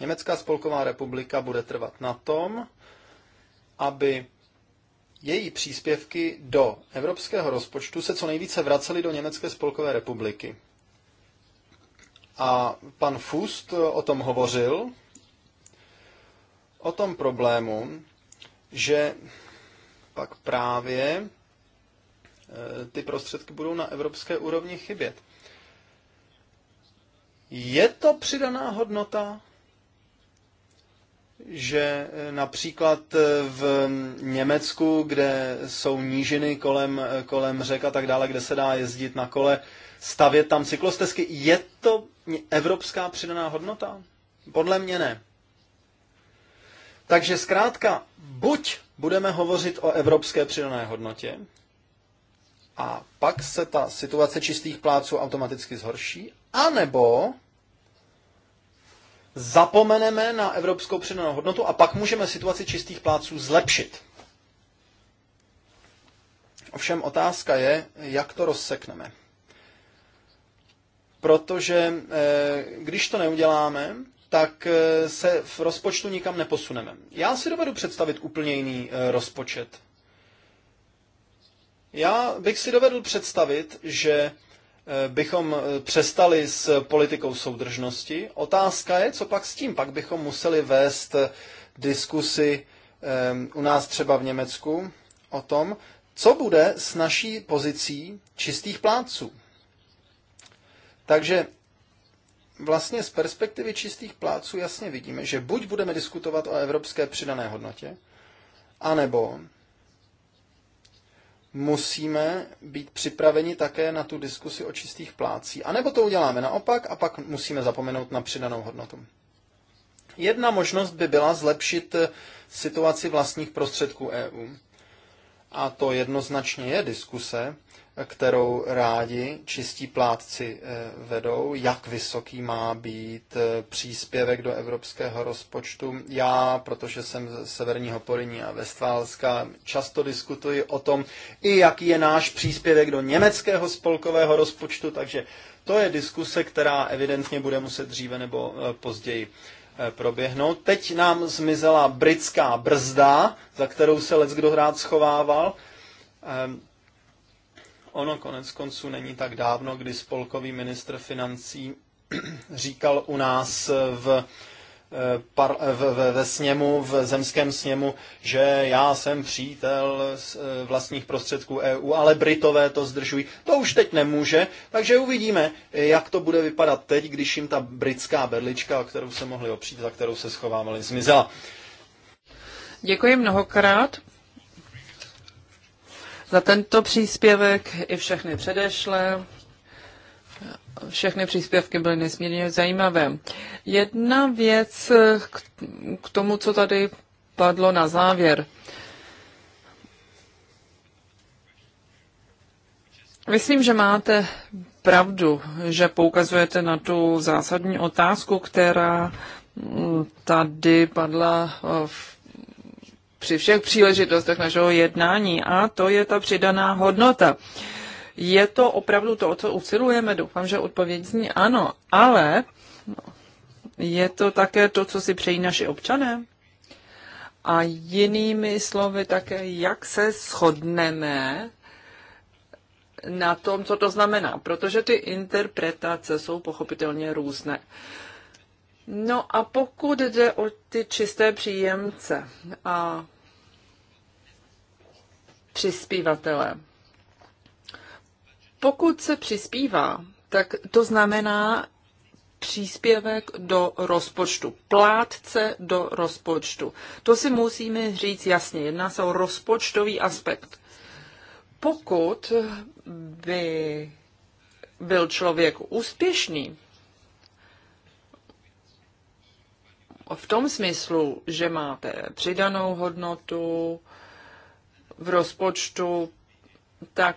Německá spolková republika bude trvat na tom, aby její příspěvky do evropského rozpočtu se co nejvíce vracely do Německé spolkové republiky. A pan Fust o tom hovořil, o tom problému, že pak právě e, ty prostředky budou na evropské úrovni chybět. Je to přidaná hodnota? že eh, například eh, v Německu, kde jsou nížiny kolem, eh, kolem řek a tak dále, kde se dá jezdit na kole, stavět tam cyklostezky, je to evropská přidaná hodnota? Podle mě ne. Takže zkrátka, buď budeme hovořit o evropské přidané hodnotě, a pak se ta situace čistých pláců automaticky zhorší, anebo zapomeneme na evropskou přidanou hodnotu a pak můžeme situaci čistých pláců zlepšit. Ovšem otázka je, jak to rozsekneme. Protože eh, když to neuděláme, tak eh, se v rozpočtu nikam neposuneme. Já si dovedu představit úplně jiný eh, rozpočet. Já bych si dovedl představit, že Eh, bychom eh, přestali s politikou soudržnosti. Otázka je, co pak s tím? Pak bychom museli vést eh, diskusy ehm, u nás třeba v Německu o tom, co bude s naší pozicí čistých plátců. Takže vlastně z perspektivy čistých pláců jasně vidíme, že buď budeme diskutovat o evropské přidané hodnotě, anebo musíme být připraveni také na tu diskusi o čistých plácích. A nebo to uděláme naopak a pak musíme zapomenout na přidanou hodnotu. Jedna možnost by byla zlepšit eh, situaci vlastních prostředků EU. A to jednoznačně je diskuse, kterou rádi čistí plátci eh, vedou, jak vysoký má být eh, příspěvek do evropského rozpočtu. Já, protože jsem z Severního Poriní a Vestválska, často diskutuji o tom, i jaký je náš příspěvek do německého spolkového rozpočtu, takže to je diskuse, která evidentně bude muset dříve nebo eh, později proběhnout. Teď nám zmizela britská brzda, za kterou se let kdo rád schovával. Ehm, Ono konec konců není tak dávno, kdy spolkový ministr financí říkal u nás v eh, par, eh, v, v, ve sněmu, v zemském sněmu, že já jsem přítel eh, vlastních prostředků EU, ale Britové to zdržují. To už teď nemůže, takže uvidíme, jak to bude vypadat teď, když jim ta britská berlička, o kterou se mohli opřít, za kterou se schovávali, zmizela. Děkuji mnohokrát za tento příspěvek i všechny předešlé. Všechny příspěvky byly nesmírně zajímavé. Jedna věc k tomu, co tady padlo na závěr. Myslím, že máte pravdu, že poukazujete na tu zásadní otázku, která tady padla v při všech příležitostech našeho jednání a to je ta přidaná hodnota. Je to opravdu to, o co usilujeme? Doufám, že odpověď zní ano, ale je to také to, co si přejí naši občané? A jinými slovy také, jak se shodneme na tom, co to znamená, protože ty interpretace jsou pochopitelně různé. No a pokud jde o ty čisté příjemce a přispívatele. Pokud se přispívá, tak to znamená příspěvek do rozpočtu, plátce do rozpočtu. To si musíme říct jasně, jedná se o rozpočtový aspekt. Pokud by byl člověk úspěšný, v tom smyslu, že máte přidanou hodnotu, v rozpočtu, tak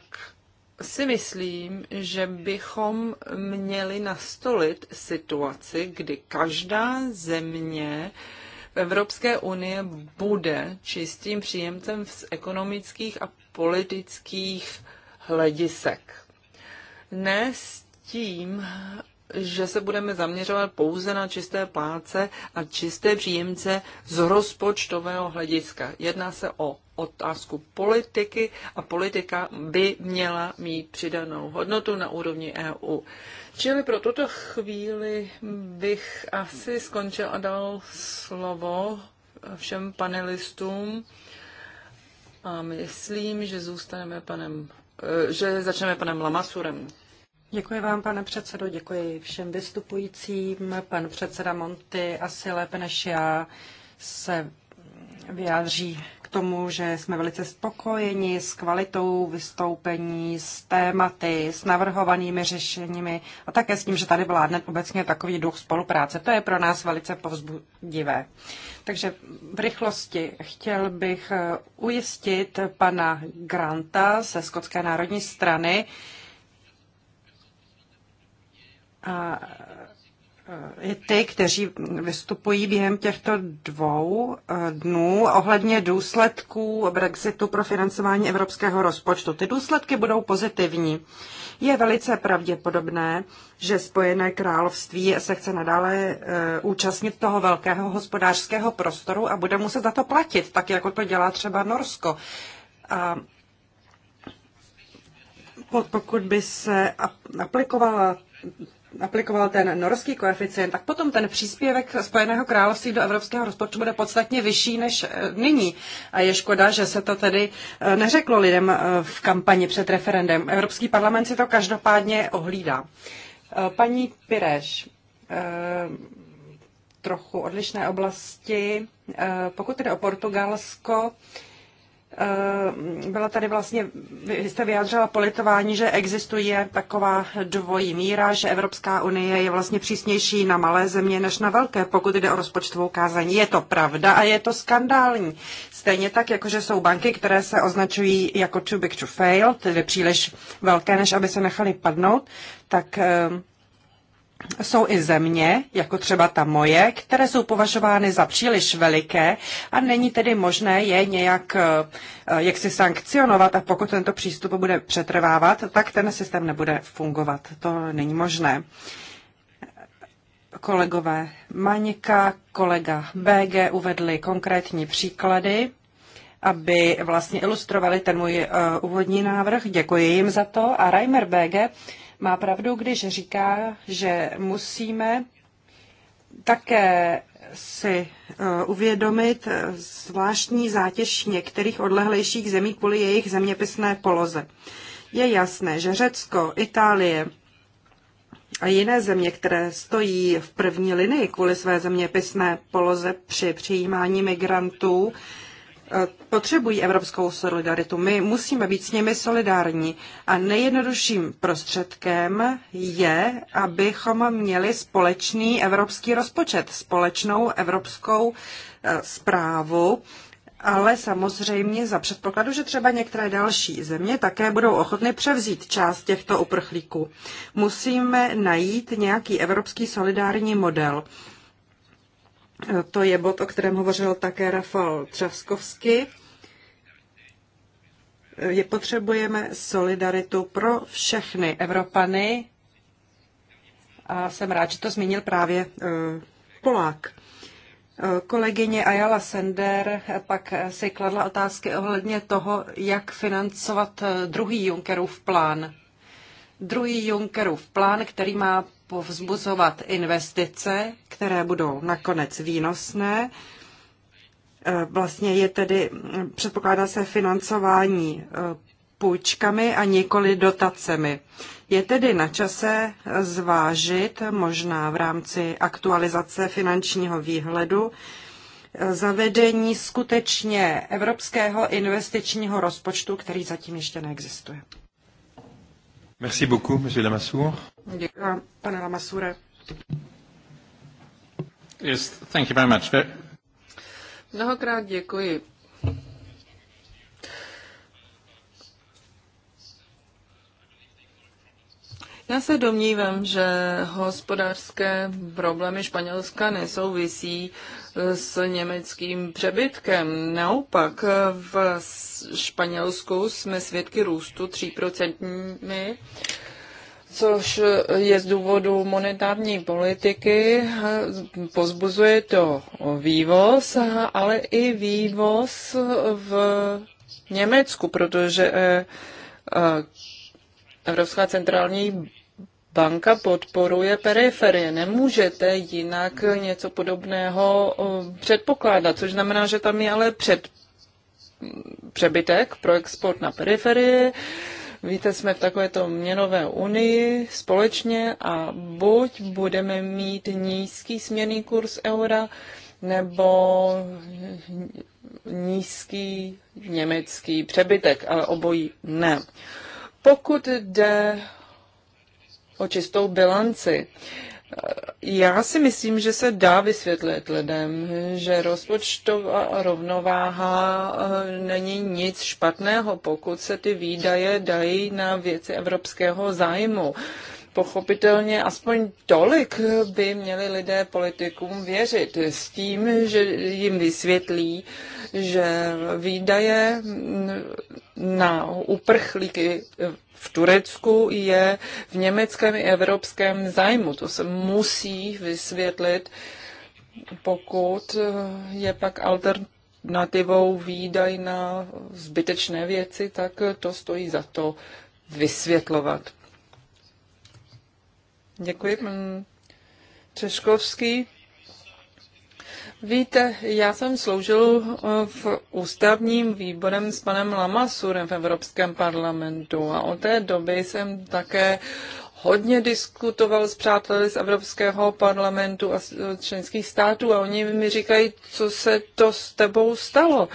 si myslím, že bychom měli nastolit situaci, kdy každá země v Evropské unie bude čistým příjemcem z ekonomických a politických hledisek. Ne s tím, že se budeme zaměřovat pouze na čisté pláce a čisté příjemce z rozpočtového hlediska. Jedná se o otázku politiky a politika by měla mít přidanou hodnotu na úrovni EU. Čili pro tuto chvíli bych asi skončil a dal slovo všem panelistům. A myslím, že zůstaneme panem, eh, že začneme panem Lamasurem. Děkuji vám, pane předsedo, děkuji všem vystupujícím. Pan předseda Monty asi lépe než já se vyjádří tomu, že jsme velice spokojeni s kvalitou vystoupení, s tématy, s navrhovanými řešeními a také s tím, že tady vládne obecně takový duch spolupráce. To je pro nás velice povzbudivé. Takže v rychlosti chtěl bych eh, ujistit pana Granta ze Skotské národní strany, a Eh, i ty, kteří vystupují během těchto dvou eh, dnů ohledně důsledků Brexitu pro financování evropského rozpočtu. Ty důsledky budou pozitivní. Je velice pravděpodobné, že Spojené království se chce nadále eh, účastnit toho velkého hospodářského prostoru a bude muset za to platit, tak jako to dělá třeba Norsko. A pokud by se aplikovala aplikoval ten norský koeficient, tak potom ten příspěvek Spojeného království do evropského rozpočtu bude podstatně vyšší než eh, nyní. A je škoda, že se to tedy eh, neřeklo lidem eh, v kampani před referendem. Evropský parlament si to každopádně ohlídá. Paní Pireš, trochu odlišné oblasti. Pokud jde o Portugalsko, Eh, byla tady vlastně, vy jste vyjádřila politování, že existuje taková dvojí míra, že Evropská unie je vlastně přísnější na malé země než na velké, pokud jde o rozpočtovou kázání. Je to pravda a je to skandální. Stejně tak, jakože jsou banky, které se označují jako too big to fail, tedy příliš velké, než aby se nechali padnout, tak eh, jsou i země, jako třeba ta moje, které jsou považovány za příliš veliké a není tedy možné je nějak eh, eh, jak si sankcionovat a pokud tento přístup bude přetrvávat, tak ten systém nebude fungovat. To není možné. Kolegové Maňka, kolega BG uvedli konkrétní příklady, aby vlastně ilustrovali ten můj uh, úvodní návrh. Děkuji jim za to. A Reimer BG má pravdu, když říká, že musíme také si eh, uvědomit eh, zvláštní zátěž některých odlehlejších zemí kvůli jejich zeměpisné poloze. Je jasné, že Řecko, Itálie a jiné země, které stojí v první linii kvůli své zeměpisné poloze při přijímání migrantů, Eh, potřebují evropskou solidaritu. My musíme být s nimi solidární. A nejjednodušším prostředkem je, abychom měli společný evropský rozpočet, společnou evropskou zprávu, eh, ale samozřejmě za předpokladu, že třeba některé další země také budou ochotny převzít část těchto uprchlíků. Musíme najít nějaký evropský solidární model. To je bod, o kterém hovořil také Rafal Třaskovsky. Je potřebujeme solidaritu pro všechny Evropany. A jsem rád, že to zmínil právě eh, Polák. Eh, kolegyně Ayala Sender pak si kladla otázky ohledně toho, jak financovat eh, druhý Junckerův plán. Druhý Junckerův plán, který má povzbuzovat investice, které budou nakonec výnosné. E, vlastně je tedy, předpokládá se financování e, půjčkami a nikoli dotacemi. Je tedy na čase zvážit, možná v rámci aktualizace finančního výhledu, e, zavedení skutečně evropského investičního rozpočtu, který zatím ještě neexistuje. Merci beaucoup, monsieur Lamassoure. Děkuji pane Lamassure. Yes, thank you very much. Mnohokrát děkuji. Já se domnívám, že hospodářské problémy Španělska nesouvisí s německým přebytkem. Naopak, v Španělsku jsme svědky růstu 3%, což je z důvodu monetární politiky. Pozbuzuje to vývoz, ale i vývoz v Německu, protože eh, eh, Evropská centrální banka podporuje periferie. Nemůžete jinak něco podobného předpokládat, což znamená, že tam je ale před přebytek pro export na periferii. Víte, jsme v takovéto měnové unii společně a buď budeme mít nízký směrný kurz eura, nebo nízký německý přebytek, ale obojí ne. Pokud jde o čistou bilanci. Já si myslím, že se dá vysvětlit lidem, že rozpočtová rovnováha eh, není nic špatného, pokud se ty výdaje dají na věci evropského zájmu. Pochopitelně aspoň tolik by měli lidé politikům věřit s tím, že jim vysvětlí, že výdaje na uprchlíky v Turecku je v německém i evropském zájmu. To se musí vysvětlit, pokud je pak alternativou výdaj na zbytečné věci, tak to stojí za to vysvětlovat. Děkuji, pan Češkovský. Víte, já jsem sloužil eh, v ústavním výborem s panem Lamasurem v Evropském parlamentu a od té doby jsem také hodně diskutoval s přáteli z Evropského parlamentu a eh, členských států a oni mi říkají, co se to s tebou stalo.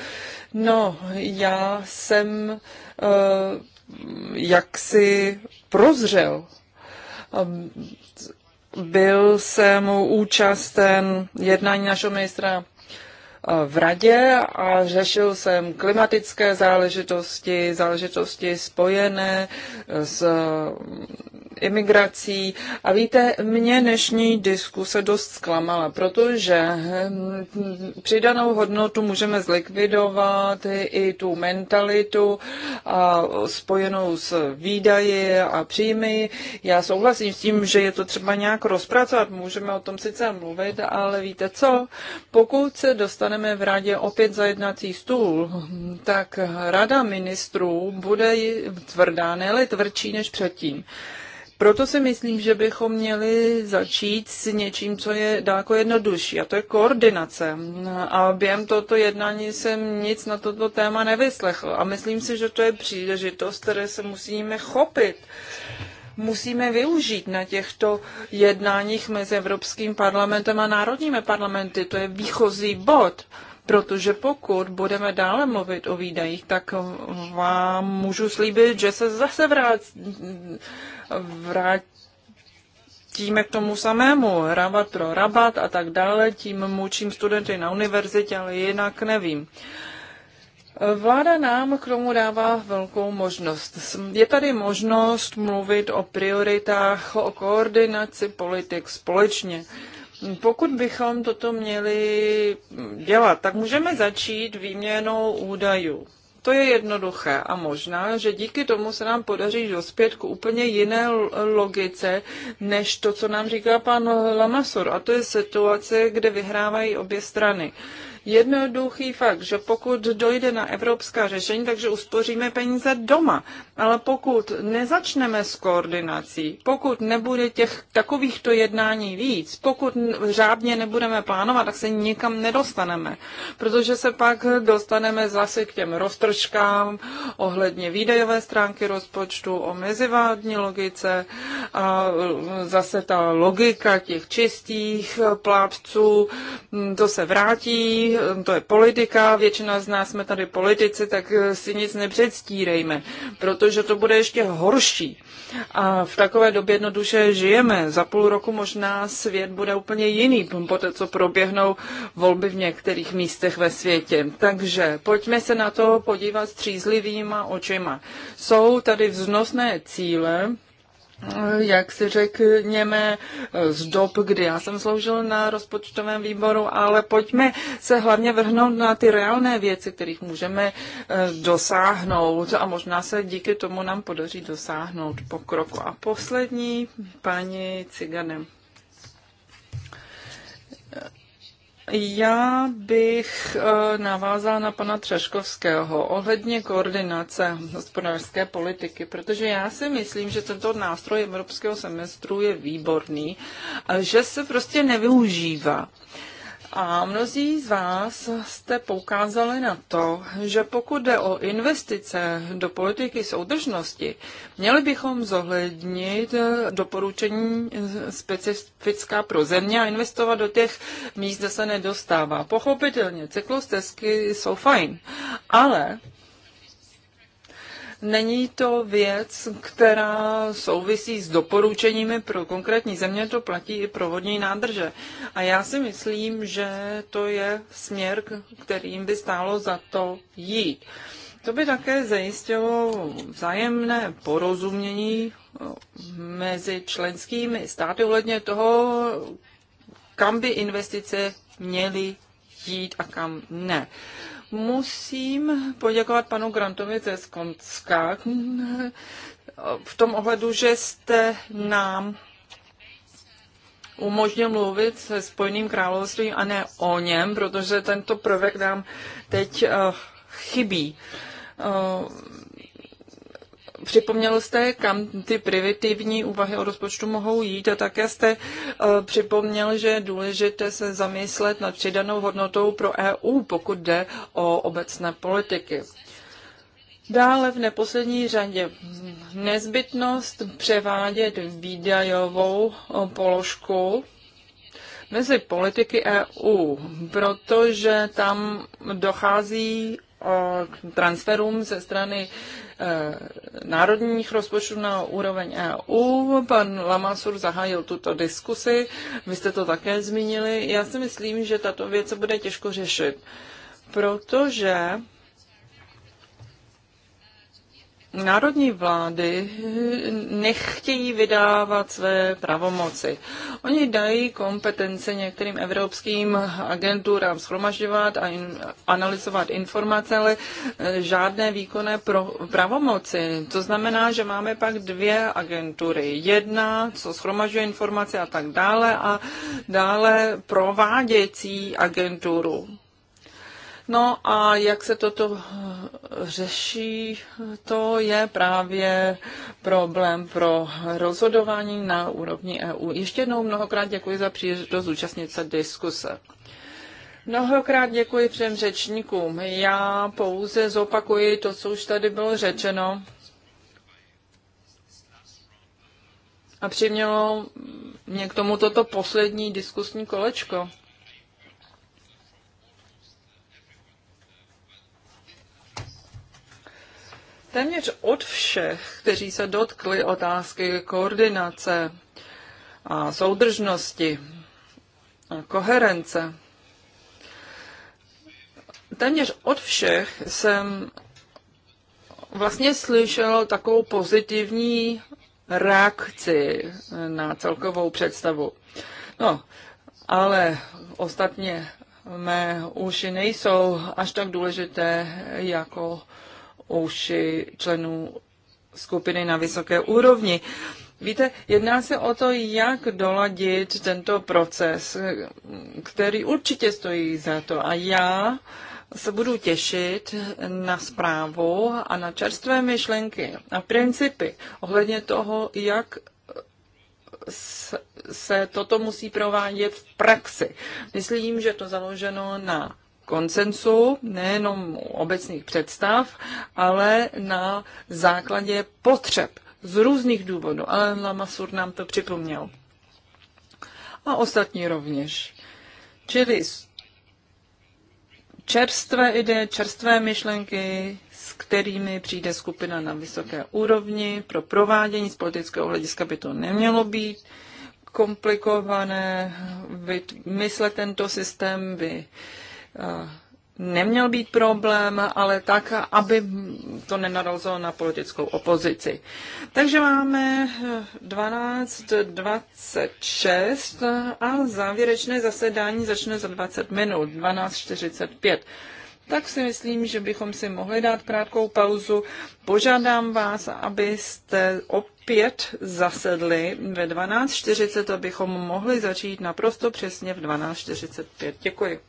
No, já jsem uh, jaksi prozřel. Um, byl jsem účasten jednání našeho ministra eh, v radě a řešil jsem klimatické záležitosti, záležitosti spojené s imigrací. A víte, mě dnešní diskuse dost zklamala, protože hm, přidanou hodnotu můžeme zlikvidovat i tu mentalitu a spojenou s výdaji a příjmy. Já souhlasím s tím, že je to třeba nějak rozpracovat, můžeme o tom sice mluvit, ale víte co, pokud se dostaneme v rádě opět za jednací stůl, tak rada ministrů bude tvrdá, ne tvrdší než předtím. Proto si myslím, že bychom měli začít s něčím, co je dáko jednodušší, a to je koordinace. A během tohoto jednání jsem nic na toto téma nevyslechl. A myslím si, že to je příležitost, které se musíme chopit musíme využít na těchto jednáních mezi Evropským parlamentem a národními parlamenty. To je výchozí bod. Protože pokud budeme dále mluvit o výdajích, tak vám můžu slíbit, že se zase vrát, vrátíme k tomu samému. Rabat pro rabat a tak dále, tím mučím studenty na univerzitě, ale jinak nevím. Vláda nám k tomu dává velkou možnost. Je tady možnost mluvit o prioritách, o koordinaci politik společně. Pokud bychom toto měli dělat, tak můžeme začít výměnou údajů. To je jednoduché a možná, že díky tomu se nám podaří dospět k úplně jiné logice, než to, co nám říká pan Lamasor. A to je situace, kde vyhrávají obě strany. Jednoduchý fakt, že pokud dojde na evropská řešení, takže uspoříme peníze doma. Ale pokud nezačneme s koordinací, pokud nebude těch takovýchto jednání víc, pokud řádně nebudeme plánovat, tak se nikam nedostaneme. Protože se pak dostaneme zase k těm roztržkám ohledně výdajové stránky rozpočtu, o mezivládní logice a zase ta logika těch čistých plátců, to se vrátí to je politika, většina z nás jsme tady politici, tak eh, si nic nepředstírejme, protože to bude ještě horší. A v takové době jednoduše žijeme. Za půl roku možná svět bude úplně jiný, po té, co proběhnou volby v některých místech ve světě. Takže pojďme se na to podívat střízlivýma očima. Jsou tady vznosné cíle, Eh, jak si řekněme, eh, z dob, kdy já jsem sloužil na rozpočtovém výboru, ale pojďme se hlavně vrhnout na ty reálné věci, kterých můžeme eh, dosáhnout a možná se díky tomu nám podaří dosáhnout pokroku. A poslední, paní Ciganem. Já bych eh, navázala na pana Třeškovského ohledně koordinace hospodářské politiky, protože já si myslím, že tento nástroj evropského semestru je výborný, eh, že se prostě nevyužívá. A mnozí z vás jste poukázali na to, že pokud jde o investice do politiky soudržnosti, měli bychom zohlednit doporučení specifická pro země a investovat do těch míst, kde se nedostává. Pochopitelně, cyklostezky jsou fajn, ale Není to věc, která souvisí s doporučeními pro konkrétní země, to platí i pro vodní nádrže. A já si myslím, že to je směr, kterým by stálo za to jít. To by také zajistilo vzájemné porozumění eh, mezi členskými státy ohledně toho, kam by investice měly jít a kam ne. Uh, Musím poděkovat panu Grantovi ze Skonska v tom ohledu, že jste nám umožnil mluvit se Spojeným královstvím a ne o něm, protože tento prvek nám teď eh, chybí. Eh, Připomněl jste, kam ty privitivní úvahy o rozpočtu mohou jít a také jste eh, připomněl, že je důležité se zamyslet nad přidanou hodnotou pro EU, pokud jde o obecné politiky. Dále v neposlední řadě nezbytnost převádět výdajovou eh, položku mezi politiky EU, protože tam dochází eh, k transferům ze strany Eh, národních rozpočtů na úroveň EU. Pan Lamasur zahájil tuto diskusi, vy jste to také zmínili. Já si myslím, že tato věc se bude těžko řešit, protože národní vlády nechtějí vydávat své pravomoci. Oni dají kompetence některým evropským agenturám schromažďovat a in, analyzovat informace, ale eh, žádné výkonné pro, pravomoci. To znamená, že máme pak dvě agentury. Jedna, co schromažďuje informace a tak dále, a dále prováděcí agenturu No a jak se toto eh, řeší, to je právě problém pro rozhodování na úrovni EU. Ještě jednou mnohokrát děkuji za příležitost zúčastnit se diskuse. Mnohokrát děkuji všem řečníkům. Já pouze zopakuji to, co už tady bylo řečeno. A přimělo mě k tomu toto poslední diskusní kolečko. téměř od všech, kteří se dotkli otázky koordinace a soudržnosti a koherence, téměř od všech jsem vlastně slyšel takovou pozitivní reakci na celkovou představu. No, ale ostatně mé uši nejsou až tak důležité jako uši členů skupiny na vysoké úrovni. Víte, jedná se o to, jak doladit tento proces, který určitě stojí za to. A já se budu těšit na zprávu a na čerstvé myšlenky a principy ohledně toho, jak se toto musí provádět v praxi. Myslím, že to založeno na koncensu, nejenom obecných představ, ale na základě potřeb z různých důvodů. Ale Lamasur nám to připomněl. A ostatní rovněž. Čili čerstvé ide, čerstvé myšlenky, s kterými přijde skupina na vysoké úrovni. Pro provádění z politického hlediska by to nemělo být komplikované. mysle tento systém by uh, neměl být problém, ale tak, aby to nenarazilo na politickou opozici. Takže máme 12.26 a závěrečné zasedání začne za 20 minut, 12.45 tak si myslím, že bychom si mohli dát krátkou pauzu. Požádám vás, abyste opět zasedli ve 12.40, abychom mohli začít naprosto přesně v 12.45. Děkuji.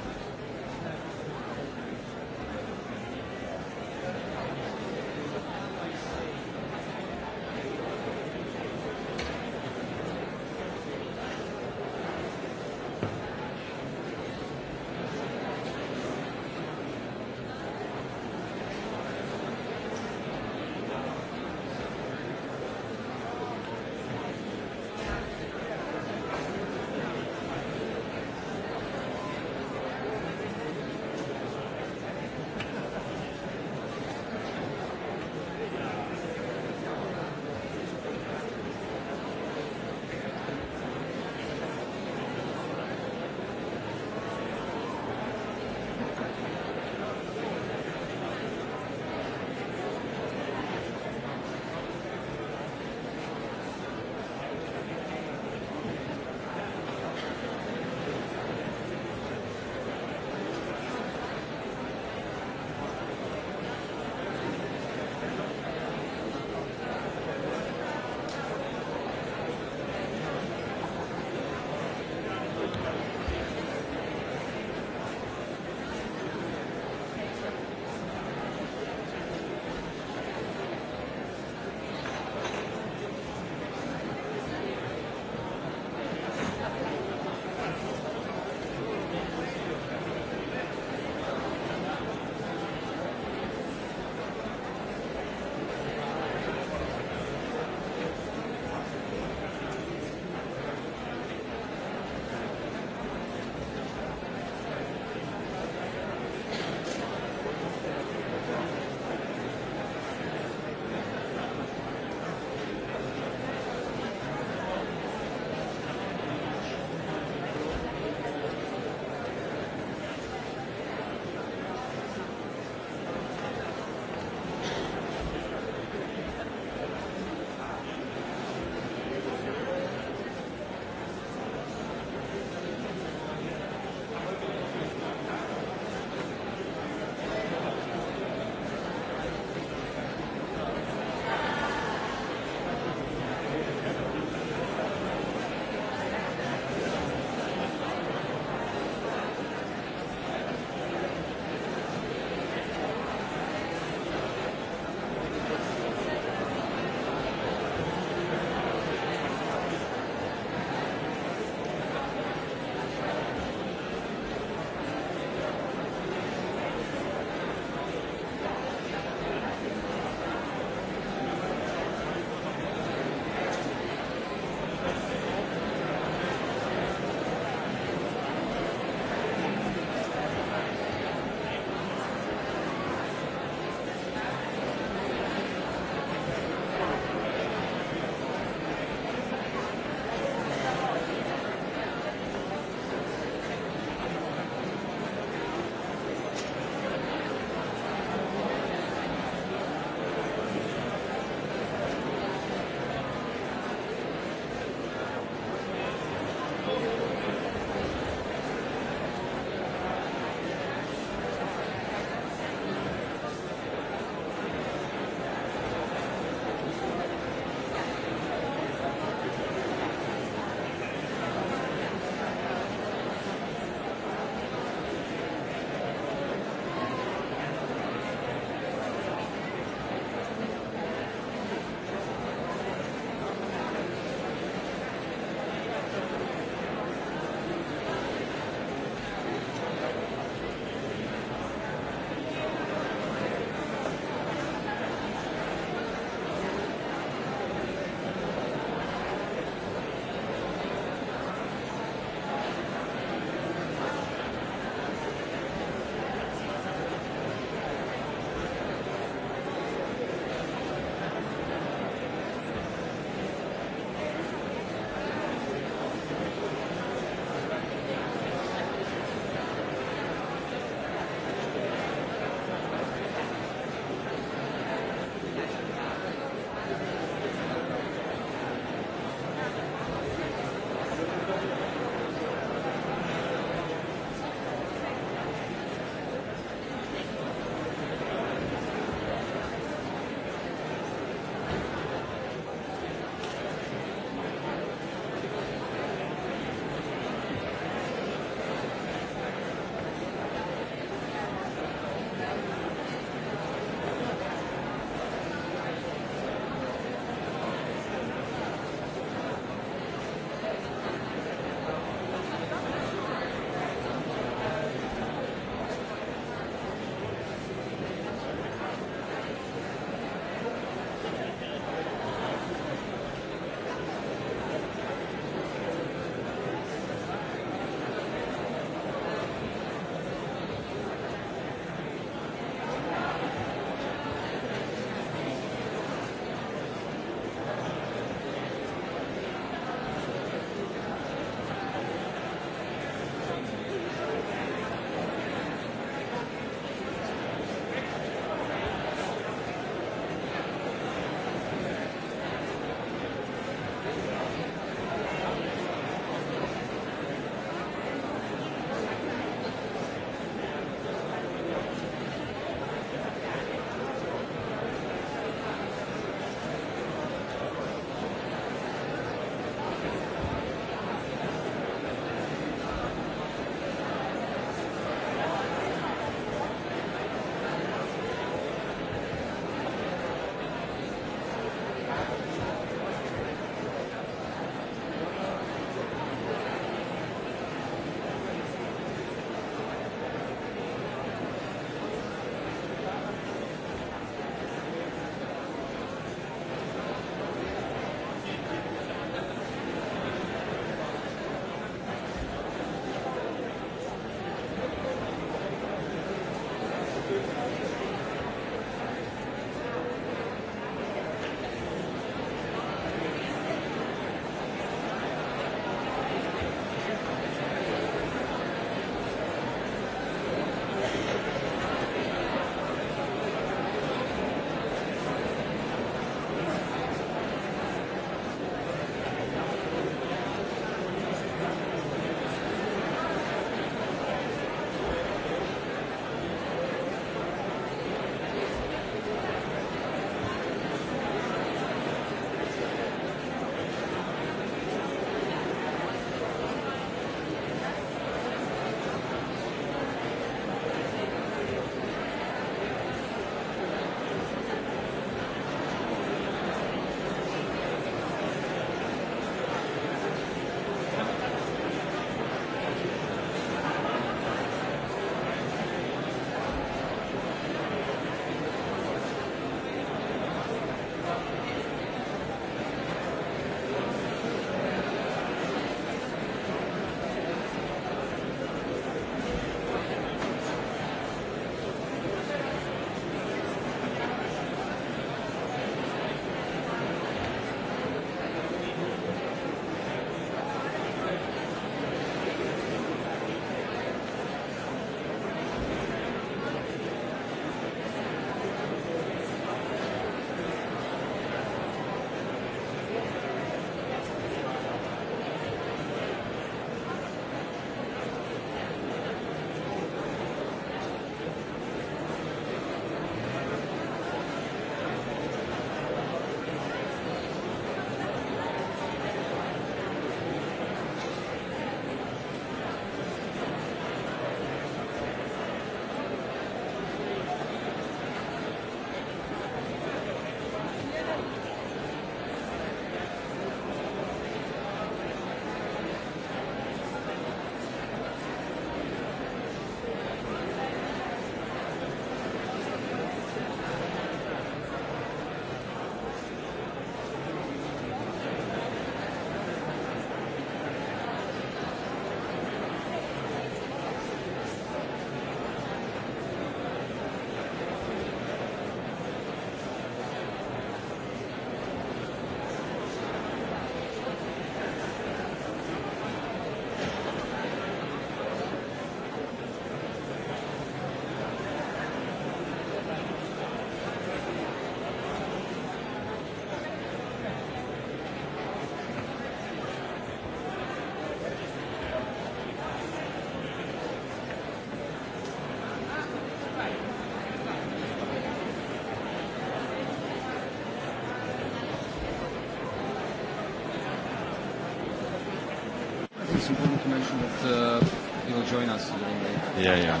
Yeah, yeah.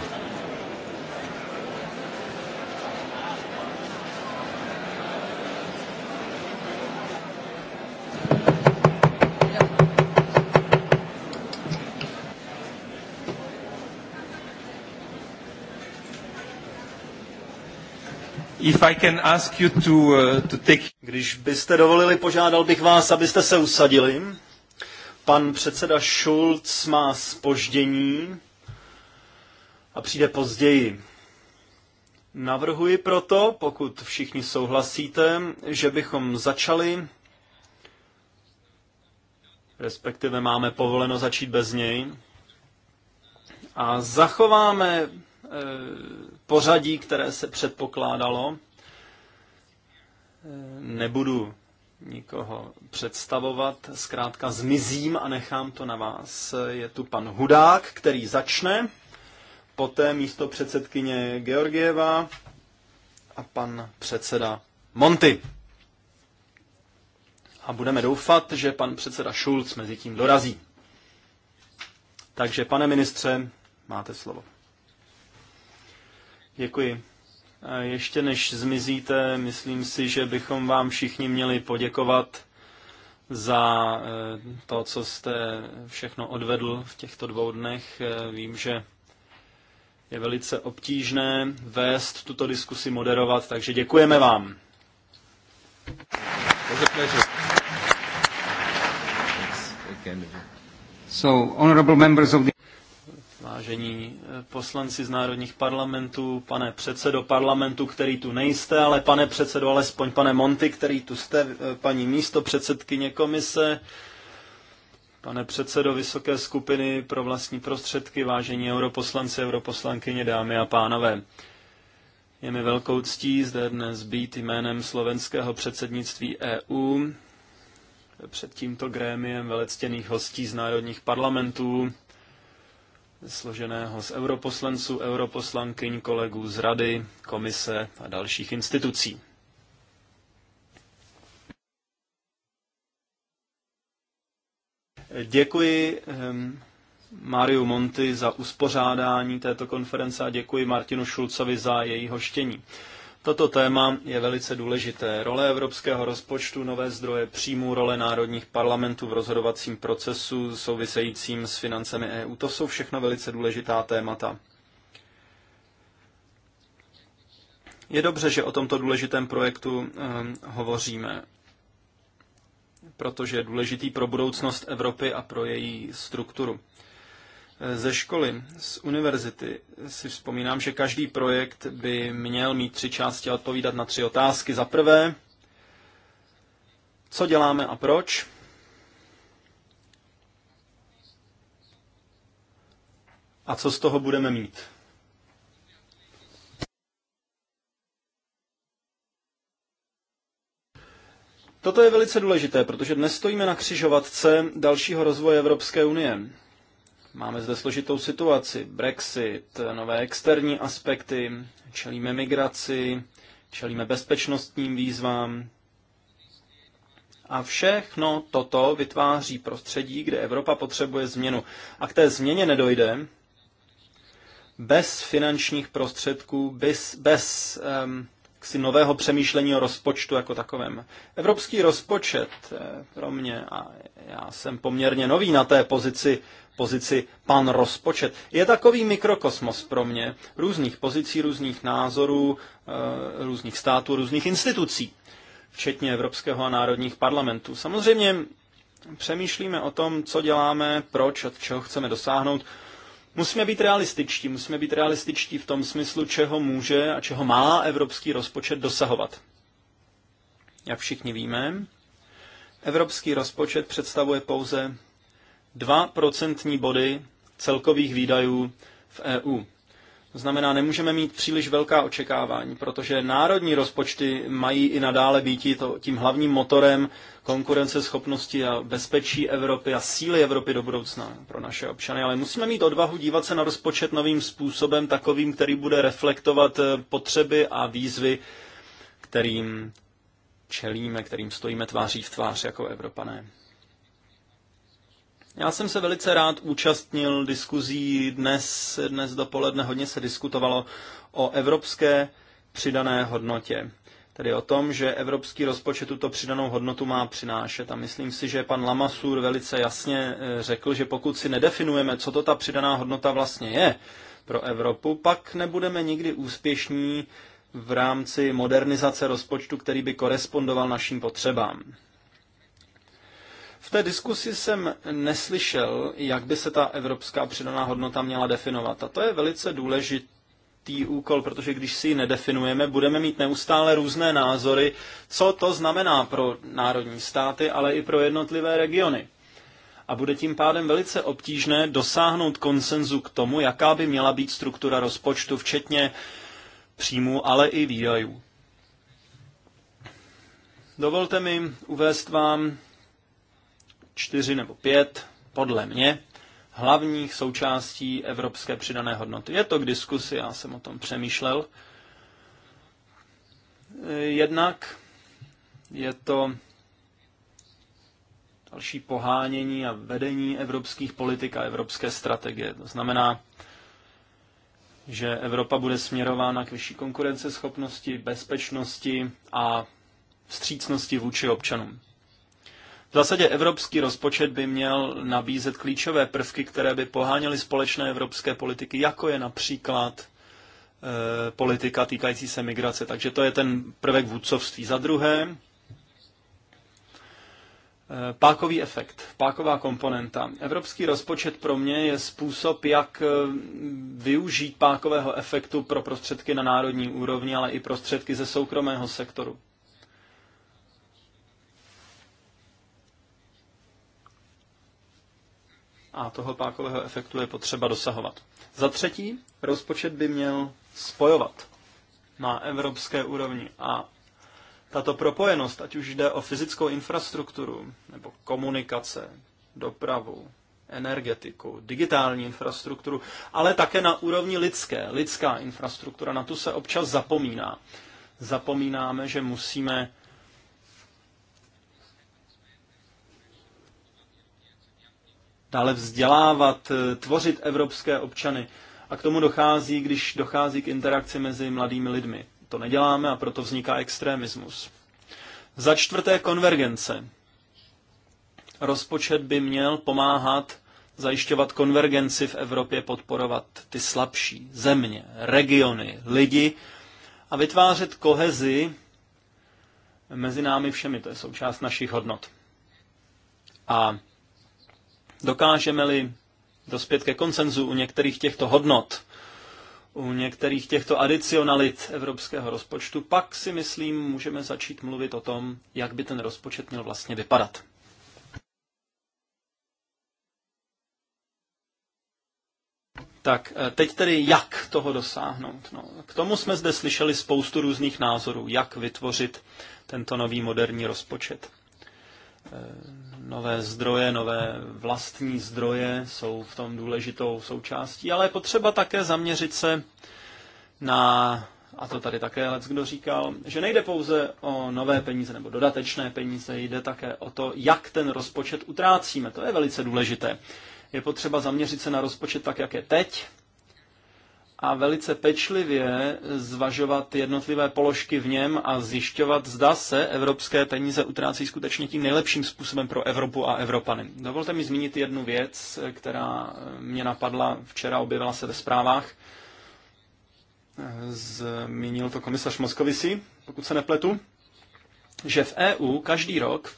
If I can ask you to, uh, to take... Když byste dovolili, požádal bych vás, abyste se usadili. Pan předseda Schulz má spoždění přijde později. Navrhuji proto, pokud všichni souhlasíte, že bychom začali, respektive máme povoleno začít bez něj, a zachováme e, pořadí, které se předpokládalo. E, nebudu nikoho představovat, zkrátka zmizím a nechám to na vás. Je tu pan Hudák, který začne poté místo předsedkyně Georgieva a pan předseda Monty. A budeme doufat, že pan předseda Schulz mezi tím dorazí. Takže, pane ministře, máte slovo. Děkuji. Ještě než zmizíte, myslím si, že bychom vám všichni měli poděkovat za eh, to, co jste všechno odvedl v těchto dvou dnech. Eh, vím, že je velice obtížné vést tuto diskusi, moderovat, takže děkujeme vám. Vážení eh, poslanci z národních parlamentů, pane předsedo parlamentu, který tu nejste, ale pane předsedo, alespoň pane Monty, který tu jste, eh, paní místo předsedkyně komise, Pane předsedo Vysoké skupiny pro vlastní prostředky, vážení europoslanci, europoslankyně, dámy a pánové. Je mi velkou ctí zde dnes být jménem slovenského předsednictví EU před tímto grémiem velectěných hostí z národních parlamentů, složeného z europoslanců, europoslankyň, kolegů z Rady, Komise a dalších institucí. Děkuji Mariu ehm, Monti za uspořádání této konference a děkuji Martinu Šulcovi za její hoštění. Toto téma je velice důležité. Role evropského rozpočtu, nové zdroje příjmů, role národních parlamentů v rozhodovacím procesu souvisejícím s financemi EU, to jsou všechno velice důležitá témata. Je dobře, že o tomto důležitém projektu um, hovoříme protože je důležitý pro budoucnost Evropy a pro její strukturu. Ze školy, z univerzity si vzpomínám, že každý projekt by měl mít tři části a odpovídat na tři otázky. Za prvé, co děláme a proč? A co z toho budeme mít? Toto je velice důležité, protože dnes stojíme na křižovatce dalšího rozvoje Evropské unie. Máme zde složitou situaci, Brexit, nové externí aspekty, čelíme migraci, čelíme bezpečnostním výzvám. A všechno toto vytváří prostředí, kde Evropa potřebuje změnu. A k té změně nedojde bez finančních prostředků, bez, bez um, jaksi nového přemýšlení o rozpočtu jako takovém. Evropský rozpočet eh, pro mě, a já jsem poměrně nový na té pozici, pozici pan rozpočet, je takový mikrokosmos pro mě různých pozicí, různých názorů, eh, různých států, různých institucí, včetně Evropského a národních parlamentů. Samozřejmě přemýšlíme o tom, co děláme, proč, od čeho chceme dosáhnout, Musíme být realističtí, musíme být realističtí v tom smyslu, čeho může a čeho má evropský rozpočet dosahovat. Jak všichni víme, evropský rozpočet představuje pouze 2% body celkových výdajů v EU. To znamená, nemůžeme mít příliš velká očekávání, protože národní rozpočty mají i nadále být tím hlavním motorem konkurenceschopnosti a bezpečí Evropy a síly Evropy do budoucna pro naše občany. Ale musíme mít odvahu dívat se na rozpočet novým způsobem, takovým, který bude reflektovat eh, potřeby a výzvy, kterým čelíme, kterým stojíme tváří v tvář jako Evropané. Já jsem se velice rád účastnil diskuzí dnes, dnes dopoledne. Hodně se diskutovalo o evropské přidané hodnotě. Tedy o tom, že evropský rozpočet tuto přidanou hodnotu má přinášet. A myslím si, že pan Lamasur velice jasně eh, řekl, že pokud si nedefinujeme, co to ta přidaná hodnota vlastně je pro Evropu, pak nebudeme nikdy úspěšní v rámci modernizace rozpočtu, který by korespondoval našim potřebám. V té diskusi jsem neslyšel, jak by se ta evropská přidaná hodnota měla definovat. A to je velice důležitý úkol, protože když si ji nedefinujeme, budeme mít neustále různé názory, co to znamená pro národní státy, ale i pro jednotlivé regiony. A bude tím pádem velice obtížné dosáhnout konsenzu k tomu, jaká by měla být struktura rozpočtu, včetně příjmů, ale i výdajů. Dovolte mi uvést vám čtyři nebo pět, podle mě, hlavních součástí evropské přidané hodnoty. Je to k diskusi, já jsem o tom přemýšlel. Eh, jednak je to další pohánění a vedení evropských politik a evropské strategie. To znamená, že Evropa bude směrována k vyšší konkurenceschopnosti, bezpečnosti a vstřícnosti vůči občanům. V zásadě evropský rozpočet by měl nabízet klíčové prvky, které by poháněly společné evropské politiky, jako je například e, politika týkající se migrace. Takže to je ten prvek vůdcovství. Za druhé, eh, Pákový efekt, páková komponenta. Evropský rozpočet pro mě je způsob, jak eh, využít pákového efektu pro prostředky na národní úrovni, ale i prostředky ze soukromého sektoru. a toho pákového efektu je potřeba dosahovat. Za třetí, rozpočet by měl spojovat na evropské úrovni a tato propojenost, ať už jde o fyzickou infrastrukturu nebo komunikace, dopravu, energetiku, digitální infrastrukturu, ale také na úrovni lidské, lidská infrastruktura, na tu se občas zapomíná. Zapomínáme, že musíme dále vzdělávat, eh, tvořit evropské občany. A k tomu dochází, když dochází k interakci mezi mladými lidmi. To neděláme a proto vzniká extremismus. Za čtvrté konvergence. Rozpočet by měl pomáhat zajišťovat konvergenci v Evropě, podporovat ty slabší země, regiony, lidi a vytvářet kohezi mezi námi všemi. To je součást našich hodnot. A Dokážeme-li dospět ke konsenzu u některých těchto hodnot, u některých těchto adicionalit evropského rozpočtu, pak si myslím, můžeme začít mluvit o tom, jak by ten rozpočet měl vlastně vypadat. Tak eh, teď tedy jak toho dosáhnout? No, k tomu jsme zde slyšeli spoustu různých názorů, jak vytvořit tento nový moderní rozpočet. Eh, nové zdroje, nové vlastní zdroje jsou v tom důležitou součástí, ale je potřeba také zaměřit se na, a to tady také Lec kdo říkal, že nejde pouze o nové peníze nebo dodatečné peníze, jde také o to, jak ten rozpočet utrácíme. To je velice důležité. Je potřeba zaměřit se na rozpočet tak, jak je teď, a velice pečlivě zvažovat jednotlivé položky v něm a zjišťovat, zda se evropské peníze utrácí skutečně tím nejlepším způsobem pro Evropu a Evropany. Dovolte mi zmínit jednu věc, která mě napadla včera, objevila se ve zprávách. Zmínil to komisař Moskovisi, pokud se nepletu, že v EU každý rok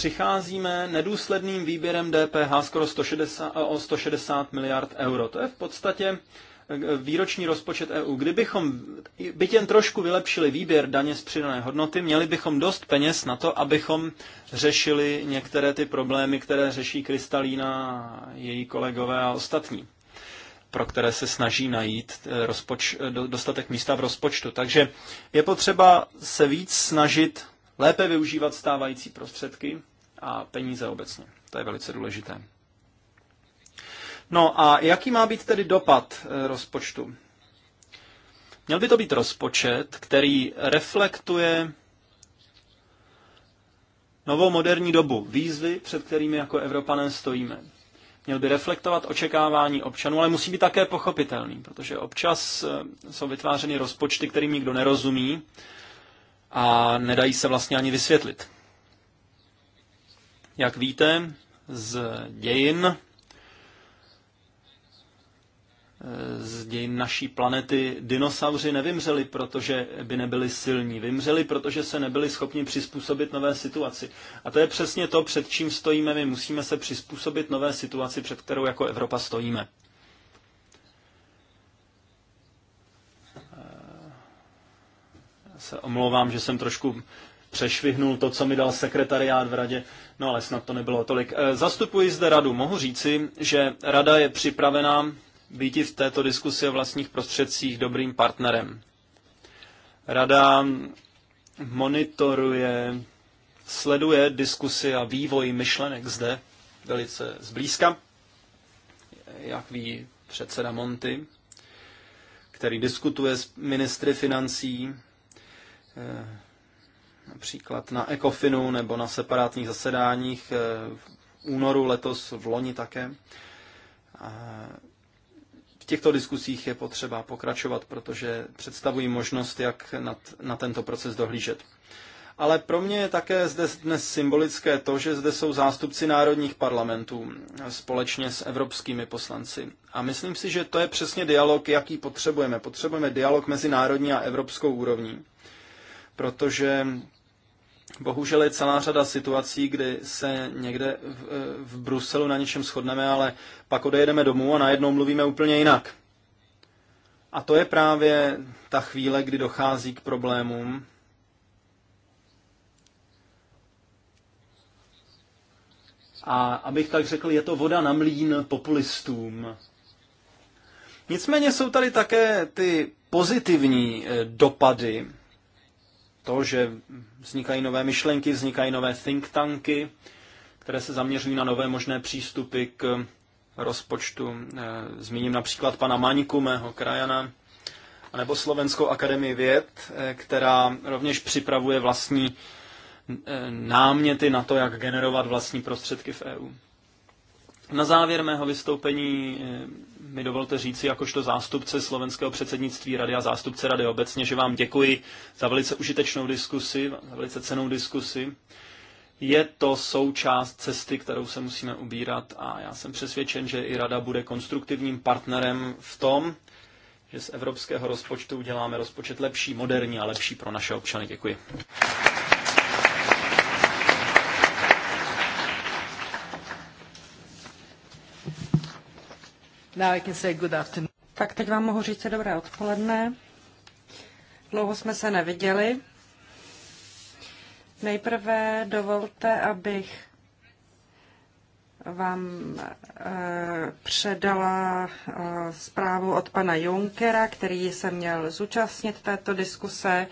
přicházíme nedůsledným výběrem DPH skoro 160, eh, o 160 miliard euro. To je v podstatě eh, výroční rozpočet EU. Kdybychom byť jen trošku vylepšili výběr daně z přidané hodnoty, měli bychom dost peněz na to, abychom řešili některé ty problémy, které řeší Kristalína, její kolegové a ostatní pro které se snaží najít eh, rozpoč, dostatek místa v rozpočtu. Takže je potřeba se víc snažit lépe využívat stávající prostředky a peníze obecně. To je velice důležité. No a jaký má být tedy dopad eh, rozpočtu? Měl by to být rozpočet, který reflektuje novou moderní dobu, výzvy, před kterými jako Evropané stojíme. Měl by reflektovat očekávání občanů, ale musí být také pochopitelný, protože občas eh, jsou vytvářeny rozpočty, kterým nikdo nerozumí a nedají se vlastně ani vysvětlit. Jak víte z dějin, z dějin naší planety dinosauři nevymřeli, protože by nebyli silní. Vymřeli, protože se nebyli schopni přizpůsobit nové situaci. A to je přesně to, před čím stojíme. My musíme se přizpůsobit nové situaci, před kterou jako Evropa stojíme. Já se omlouvám, že jsem trošku přešvihnul to, co mi dal sekretariát v radě, no ale snad to nebylo tolik. Eh, zastupuji zde radu. Mohu říci, že rada je připravená být v této diskusi o vlastních prostředcích dobrým partnerem. Rada monitoruje, sleduje diskusy a vývoj myšlenek zde velice zblízka, jak ví předseda Monty, který diskutuje s ministry financí, eh, například na ECOFINu nebo na separátních zasedáních eh, v únoru letos, v loni také. V těchto diskusích je potřeba pokračovat, protože představují možnost, jak nad, na tento proces dohlížet. Ale pro mě je také zde dnes symbolické to, že zde jsou zástupci národních parlamentů společně s evropskými poslanci. A myslím si, že to je přesně dialog, jaký potřebujeme. Potřebujeme dialog mezi národní a evropskou úrovní. Protože Bohužel je celá řada situací, kdy se někde v, eh, v Bruselu na něčem shodneme, ale pak odejedeme domů a najednou mluvíme úplně jinak. A to je právě ta chvíle, kdy dochází k problémům. A abych tak řekl, je to voda na mlín populistům. Nicméně jsou tady také ty pozitivní eh, dopady to, že vznikají nové myšlenky, vznikají nové think tanky, které se zaměřují na nové možné přístupy k rozpočtu. Eh, zmíním například pana Maňku, mého krajana, nebo Slovenskou akademii věd, eh, která rovněž připravuje vlastní eh, náměty na to, jak generovat vlastní prostředky v EU. Na závěr mého vystoupení eh, mi dovolte říci, jakožto zástupce slovenského předsednictví rady a zástupce rady obecně, že vám děkuji za velice užitečnou diskusi, za velice cenou diskusi. Je to součást cesty, kterou se musíme ubírat a já jsem přesvědčen, že i rada bude konstruktivním partnerem v tom, že z evropského rozpočtu uděláme rozpočet lepší, moderní a lepší pro naše občany. Děkuji. Now I can say good afternoon. Tak teď vám mohu říct dobré odpoledne. Dlouho jsme se neviděli. Nejprve dovolte, abych vám eh, předala eh, zprávu od pana Junkera, který se měl zúčastnit této diskuse.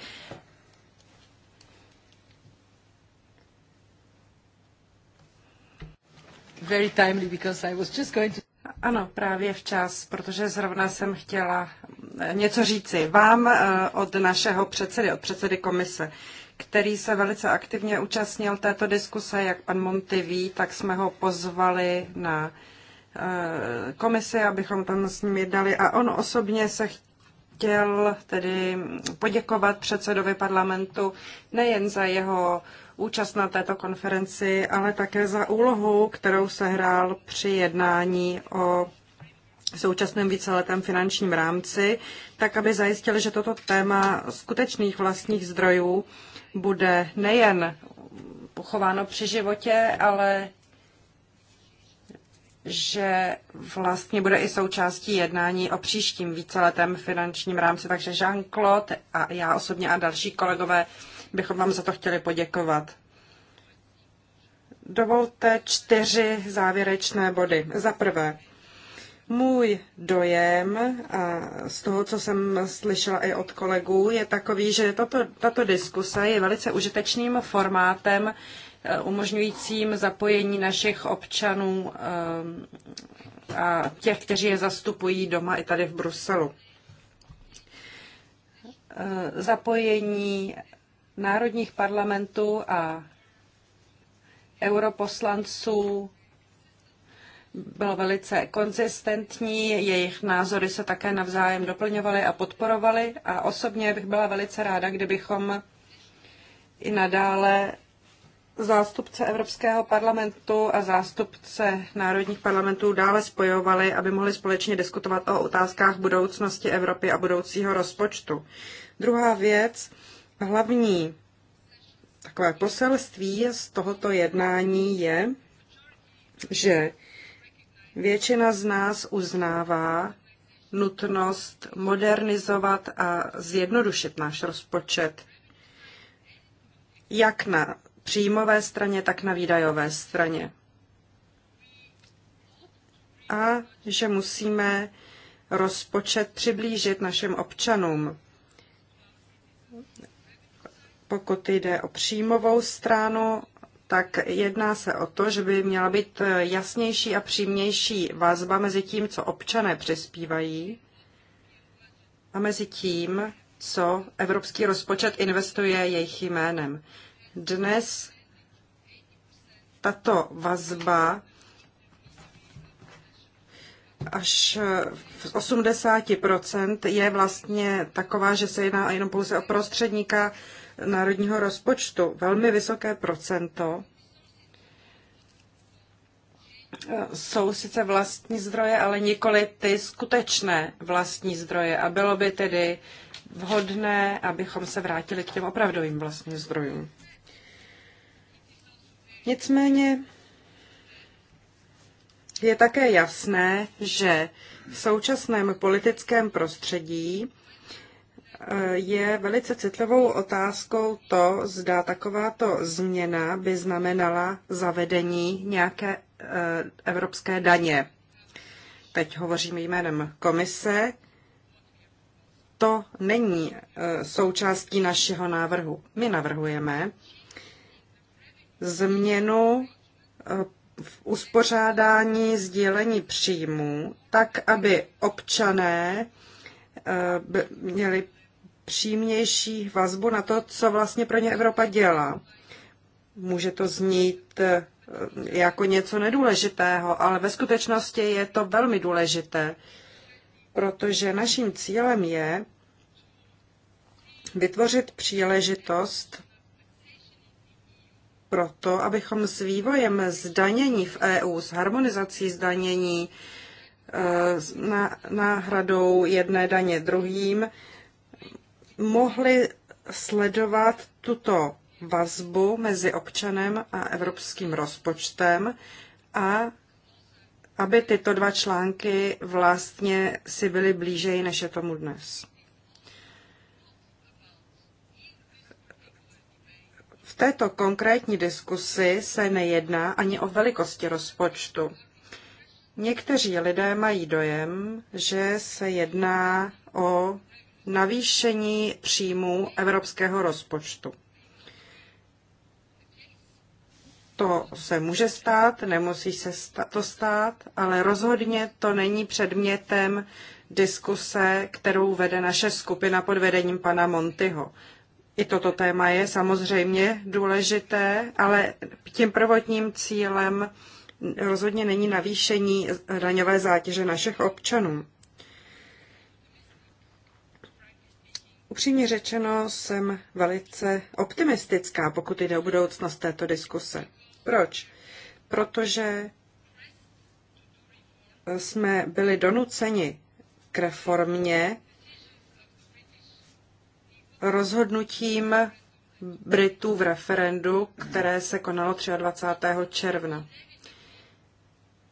Very timely, because I was just going to... Ano, právě včas, protože zrovna jsem chtěla eh, něco říci vám eh, od našeho předsedy, od předsedy komise, který se velice aktivně účastnil této diskuse, jak pan Monty ví, tak jsme ho pozvali na eh, komisi, abychom tam s ním jednali a on osobně se chtěl tedy poděkovat předsedovi parlamentu nejen za jeho účast na této konferenci, ale také za úlohu, kterou se hrál při jednání o současném víceletém finančním rámci, tak aby zajistili, že toto téma skutečných vlastních zdrojů bude nejen pochováno při životě, ale že vlastně bude i součástí jednání o příštím víceletém finančním rámci. Takže Jean-Claude a já osobně a další kolegové bychom vám za to chtěli poděkovat. Dovolte čtyři závěrečné body. Za prvé, můj dojem a z toho, co jsem slyšela i od kolegů, je takový, že tato, tato diskuse je velice užitečným formátem e, umožňujícím zapojení našich občanů e, a těch, kteří je zastupují doma i tady v Bruselu. E, zapojení národních parlamentů a europoslanců bylo velice konzistentní, jejich názory se také navzájem doplňovaly a podporovaly a osobně bych byla velice ráda, kdybychom i nadále zástupce Evropského parlamentu a zástupce národních parlamentů dále spojovali, aby mohli společně diskutovat o otázkách budoucnosti Evropy a budoucího rozpočtu. Druhá věc, hlavní takové poselství z tohoto jednání je, že většina z nás uznává nutnost modernizovat a zjednodušit náš rozpočet, jak na příjmové straně, tak na výdajové straně. A že musíme rozpočet přiblížit našim občanům. Pokud jde o příjmovou stranu, tak jedná se o to, že by měla být jasnější a přímější vazba mezi tím, co občané přispívají a mezi tím, co evropský rozpočet investuje jejich jménem. Dnes tato vazba až v 80% je vlastně taková, že se jedná jenom pouze o prostředníka národního rozpočtu. Velmi vysoké procento jsou sice vlastní zdroje, ale nikoli ty skutečné vlastní zdroje. A bylo by tedy vhodné, abychom se vrátili k těm opravdovým vlastním zdrojům. Nicméně je také jasné, že v současném politickém prostředí je velice citlivou otázkou to, zda takováto změna by znamenala zavedení nějaké eh, evropské daně. Teď hovořím jménem komise. To není eh, součástí našeho návrhu. My navrhujeme změnu eh, v uspořádání sdílení příjmů, tak aby občané měli přímější vazbu na to, co vlastně pro ně Evropa dělá. Může to znít eh, jako něco nedůležitého, ale ve skutečnosti je to velmi důležité, protože naším cílem je vytvořit příležitost pro to, abychom s vývojem zdanění v EU, s harmonizací zdanění, eh, náhradou jedné daně druhým, mohli sledovat tuto vazbu mezi občanem a evropským rozpočtem a aby tyto dva články vlastně si byly blížeji, než je tomu dnes. V této konkrétní diskusi se nejedná ani o velikosti rozpočtu. Někteří lidé mají dojem, že se jedná o navýšení příjmů evropského rozpočtu. To se může stát, nemusí se to stát, ale rozhodně to není předmětem diskuse, kterou vede naše skupina pod vedením pana Montyho. I toto téma je samozřejmě důležité, ale tím prvotním cílem rozhodně není navýšení daňové zátěže našich občanů. Upřímně řečeno jsem velice optimistická, pokud jde o budoucnost této diskuse. Proč? Protože jsme byli donuceni k reformě rozhodnutím Britů v referendu, které se konalo 23. června.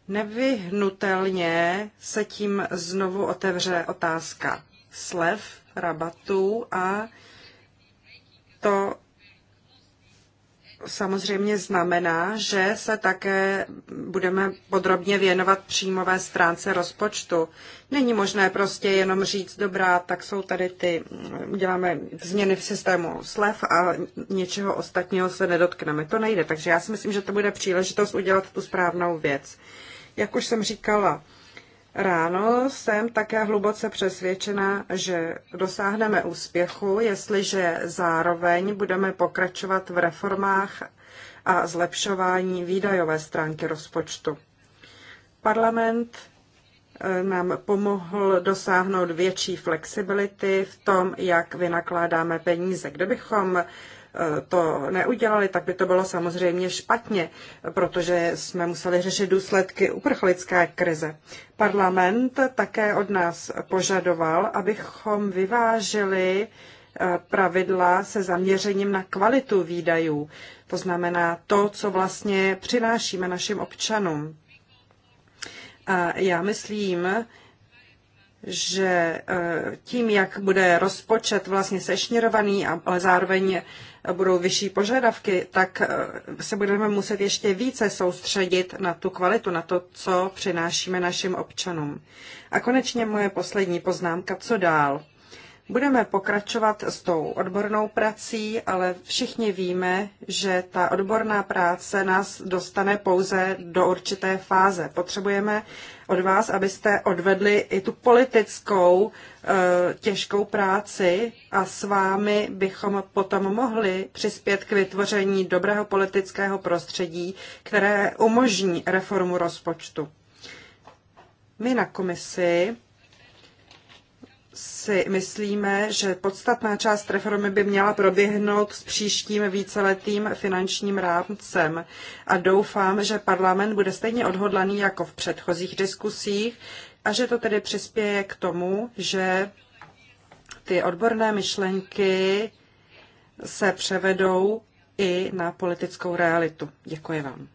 Nevyhnutelně se tím znovu otevře otázka slev, rabatů a to samozřejmě znamená, že se také budeme podrobně věnovat příjmové stránce rozpočtu. Není možné prostě jenom říct, dobrá, tak jsou tady ty, uděláme změny v systému slev a něčeho ostatního se nedotkneme. To nejde, takže já si myslím, že to bude příležitost udělat tu správnou věc. Jak už jsem říkala, ráno, jsem také hluboce přesvědčena, že dosáhneme úspěchu, jestliže zároveň budeme pokračovat v reformách a zlepšování výdajové stránky rozpočtu. Parlament eh, nám pomohl dosáhnout větší flexibility v tom, jak vynakládáme peníze. Kdybychom to neudělali, tak by to bylo samozřejmě špatně, protože jsme museli řešit důsledky uprchlické krize. Parlament také od nás požadoval, abychom vyvážili eh, pravidla se zaměřením na kvalitu výdajů, to znamená to, co vlastně přinášíme našim občanům. A já myslím, že eh, tím, jak bude rozpočet vlastně sešněrovaný, ale zároveň budou vyšší požadavky, tak eh, se budeme muset ještě více soustředit na tu kvalitu, na to, co přinášíme našim občanům. A konečně moje poslední poznámka, co dál. Budeme pokračovat s tou odbornou prací, ale všichni víme, že ta odborná práce nás dostane pouze do určité fáze. Potřebujeme od vás, abyste odvedli i tu politickou eh, těžkou práci a s vámi bychom potom mohli přispět k vytvoření dobrého politického prostředí, které umožní reformu rozpočtu. My na komisi si myslíme, že podstatná část reformy by měla proběhnout s příštím víceletým finančním rámcem a doufám, že parlament bude stejně odhodlaný jako v předchozích diskusích a že to tedy přispěje k tomu, že ty odborné myšlenky se převedou i na politickou realitu. Děkuji vám.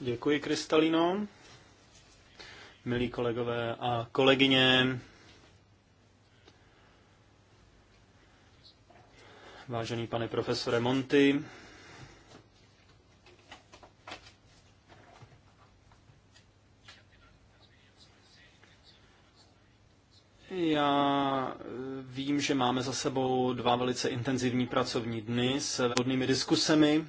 Děkuji, Kristalino. Milí kolegové a kolegyně, vážený pane profesore Monty, Já eh, vím, že máme za sebou dva velice intenzivní pracovní dny s vhodnými diskusemi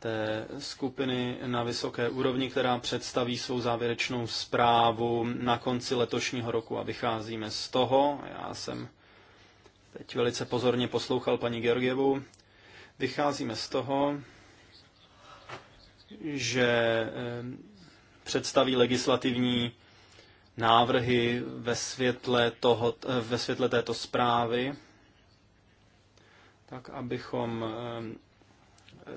té skupiny na vysoké úrovni, která představí svou závěrečnou zprávu na konci letošního roku a vycházíme z toho, já jsem teď velice pozorně poslouchal paní Georgievu, vycházíme z toho, že eh, představí legislativní návrhy ve světle, toho, eh, ve světle této zprávy, tak abychom eh,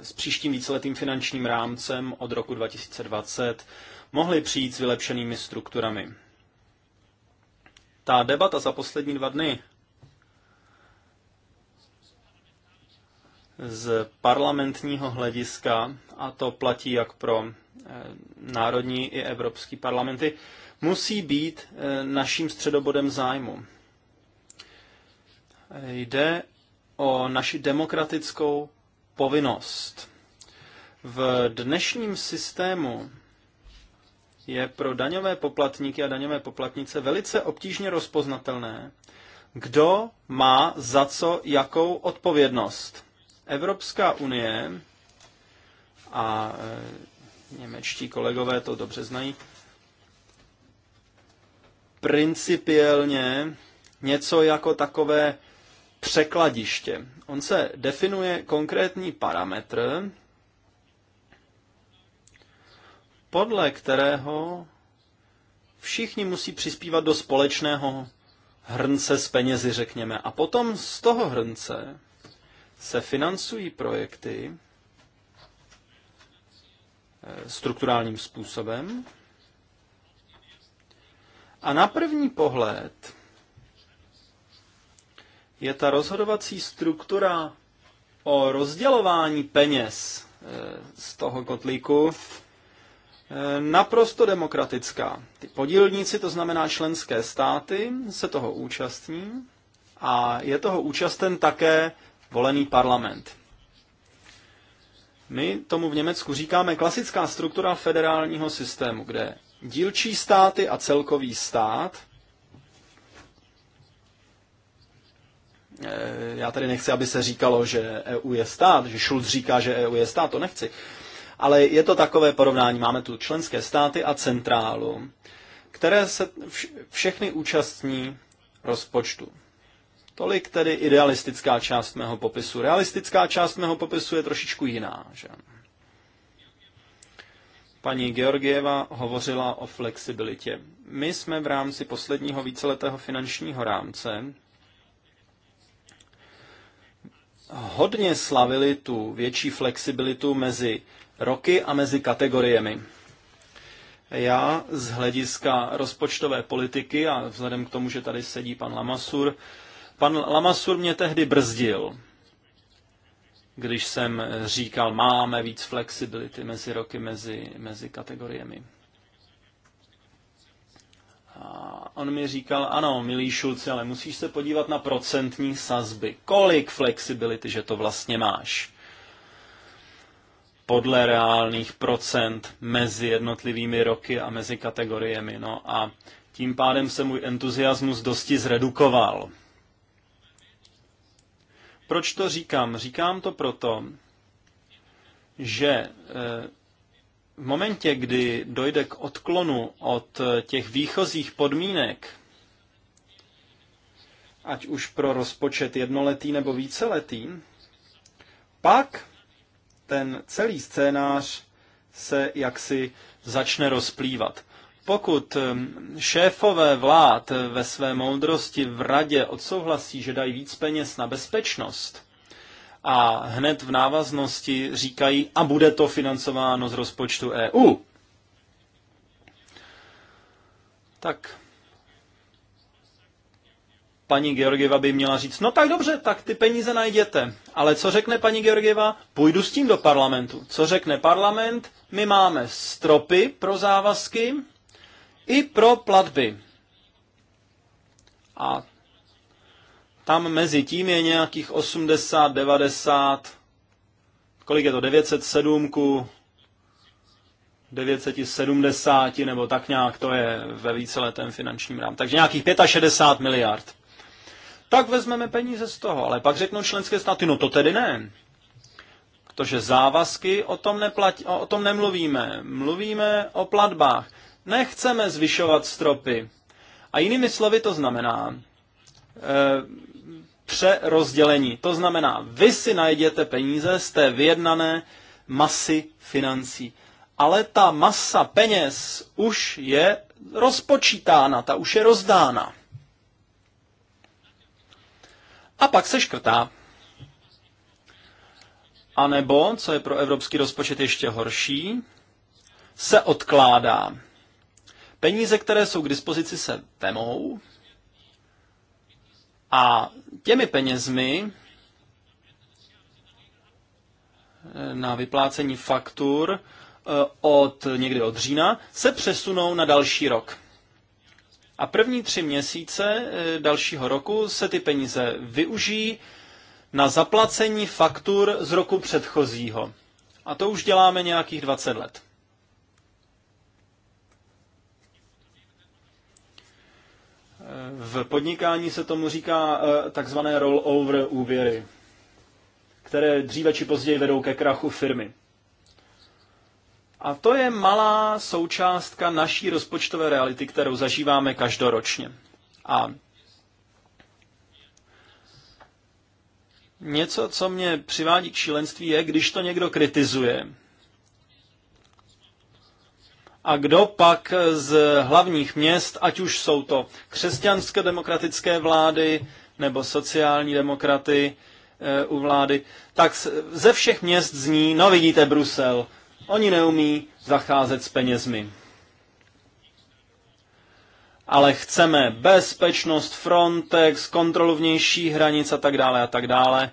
s příštím víceletým finančním rámcem od roku 2020 mohli přijít s vylepšenými strukturami. Ta debata za poslední dva dny z parlamentního hlediska, a to platí jak pro eh, národní i evropský parlamenty, musí být eh, naším středobodem zájmu. Jde o naši demokratickou povinnost. V dnešním systému je pro daňové poplatníky a daňové poplatnice velice obtížně rozpoznatelné, kdo má za co jakou odpovědnost. Evropská unie a e, němečtí kolegové to dobře znají, principiálně něco jako takové překladiště. On se definuje konkrétní parametr, podle kterého všichni musí přispívat do společného hrnce s penězi, řekněme. A potom z toho hrnce se financují projekty eh, strukturálním způsobem. A na první pohled je ta rozhodovací struktura o rozdělování peněz eh, z toho kotlíku eh, naprosto demokratická. Ty podílníci, to znamená členské státy, se toho účastní a je toho účasten také volený parlament. My tomu v Německu říkáme klasická struktura federálního systému, kde dílčí státy a celkový stát Eh, já tady nechci, aby se říkalo, že EU je stát, že Schulz říká, že EU je stát, to nechci. Ale je to takové porovnání. Máme tu členské státy a centrálu, které se všechny účastní rozpočtu. Tolik tedy idealistická část mého popisu. Realistická část mého popisu je trošičku jiná. Že? Paní Georgieva hovořila o flexibilitě. My jsme v rámci posledního víceletého finančního rámce hodně slavili tu větší flexibilitu mezi roky a mezi kategoriemi. Já z hlediska rozpočtové politiky a vzhledem k tomu, že tady sedí pan Lamasur, pan Lamasur mě tehdy brzdil, když jsem říkal, máme víc flexibility mezi roky, mezi, mezi kategoriemi on mi říkal, ano, milý Šulci, ale musíš se podívat na procentní sazby. Kolik flexibility, že to vlastně máš? Podle reálných procent mezi jednotlivými roky a mezi kategoriemi. No a tím pádem se můj entuziasmus dosti zredukoval. Proč to říkám? Říkám to proto, že eh, v momentě, kdy dojde k odklonu od těch výchozích podmínek, ať už pro rozpočet jednoletý nebo víceletý, pak ten celý scénář se jaksi začne rozplývat. Pokud um, šéfové vlád ve své moudrosti v radě odsouhlasí, že dají víc peněz na bezpečnost, a hned v návaznosti říkají, a bude to financováno z rozpočtu EU. Tak paní Georgieva by měla říct, no tak dobře, tak ty peníze najděte. Ale co řekne paní Georgieva? Půjdu s tím do parlamentu. Co řekne parlament? My máme stropy pro závazky i pro platby. A tam mezi tím je nějakých 80, 90, kolik je to, 907 ku 970 nebo tak nějak, to je ve víceletém finančním rámu. Takže nějakých 65 miliard. Tak vezmeme peníze z toho, ale pak řeknou členské státy, no to tedy ne. Protože závazky o tom, neplatí, o tom nemluvíme. Mluvíme o platbách. Nechceme zvyšovat stropy. A jinými slovy to znamená, eh, přerozdělení. To znamená, vy si najděte peníze z té vyjednané masy financí. Ale ta masa peněz už je rozpočítána, ta už je rozdána. A pak se škrtá. A nebo, co je pro evropský rozpočet ještě horší, se odkládá. Peníze, které jsou k dispozici, se vemou a Těmi penězmi na vyplácení faktur eh, od někdy od října se přesunou na další rok. A první tři měsíce eh, dalšího roku se ty peníze využijí na zaplacení faktur z roku předchozího. A to už děláme nějakých 20 let. V podnikání se tomu říká eh, takzvané rollover úvěry, které dříve či později vedou ke krachu firmy. A to je malá součástka naší rozpočtové reality, kterou zažíváme každoročně. A něco, co mě přivádí k šílenství, je, když to někdo kritizuje a kdo pak z hlavních měst, ať už jsou to křesťanské demokratické vlády nebo sociální demokraty e, u vlády, tak ze všech měst zní, no vidíte Brusel, oni neumí zacházet s penězmi. Ale chceme bezpečnost, Frontex, kontrolu vnějších hranic a tak dále a tak dále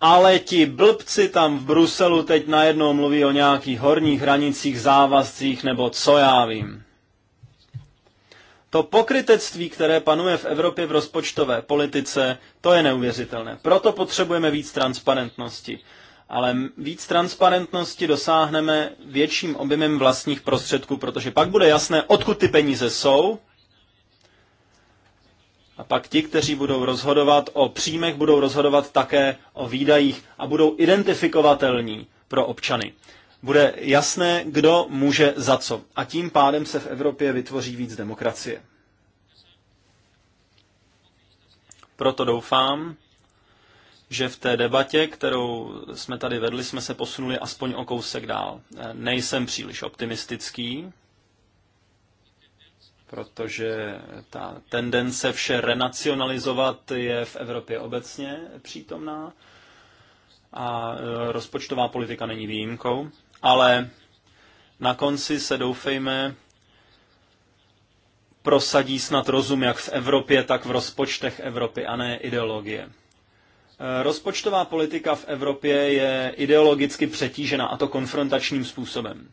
ale ti blbci tam v Bruselu teď najednou mluví o nějakých horních hranicích, závazcích nebo co já vím. To pokrytectví, které panuje v Evropě v rozpočtové politice, to je neuvěřitelné. Proto potřebujeme víc transparentnosti. Ale víc transparentnosti dosáhneme větším objemem vlastních prostředků, protože pak bude jasné, odkud ty peníze jsou a pak ti, kteří budou rozhodovat o příjmech, budou rozhodovat také o výdajích a budou identifikovatelní pro občany. Bude jasné, kdo může za co. A tím pádem se v Evropě vytvoří víc demokracie. Proto doufám, že v té debatě, kterou jsme tady vedli, jsme se posunuli aspoň o kousek dál. Nejsem příliš optimistický, protože ta tendence vše renacionalizovat je v Evropě obecně přítomná a e, rozpočtová politika není výjimkou, ale na konci se doufejme prosadí snad rozum jak v Evropě, tak v rozpočtech Evropy a ne ideologie. E, rozpočtová politika v Evropě je ideologicky přetížena a to konfrontačním způsobem.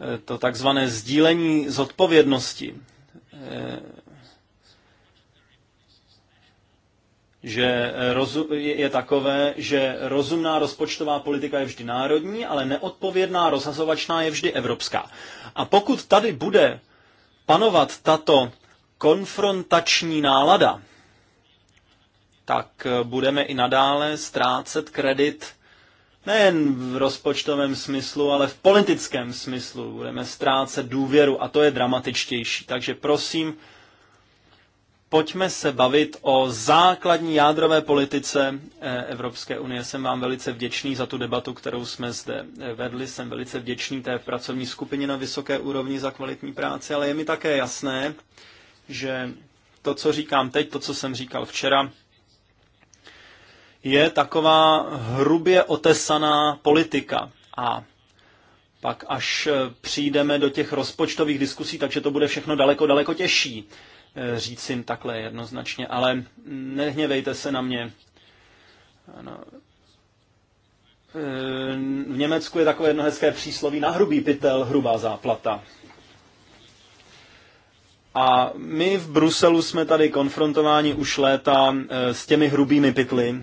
Eh, to takzvané sdílení zodpovědnosti, eh, že eh, je takové, že rozumná rozpočtová politika je vždy národní, ale neodpovědná rozhazovačná je vždy evropská. A pokud tady bude panovat tato konfrontační nálada, tak budeme i nadále ztrácet kredit nejen v rozpočtovém smyslu, ale v politickém smyslu. Budeme ztrácet důvěru a to je dramatičtější. Takže prosím, pojďme se bavit o základní jádrové politice eh, Evropské unie. Jsem vám velice vděčný za tu debatu, kterou jsme zde eh, vedli. Jsem velice vděčný té pracovní skupině na vysoké úrovni za kvalitní práci, ale je mi také jasné, že to, co říkám teď, to, co jsem říkal včera, je taková hrubě otesaná politika. A pak až eh, přijdeme do těch rozpočtových diskusí, takže to bude všechno daleko, daleko těžší eh, říct jim takhle jednoznačně. Ale nehněvejte se na mě. Ano. Eh, v Německu je takové jedno hezké přísloví na hrubý pytel, hrubá záplata. A my v Bruselu jsme tady konfrontováni už léta s těmi hrubými pytly,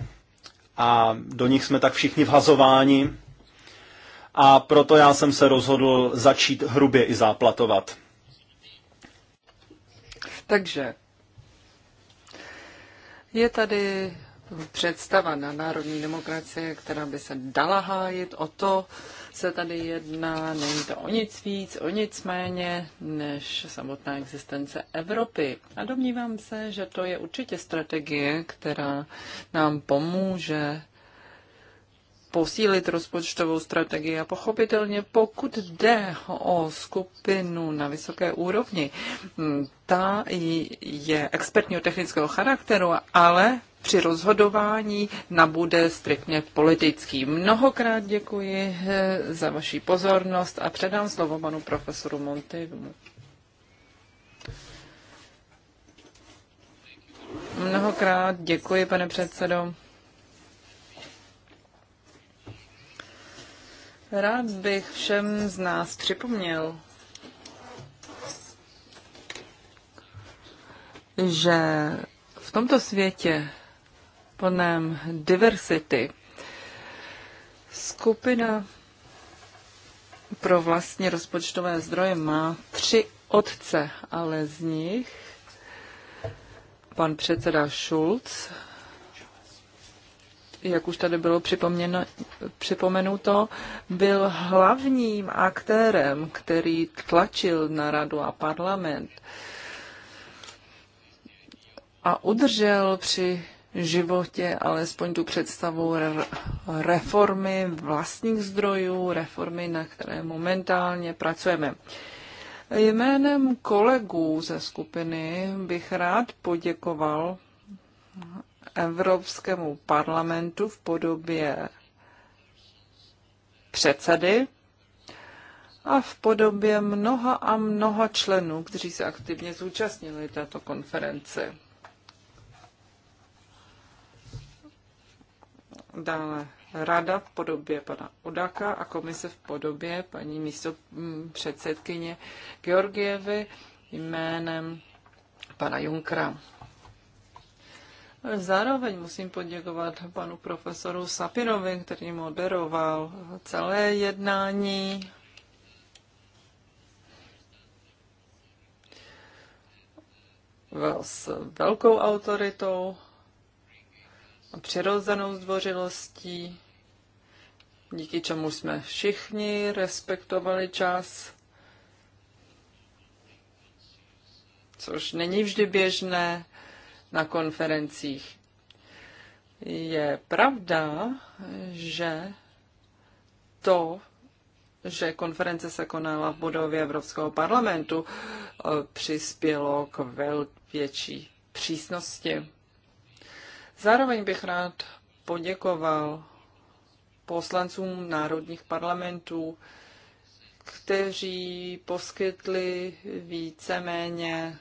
a do nich jsme tak všichni vhazováni. A proto já jsem se rozhodl začít hrubě i záplatovat. Takže je tady představa na národní demokracie, která by se dala hájit o to, se tady jedná, není to o nic víc, o nic méně, než samotná existence Evropy. A domnívám se, že to je určitě strategie, která nám pomůže posílit rozpočtovou strategii a pochopitelně pokud jde o skupinu na vysoké úrovni, hm, ta je expertního technického charakteru, ale při rozhodování nabude striktně politický. Mnohokrát děkuji eh, za vaši pozornost a předám slovo panu profesoru Montimu. Mnohokrát děkuji, pane předsedo. Rád bych všem z nás připomněl, že v tomto světě plném diversity. Skupina pro vlastně rozpočtové zdroje má tři otce, ale z nich pan předseda Schulz, jak už tady bylo připomenuto, byl hlavním aktérem, který tlačil na radu a parlament a udržel při životě alespoň tu představu reformy vlastních zdrojů, reformy, na které momentálně pracujeme. Jménem kolegů ze skupiny bych rád poděkoval Evropskému parlamentu v podobě předsedy a v podobě mnoha a mnoha členů, kteří se aktivně zúčastnili této konference. dále rada v podobě pana Odaka a komise v podobě paní místo mm, předsedkyně Georgievy jménem pana Junkra. Zároveň musím poděkovat panu profesoru Sapinovi, který moderoval celé jednání. S velkou autoritou přirozenou zdvořilostí, díky čemu jsme všichni respektovali čas, což není vždy běžné na konferencích. Je pravda, že to, že konference se konala v budově Evropského parlamentu, eh, přispělo k větší přísnosti Zároveň bych rád poděkoval poslancům národních parlamentů, kteří poskytli víceméně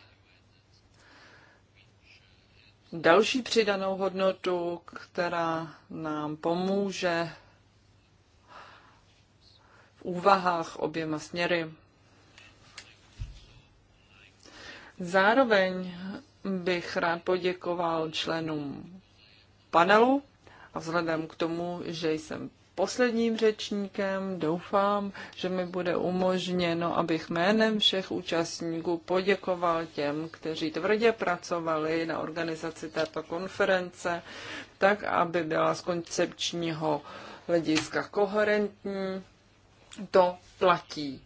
další přidanou hodnotu, která nám pomůže v úvahách oběma směry. Zároveň bych rád poděkoval členům panelu a vzhledem k tomu, že jsem posledním řečníkem. Doufám, že mi bude umožněno, abych jménem všech účastníků poděkoval těm, kteří tvrdě pracovali na organizaci této konference, tak, aby byla z koncepčního hlediska koherentní. To platí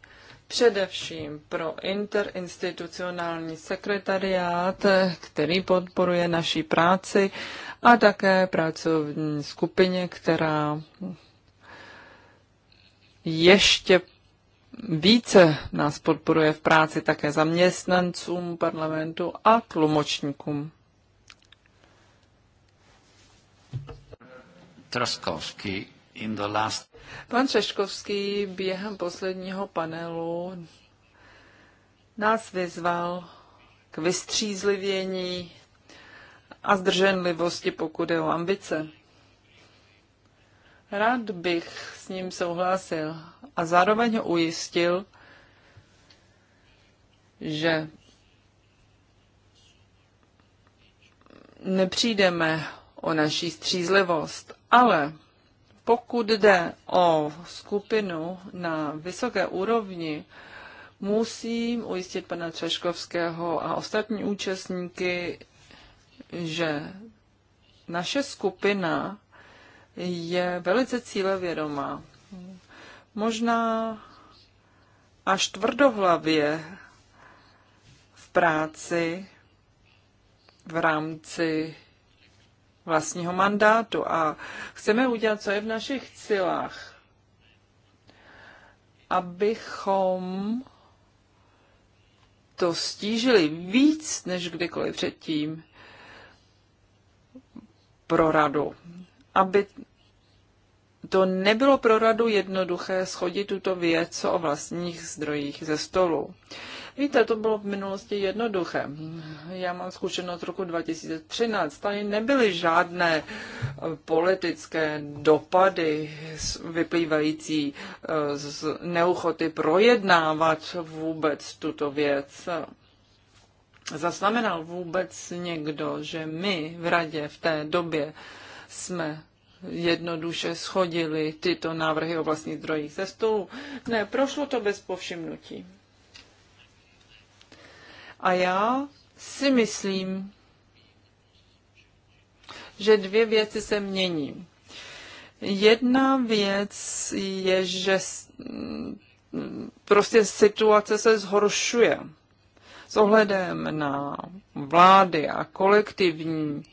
především pro interinstitucionální sekretariát, který podporuje naší práci a také pracovní skupině, která ještě více nás podporuje v práci také zaměstnancům parlamentu a tlumočníkům. Traskovský In the last... Pan Češkovský během posledního panelu nás vyzval k vystřízlivění a zdrženlivosti, pokud je o ambice. Rád bych s ním souhlasil a zároveň ho ujistil, že nepřijdeme o naší střízlivost, ale pokud jde o skupinu na vysoké úrovni, musím ujistit pana Třeškovského a ostatní účastníky, že naše skupina je velice cílevědomá. Možná až tvrdohlavě v práci v rámci vlastního mandátu a chceme udělat, co je v našich silách, abychom to stížili víc než kdykoliv předtím pro radu. Aby to nebylo pro radu jednoduché schodit tuto věc o vlastních zdrojích ze stolu. Víte, to bylo v minulosti jednoduché. Já mám zkušenost roku 2013. Tady nebyly žádné eh, politické dopady vyplývající eh, z neuchoty projednávat vůbec tuto věc. Zaznamenal vůbec někdo, že my v radě v té době jsme jednoduše schodili tyto návrhy o vlastních zdrojích ze stolu? Ne, prošlo to bez povšimnutí. A já si myslím, že dvě věci se mění. Jedna věc je, že prostě situace se zhoršuje s ohledem na vlády a kolektivní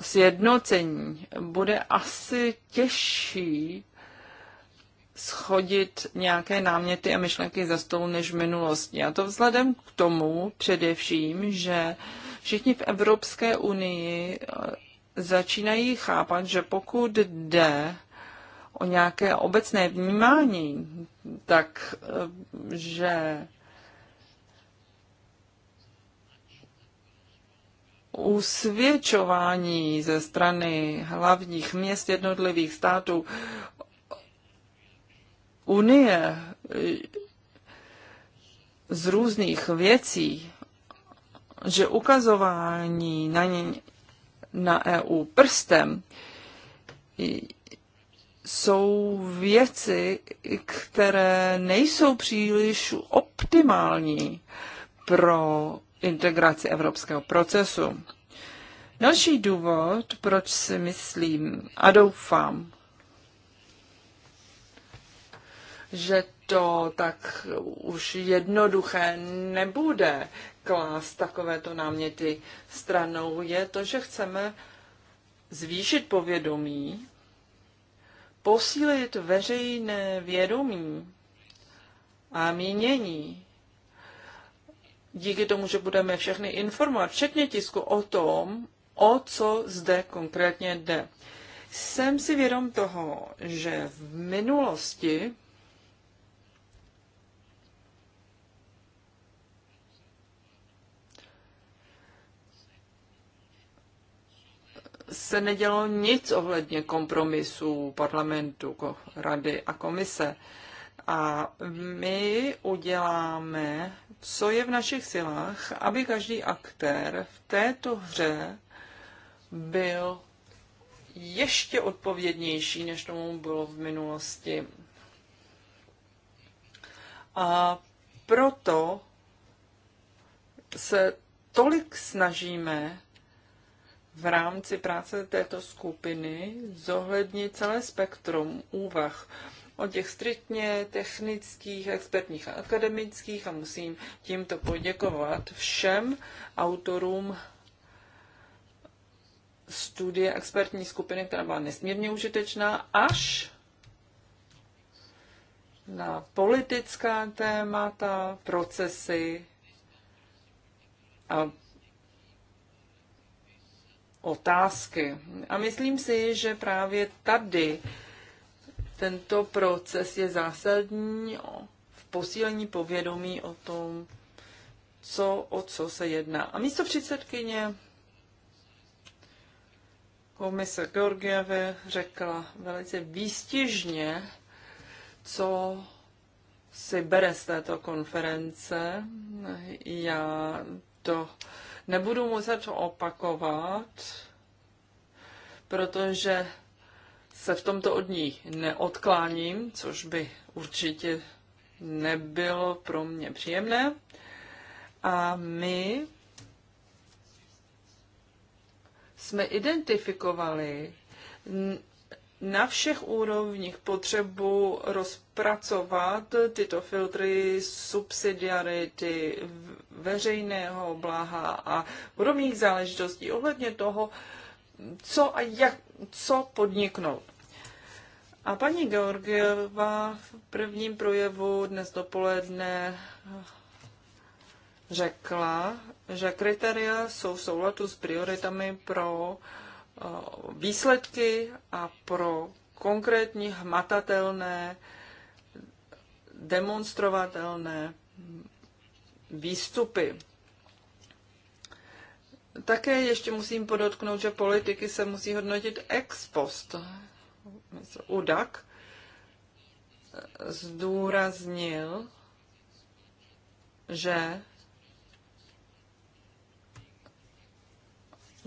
sjednocení bude asi těžší schodit nějaké náměty a myšlenky za stůl než v minulosti. A to vzhledem k tomu především, že všichni v Evropské unii eh, začínají chápat, že pokud jde o nějaké obecné vnímání, tak eh, že usvědčování ze strany hlavních měst jednotlivých států unie eh, z různých věcí, že ukazování na, ně, na EU prstem jsou věci, které nejsou příliš optimální pro integraci evropského procesu. Další důvod, proč si myslím a doufám, že to tak už jednoduché nebude klást takovéto náměty stranou, je to, že chceme zvýšit povědomí, posílit veřejné vědomí a mínění. Díky tomu, že budeme všechny informovat, včetně tisku, o tom, o co zde konkrétně jde. Jsem si vědom toho, že v minulosti se nedělo nic ohledně kompromisů parlamentu, rady a komise. A my uděláme, co je v našich silách, aby každý aktér v této hře byl ještě odpovědnější, než tomu bylo v minulosti. A proto se tolik snažíme v rámci práce této skupiny zohlednit celé spektrum úvah o těch striktně technických, expertních a akademických a musím tímto poděkovat všem autorům studie expertní skupiny, která byla nesmírně užitečná, až na politická témata, procesy a otázky. A myslím si, že právě tady tento proces je zásadní v posílení povědomí o tom, co, o co se jedná. A místo předsedkyně komise Georgieve řekla velice výstižně, co si bere z této konference. Já to nebudu muset opakovat, protože se v tomto od ní neodkláním, což by určitě nebylo pro mě příjemné. A my jsme identifikovali na všech úrovních potřebu rozpracovat tyto filtry subsidiarity veřejného bláha a podobných záležitostí ohledně toho, co a jak, co podniknout. A paní Georgieva v prvním projevu dnes dopoledne řekla, že kritéria jsou v souladu s prioritami pro uh, výsledky a pro konkrétní hmatatelné, demonstrovatelné výstupy. Také ještě musím podotknout, že politiky se musí hodnotit ex post. UDAK zdůraznil, že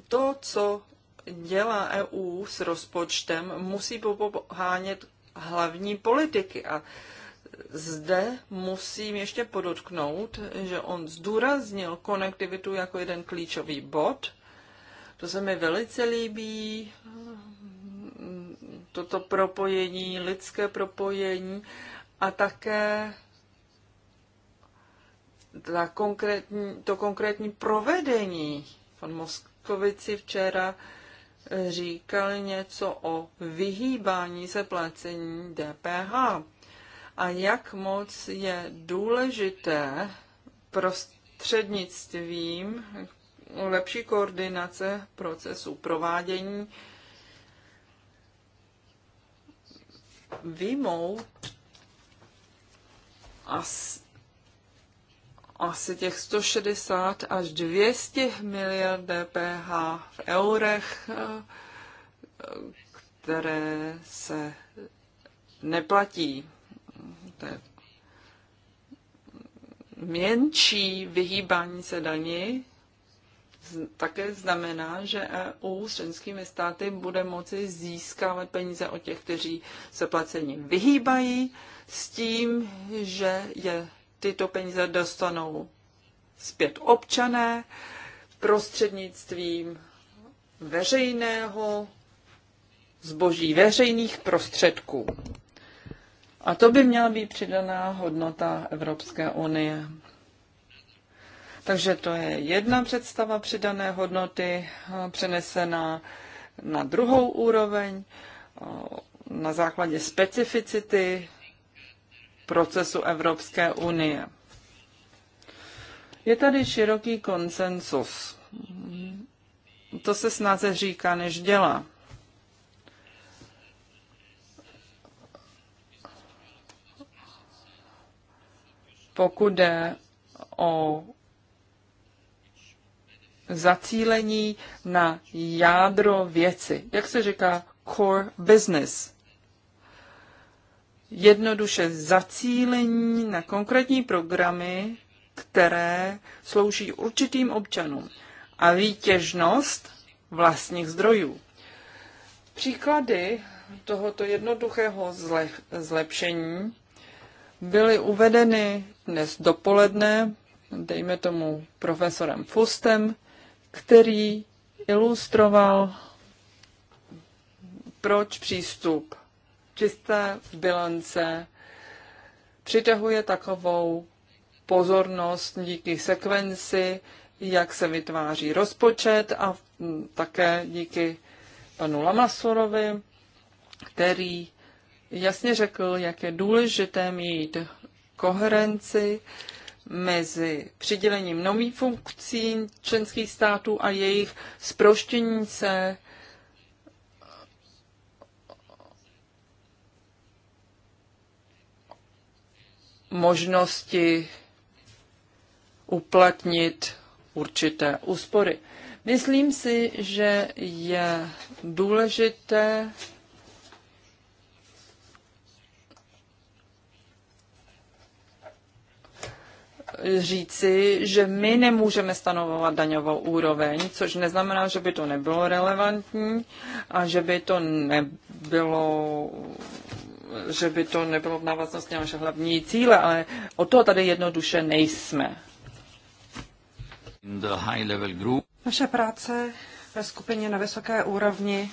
to, co dělá EU s rozpočtem, musí pohánět hlavní politiky. A zde musím ještě podotknout, že on zdůraznil konektivitu jako jeden klíčový bod. To se mi velice líbí, toto propojení, lidské propojení a také ta konkrétní, to konkrétní provedení. Pan Moskovici včera uh, říkali něco o vyhýbání se placení DPH a jak moc je důležité prostřednictvím lepší koordinace procesu provádění vymout a asi těch 160 až 200 miliard DPH v eurech, eh, které se neplatí. To je měnčí vyhýbání se daní také znamená, že EU s členskými státy bude moci získávat peníze od těch, kteří se placení vyhýbají, s tím, že je tyto peníze dostanou zpět občané prostřednictvím veřejného zboží, veřejných prostředků. A to by měla být přidaná hodnota Evropské unie. Takže to je jedna představa přidané hodnoty eh, přenesená na druhou úroveň eh, na základě specificity procesu Evropské unie. Je tady široký konsensus. To se snáze říká, než dělá. Pokud jde o zacílení na jádro věci, jak se říká core business jednoduše zacílení na konkrétní programy, které slouží určitým občanům a výtěžnost vlastních zdrojů. Příklady tohoto jednoduchého zlepšení byly uvedeny dnes dopoledne, dejme tomu profesorem Fustem, který ilustroval, proč přístup čisté bilance přitahuje takovou pozornost díky sekvenci, jak se vytváří rozpočet a také díky panu Lamasurovi, který jasně řekl, jak je důležité mít koherenci mezi přidělením nových funkcí členských států a jejich sproštění se možnosti uplatnit určité úspory. Myslím si, že je důležité říci, že my nemůžeme stanovovat daňovou úroveň, což neznamená, že by to nebylo relevantní a že by to nebylo že by to nebylo v návaznosti na naše hlavní cíle, ale o to tady jednoduše nejsme. Naše práce ve skupině na vysoké úrovni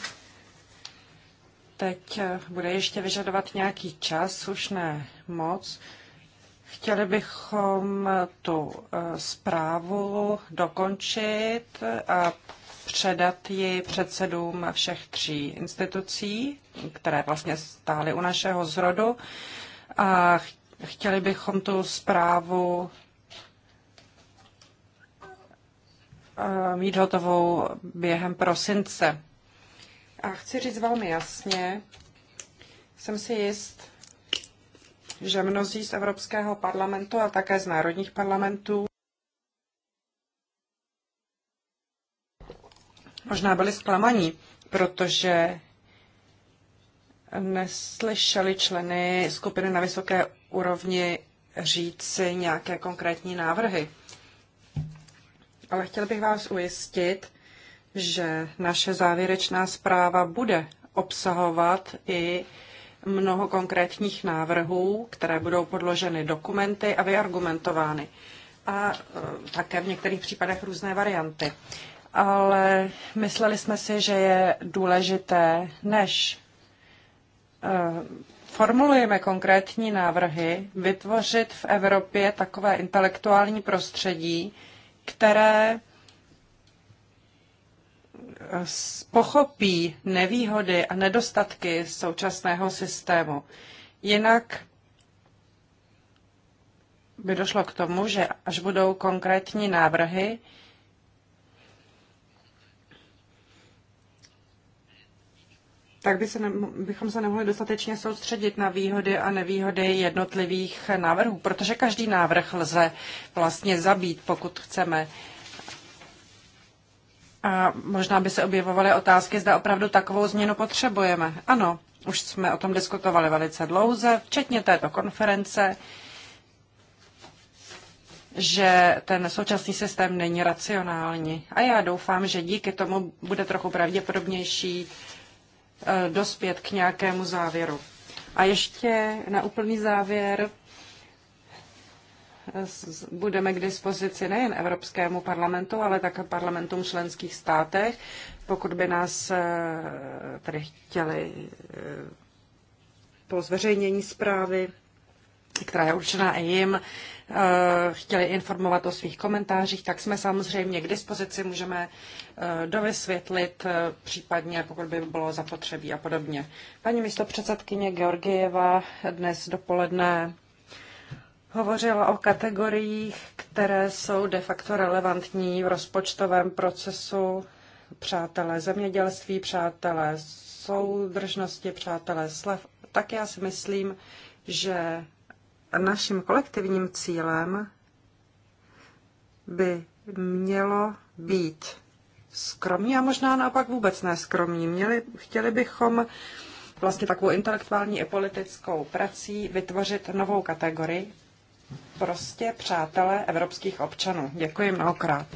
teď eh, bude ještě vyžadovat nějaký čas, už ne moc. Chtěli bychom tu eh, zprávu dokončit a předat ji předsedům všech tří institucí, které vlastně stály u našeho zrodu. A chtěli bychom tu zprávu eh, mít hotovou během prosince. A chci říct velmi jasně, jsem si jist, že mnozí z Evropského parlamentu a také z národních parlamentů možná byli zklamaní, protože neslyšeli členy skupiny na vysoké úrovni říci nějaké konkrétní návrhy. Ale chtěl bych vás ujistit, že naše závěrečná zpráva bude obsahovat i mnoho konkrétních návrhů, které budou podloženy dokumenty a vyargumentovány. A e, také v některých případech různé varianty ale mysleli jsme si, že je důležité, než eh, formulujeme konkrétní návrhy, vytvořit v Evropě takové intelektuální prostředí, které eh, pochopí nevýhody a nedostatky současného systému. Jinak by došlo k tomu, že až budou konkrétní návrhy, tak by se ne, bychom se nemohli dostatečně soustředit na výhody a nevýhody jednotlivých návrhů, protože každý návrh lze vlastně zabít, pokud chceme. A možná by se objevovaly otázky, zda opravdu takovou změnu potřebujeme. Ano, už jsme o tom diskutovali velice dlouze, včetně této konference, že ten současný systém není racionální. A já doufám, že díky tomu bude trochu pravděpodobnější Eh, dospět k nějakému závěru. A ještě na úplný závěr eh, budeme k dispozici nejen Evropskému parlamentu, ale také parlamentům členských státech, pokud by nás eh, tedy chtěli po zveřejnění zprávy, která je určená i jim, Eh, chtěli informovat o svých komentářích, tak jsme samozřejmě k dispozici, můžeme eh, dovysvětlit, eh, případně pokud by bylo zapotřebí a podobně. Paní místopředsedkyně Georgieva dnes dopoledne hovořila o kategoriích, které jsou de facto relevantní v rozpočtovém procesu přátelé zemědělství, přátelé soudržnosti, přátelé slav. tak já si myslím, že naším kolektivním cílem by mělo být skromní a možná naopak vůbec neskromní. Měli, chtěli bychom vlastně takovou intelektuální i politickou prací vytvořit novou kategorii prostě přátelé evropských občanů. Děkuji mnohokrát.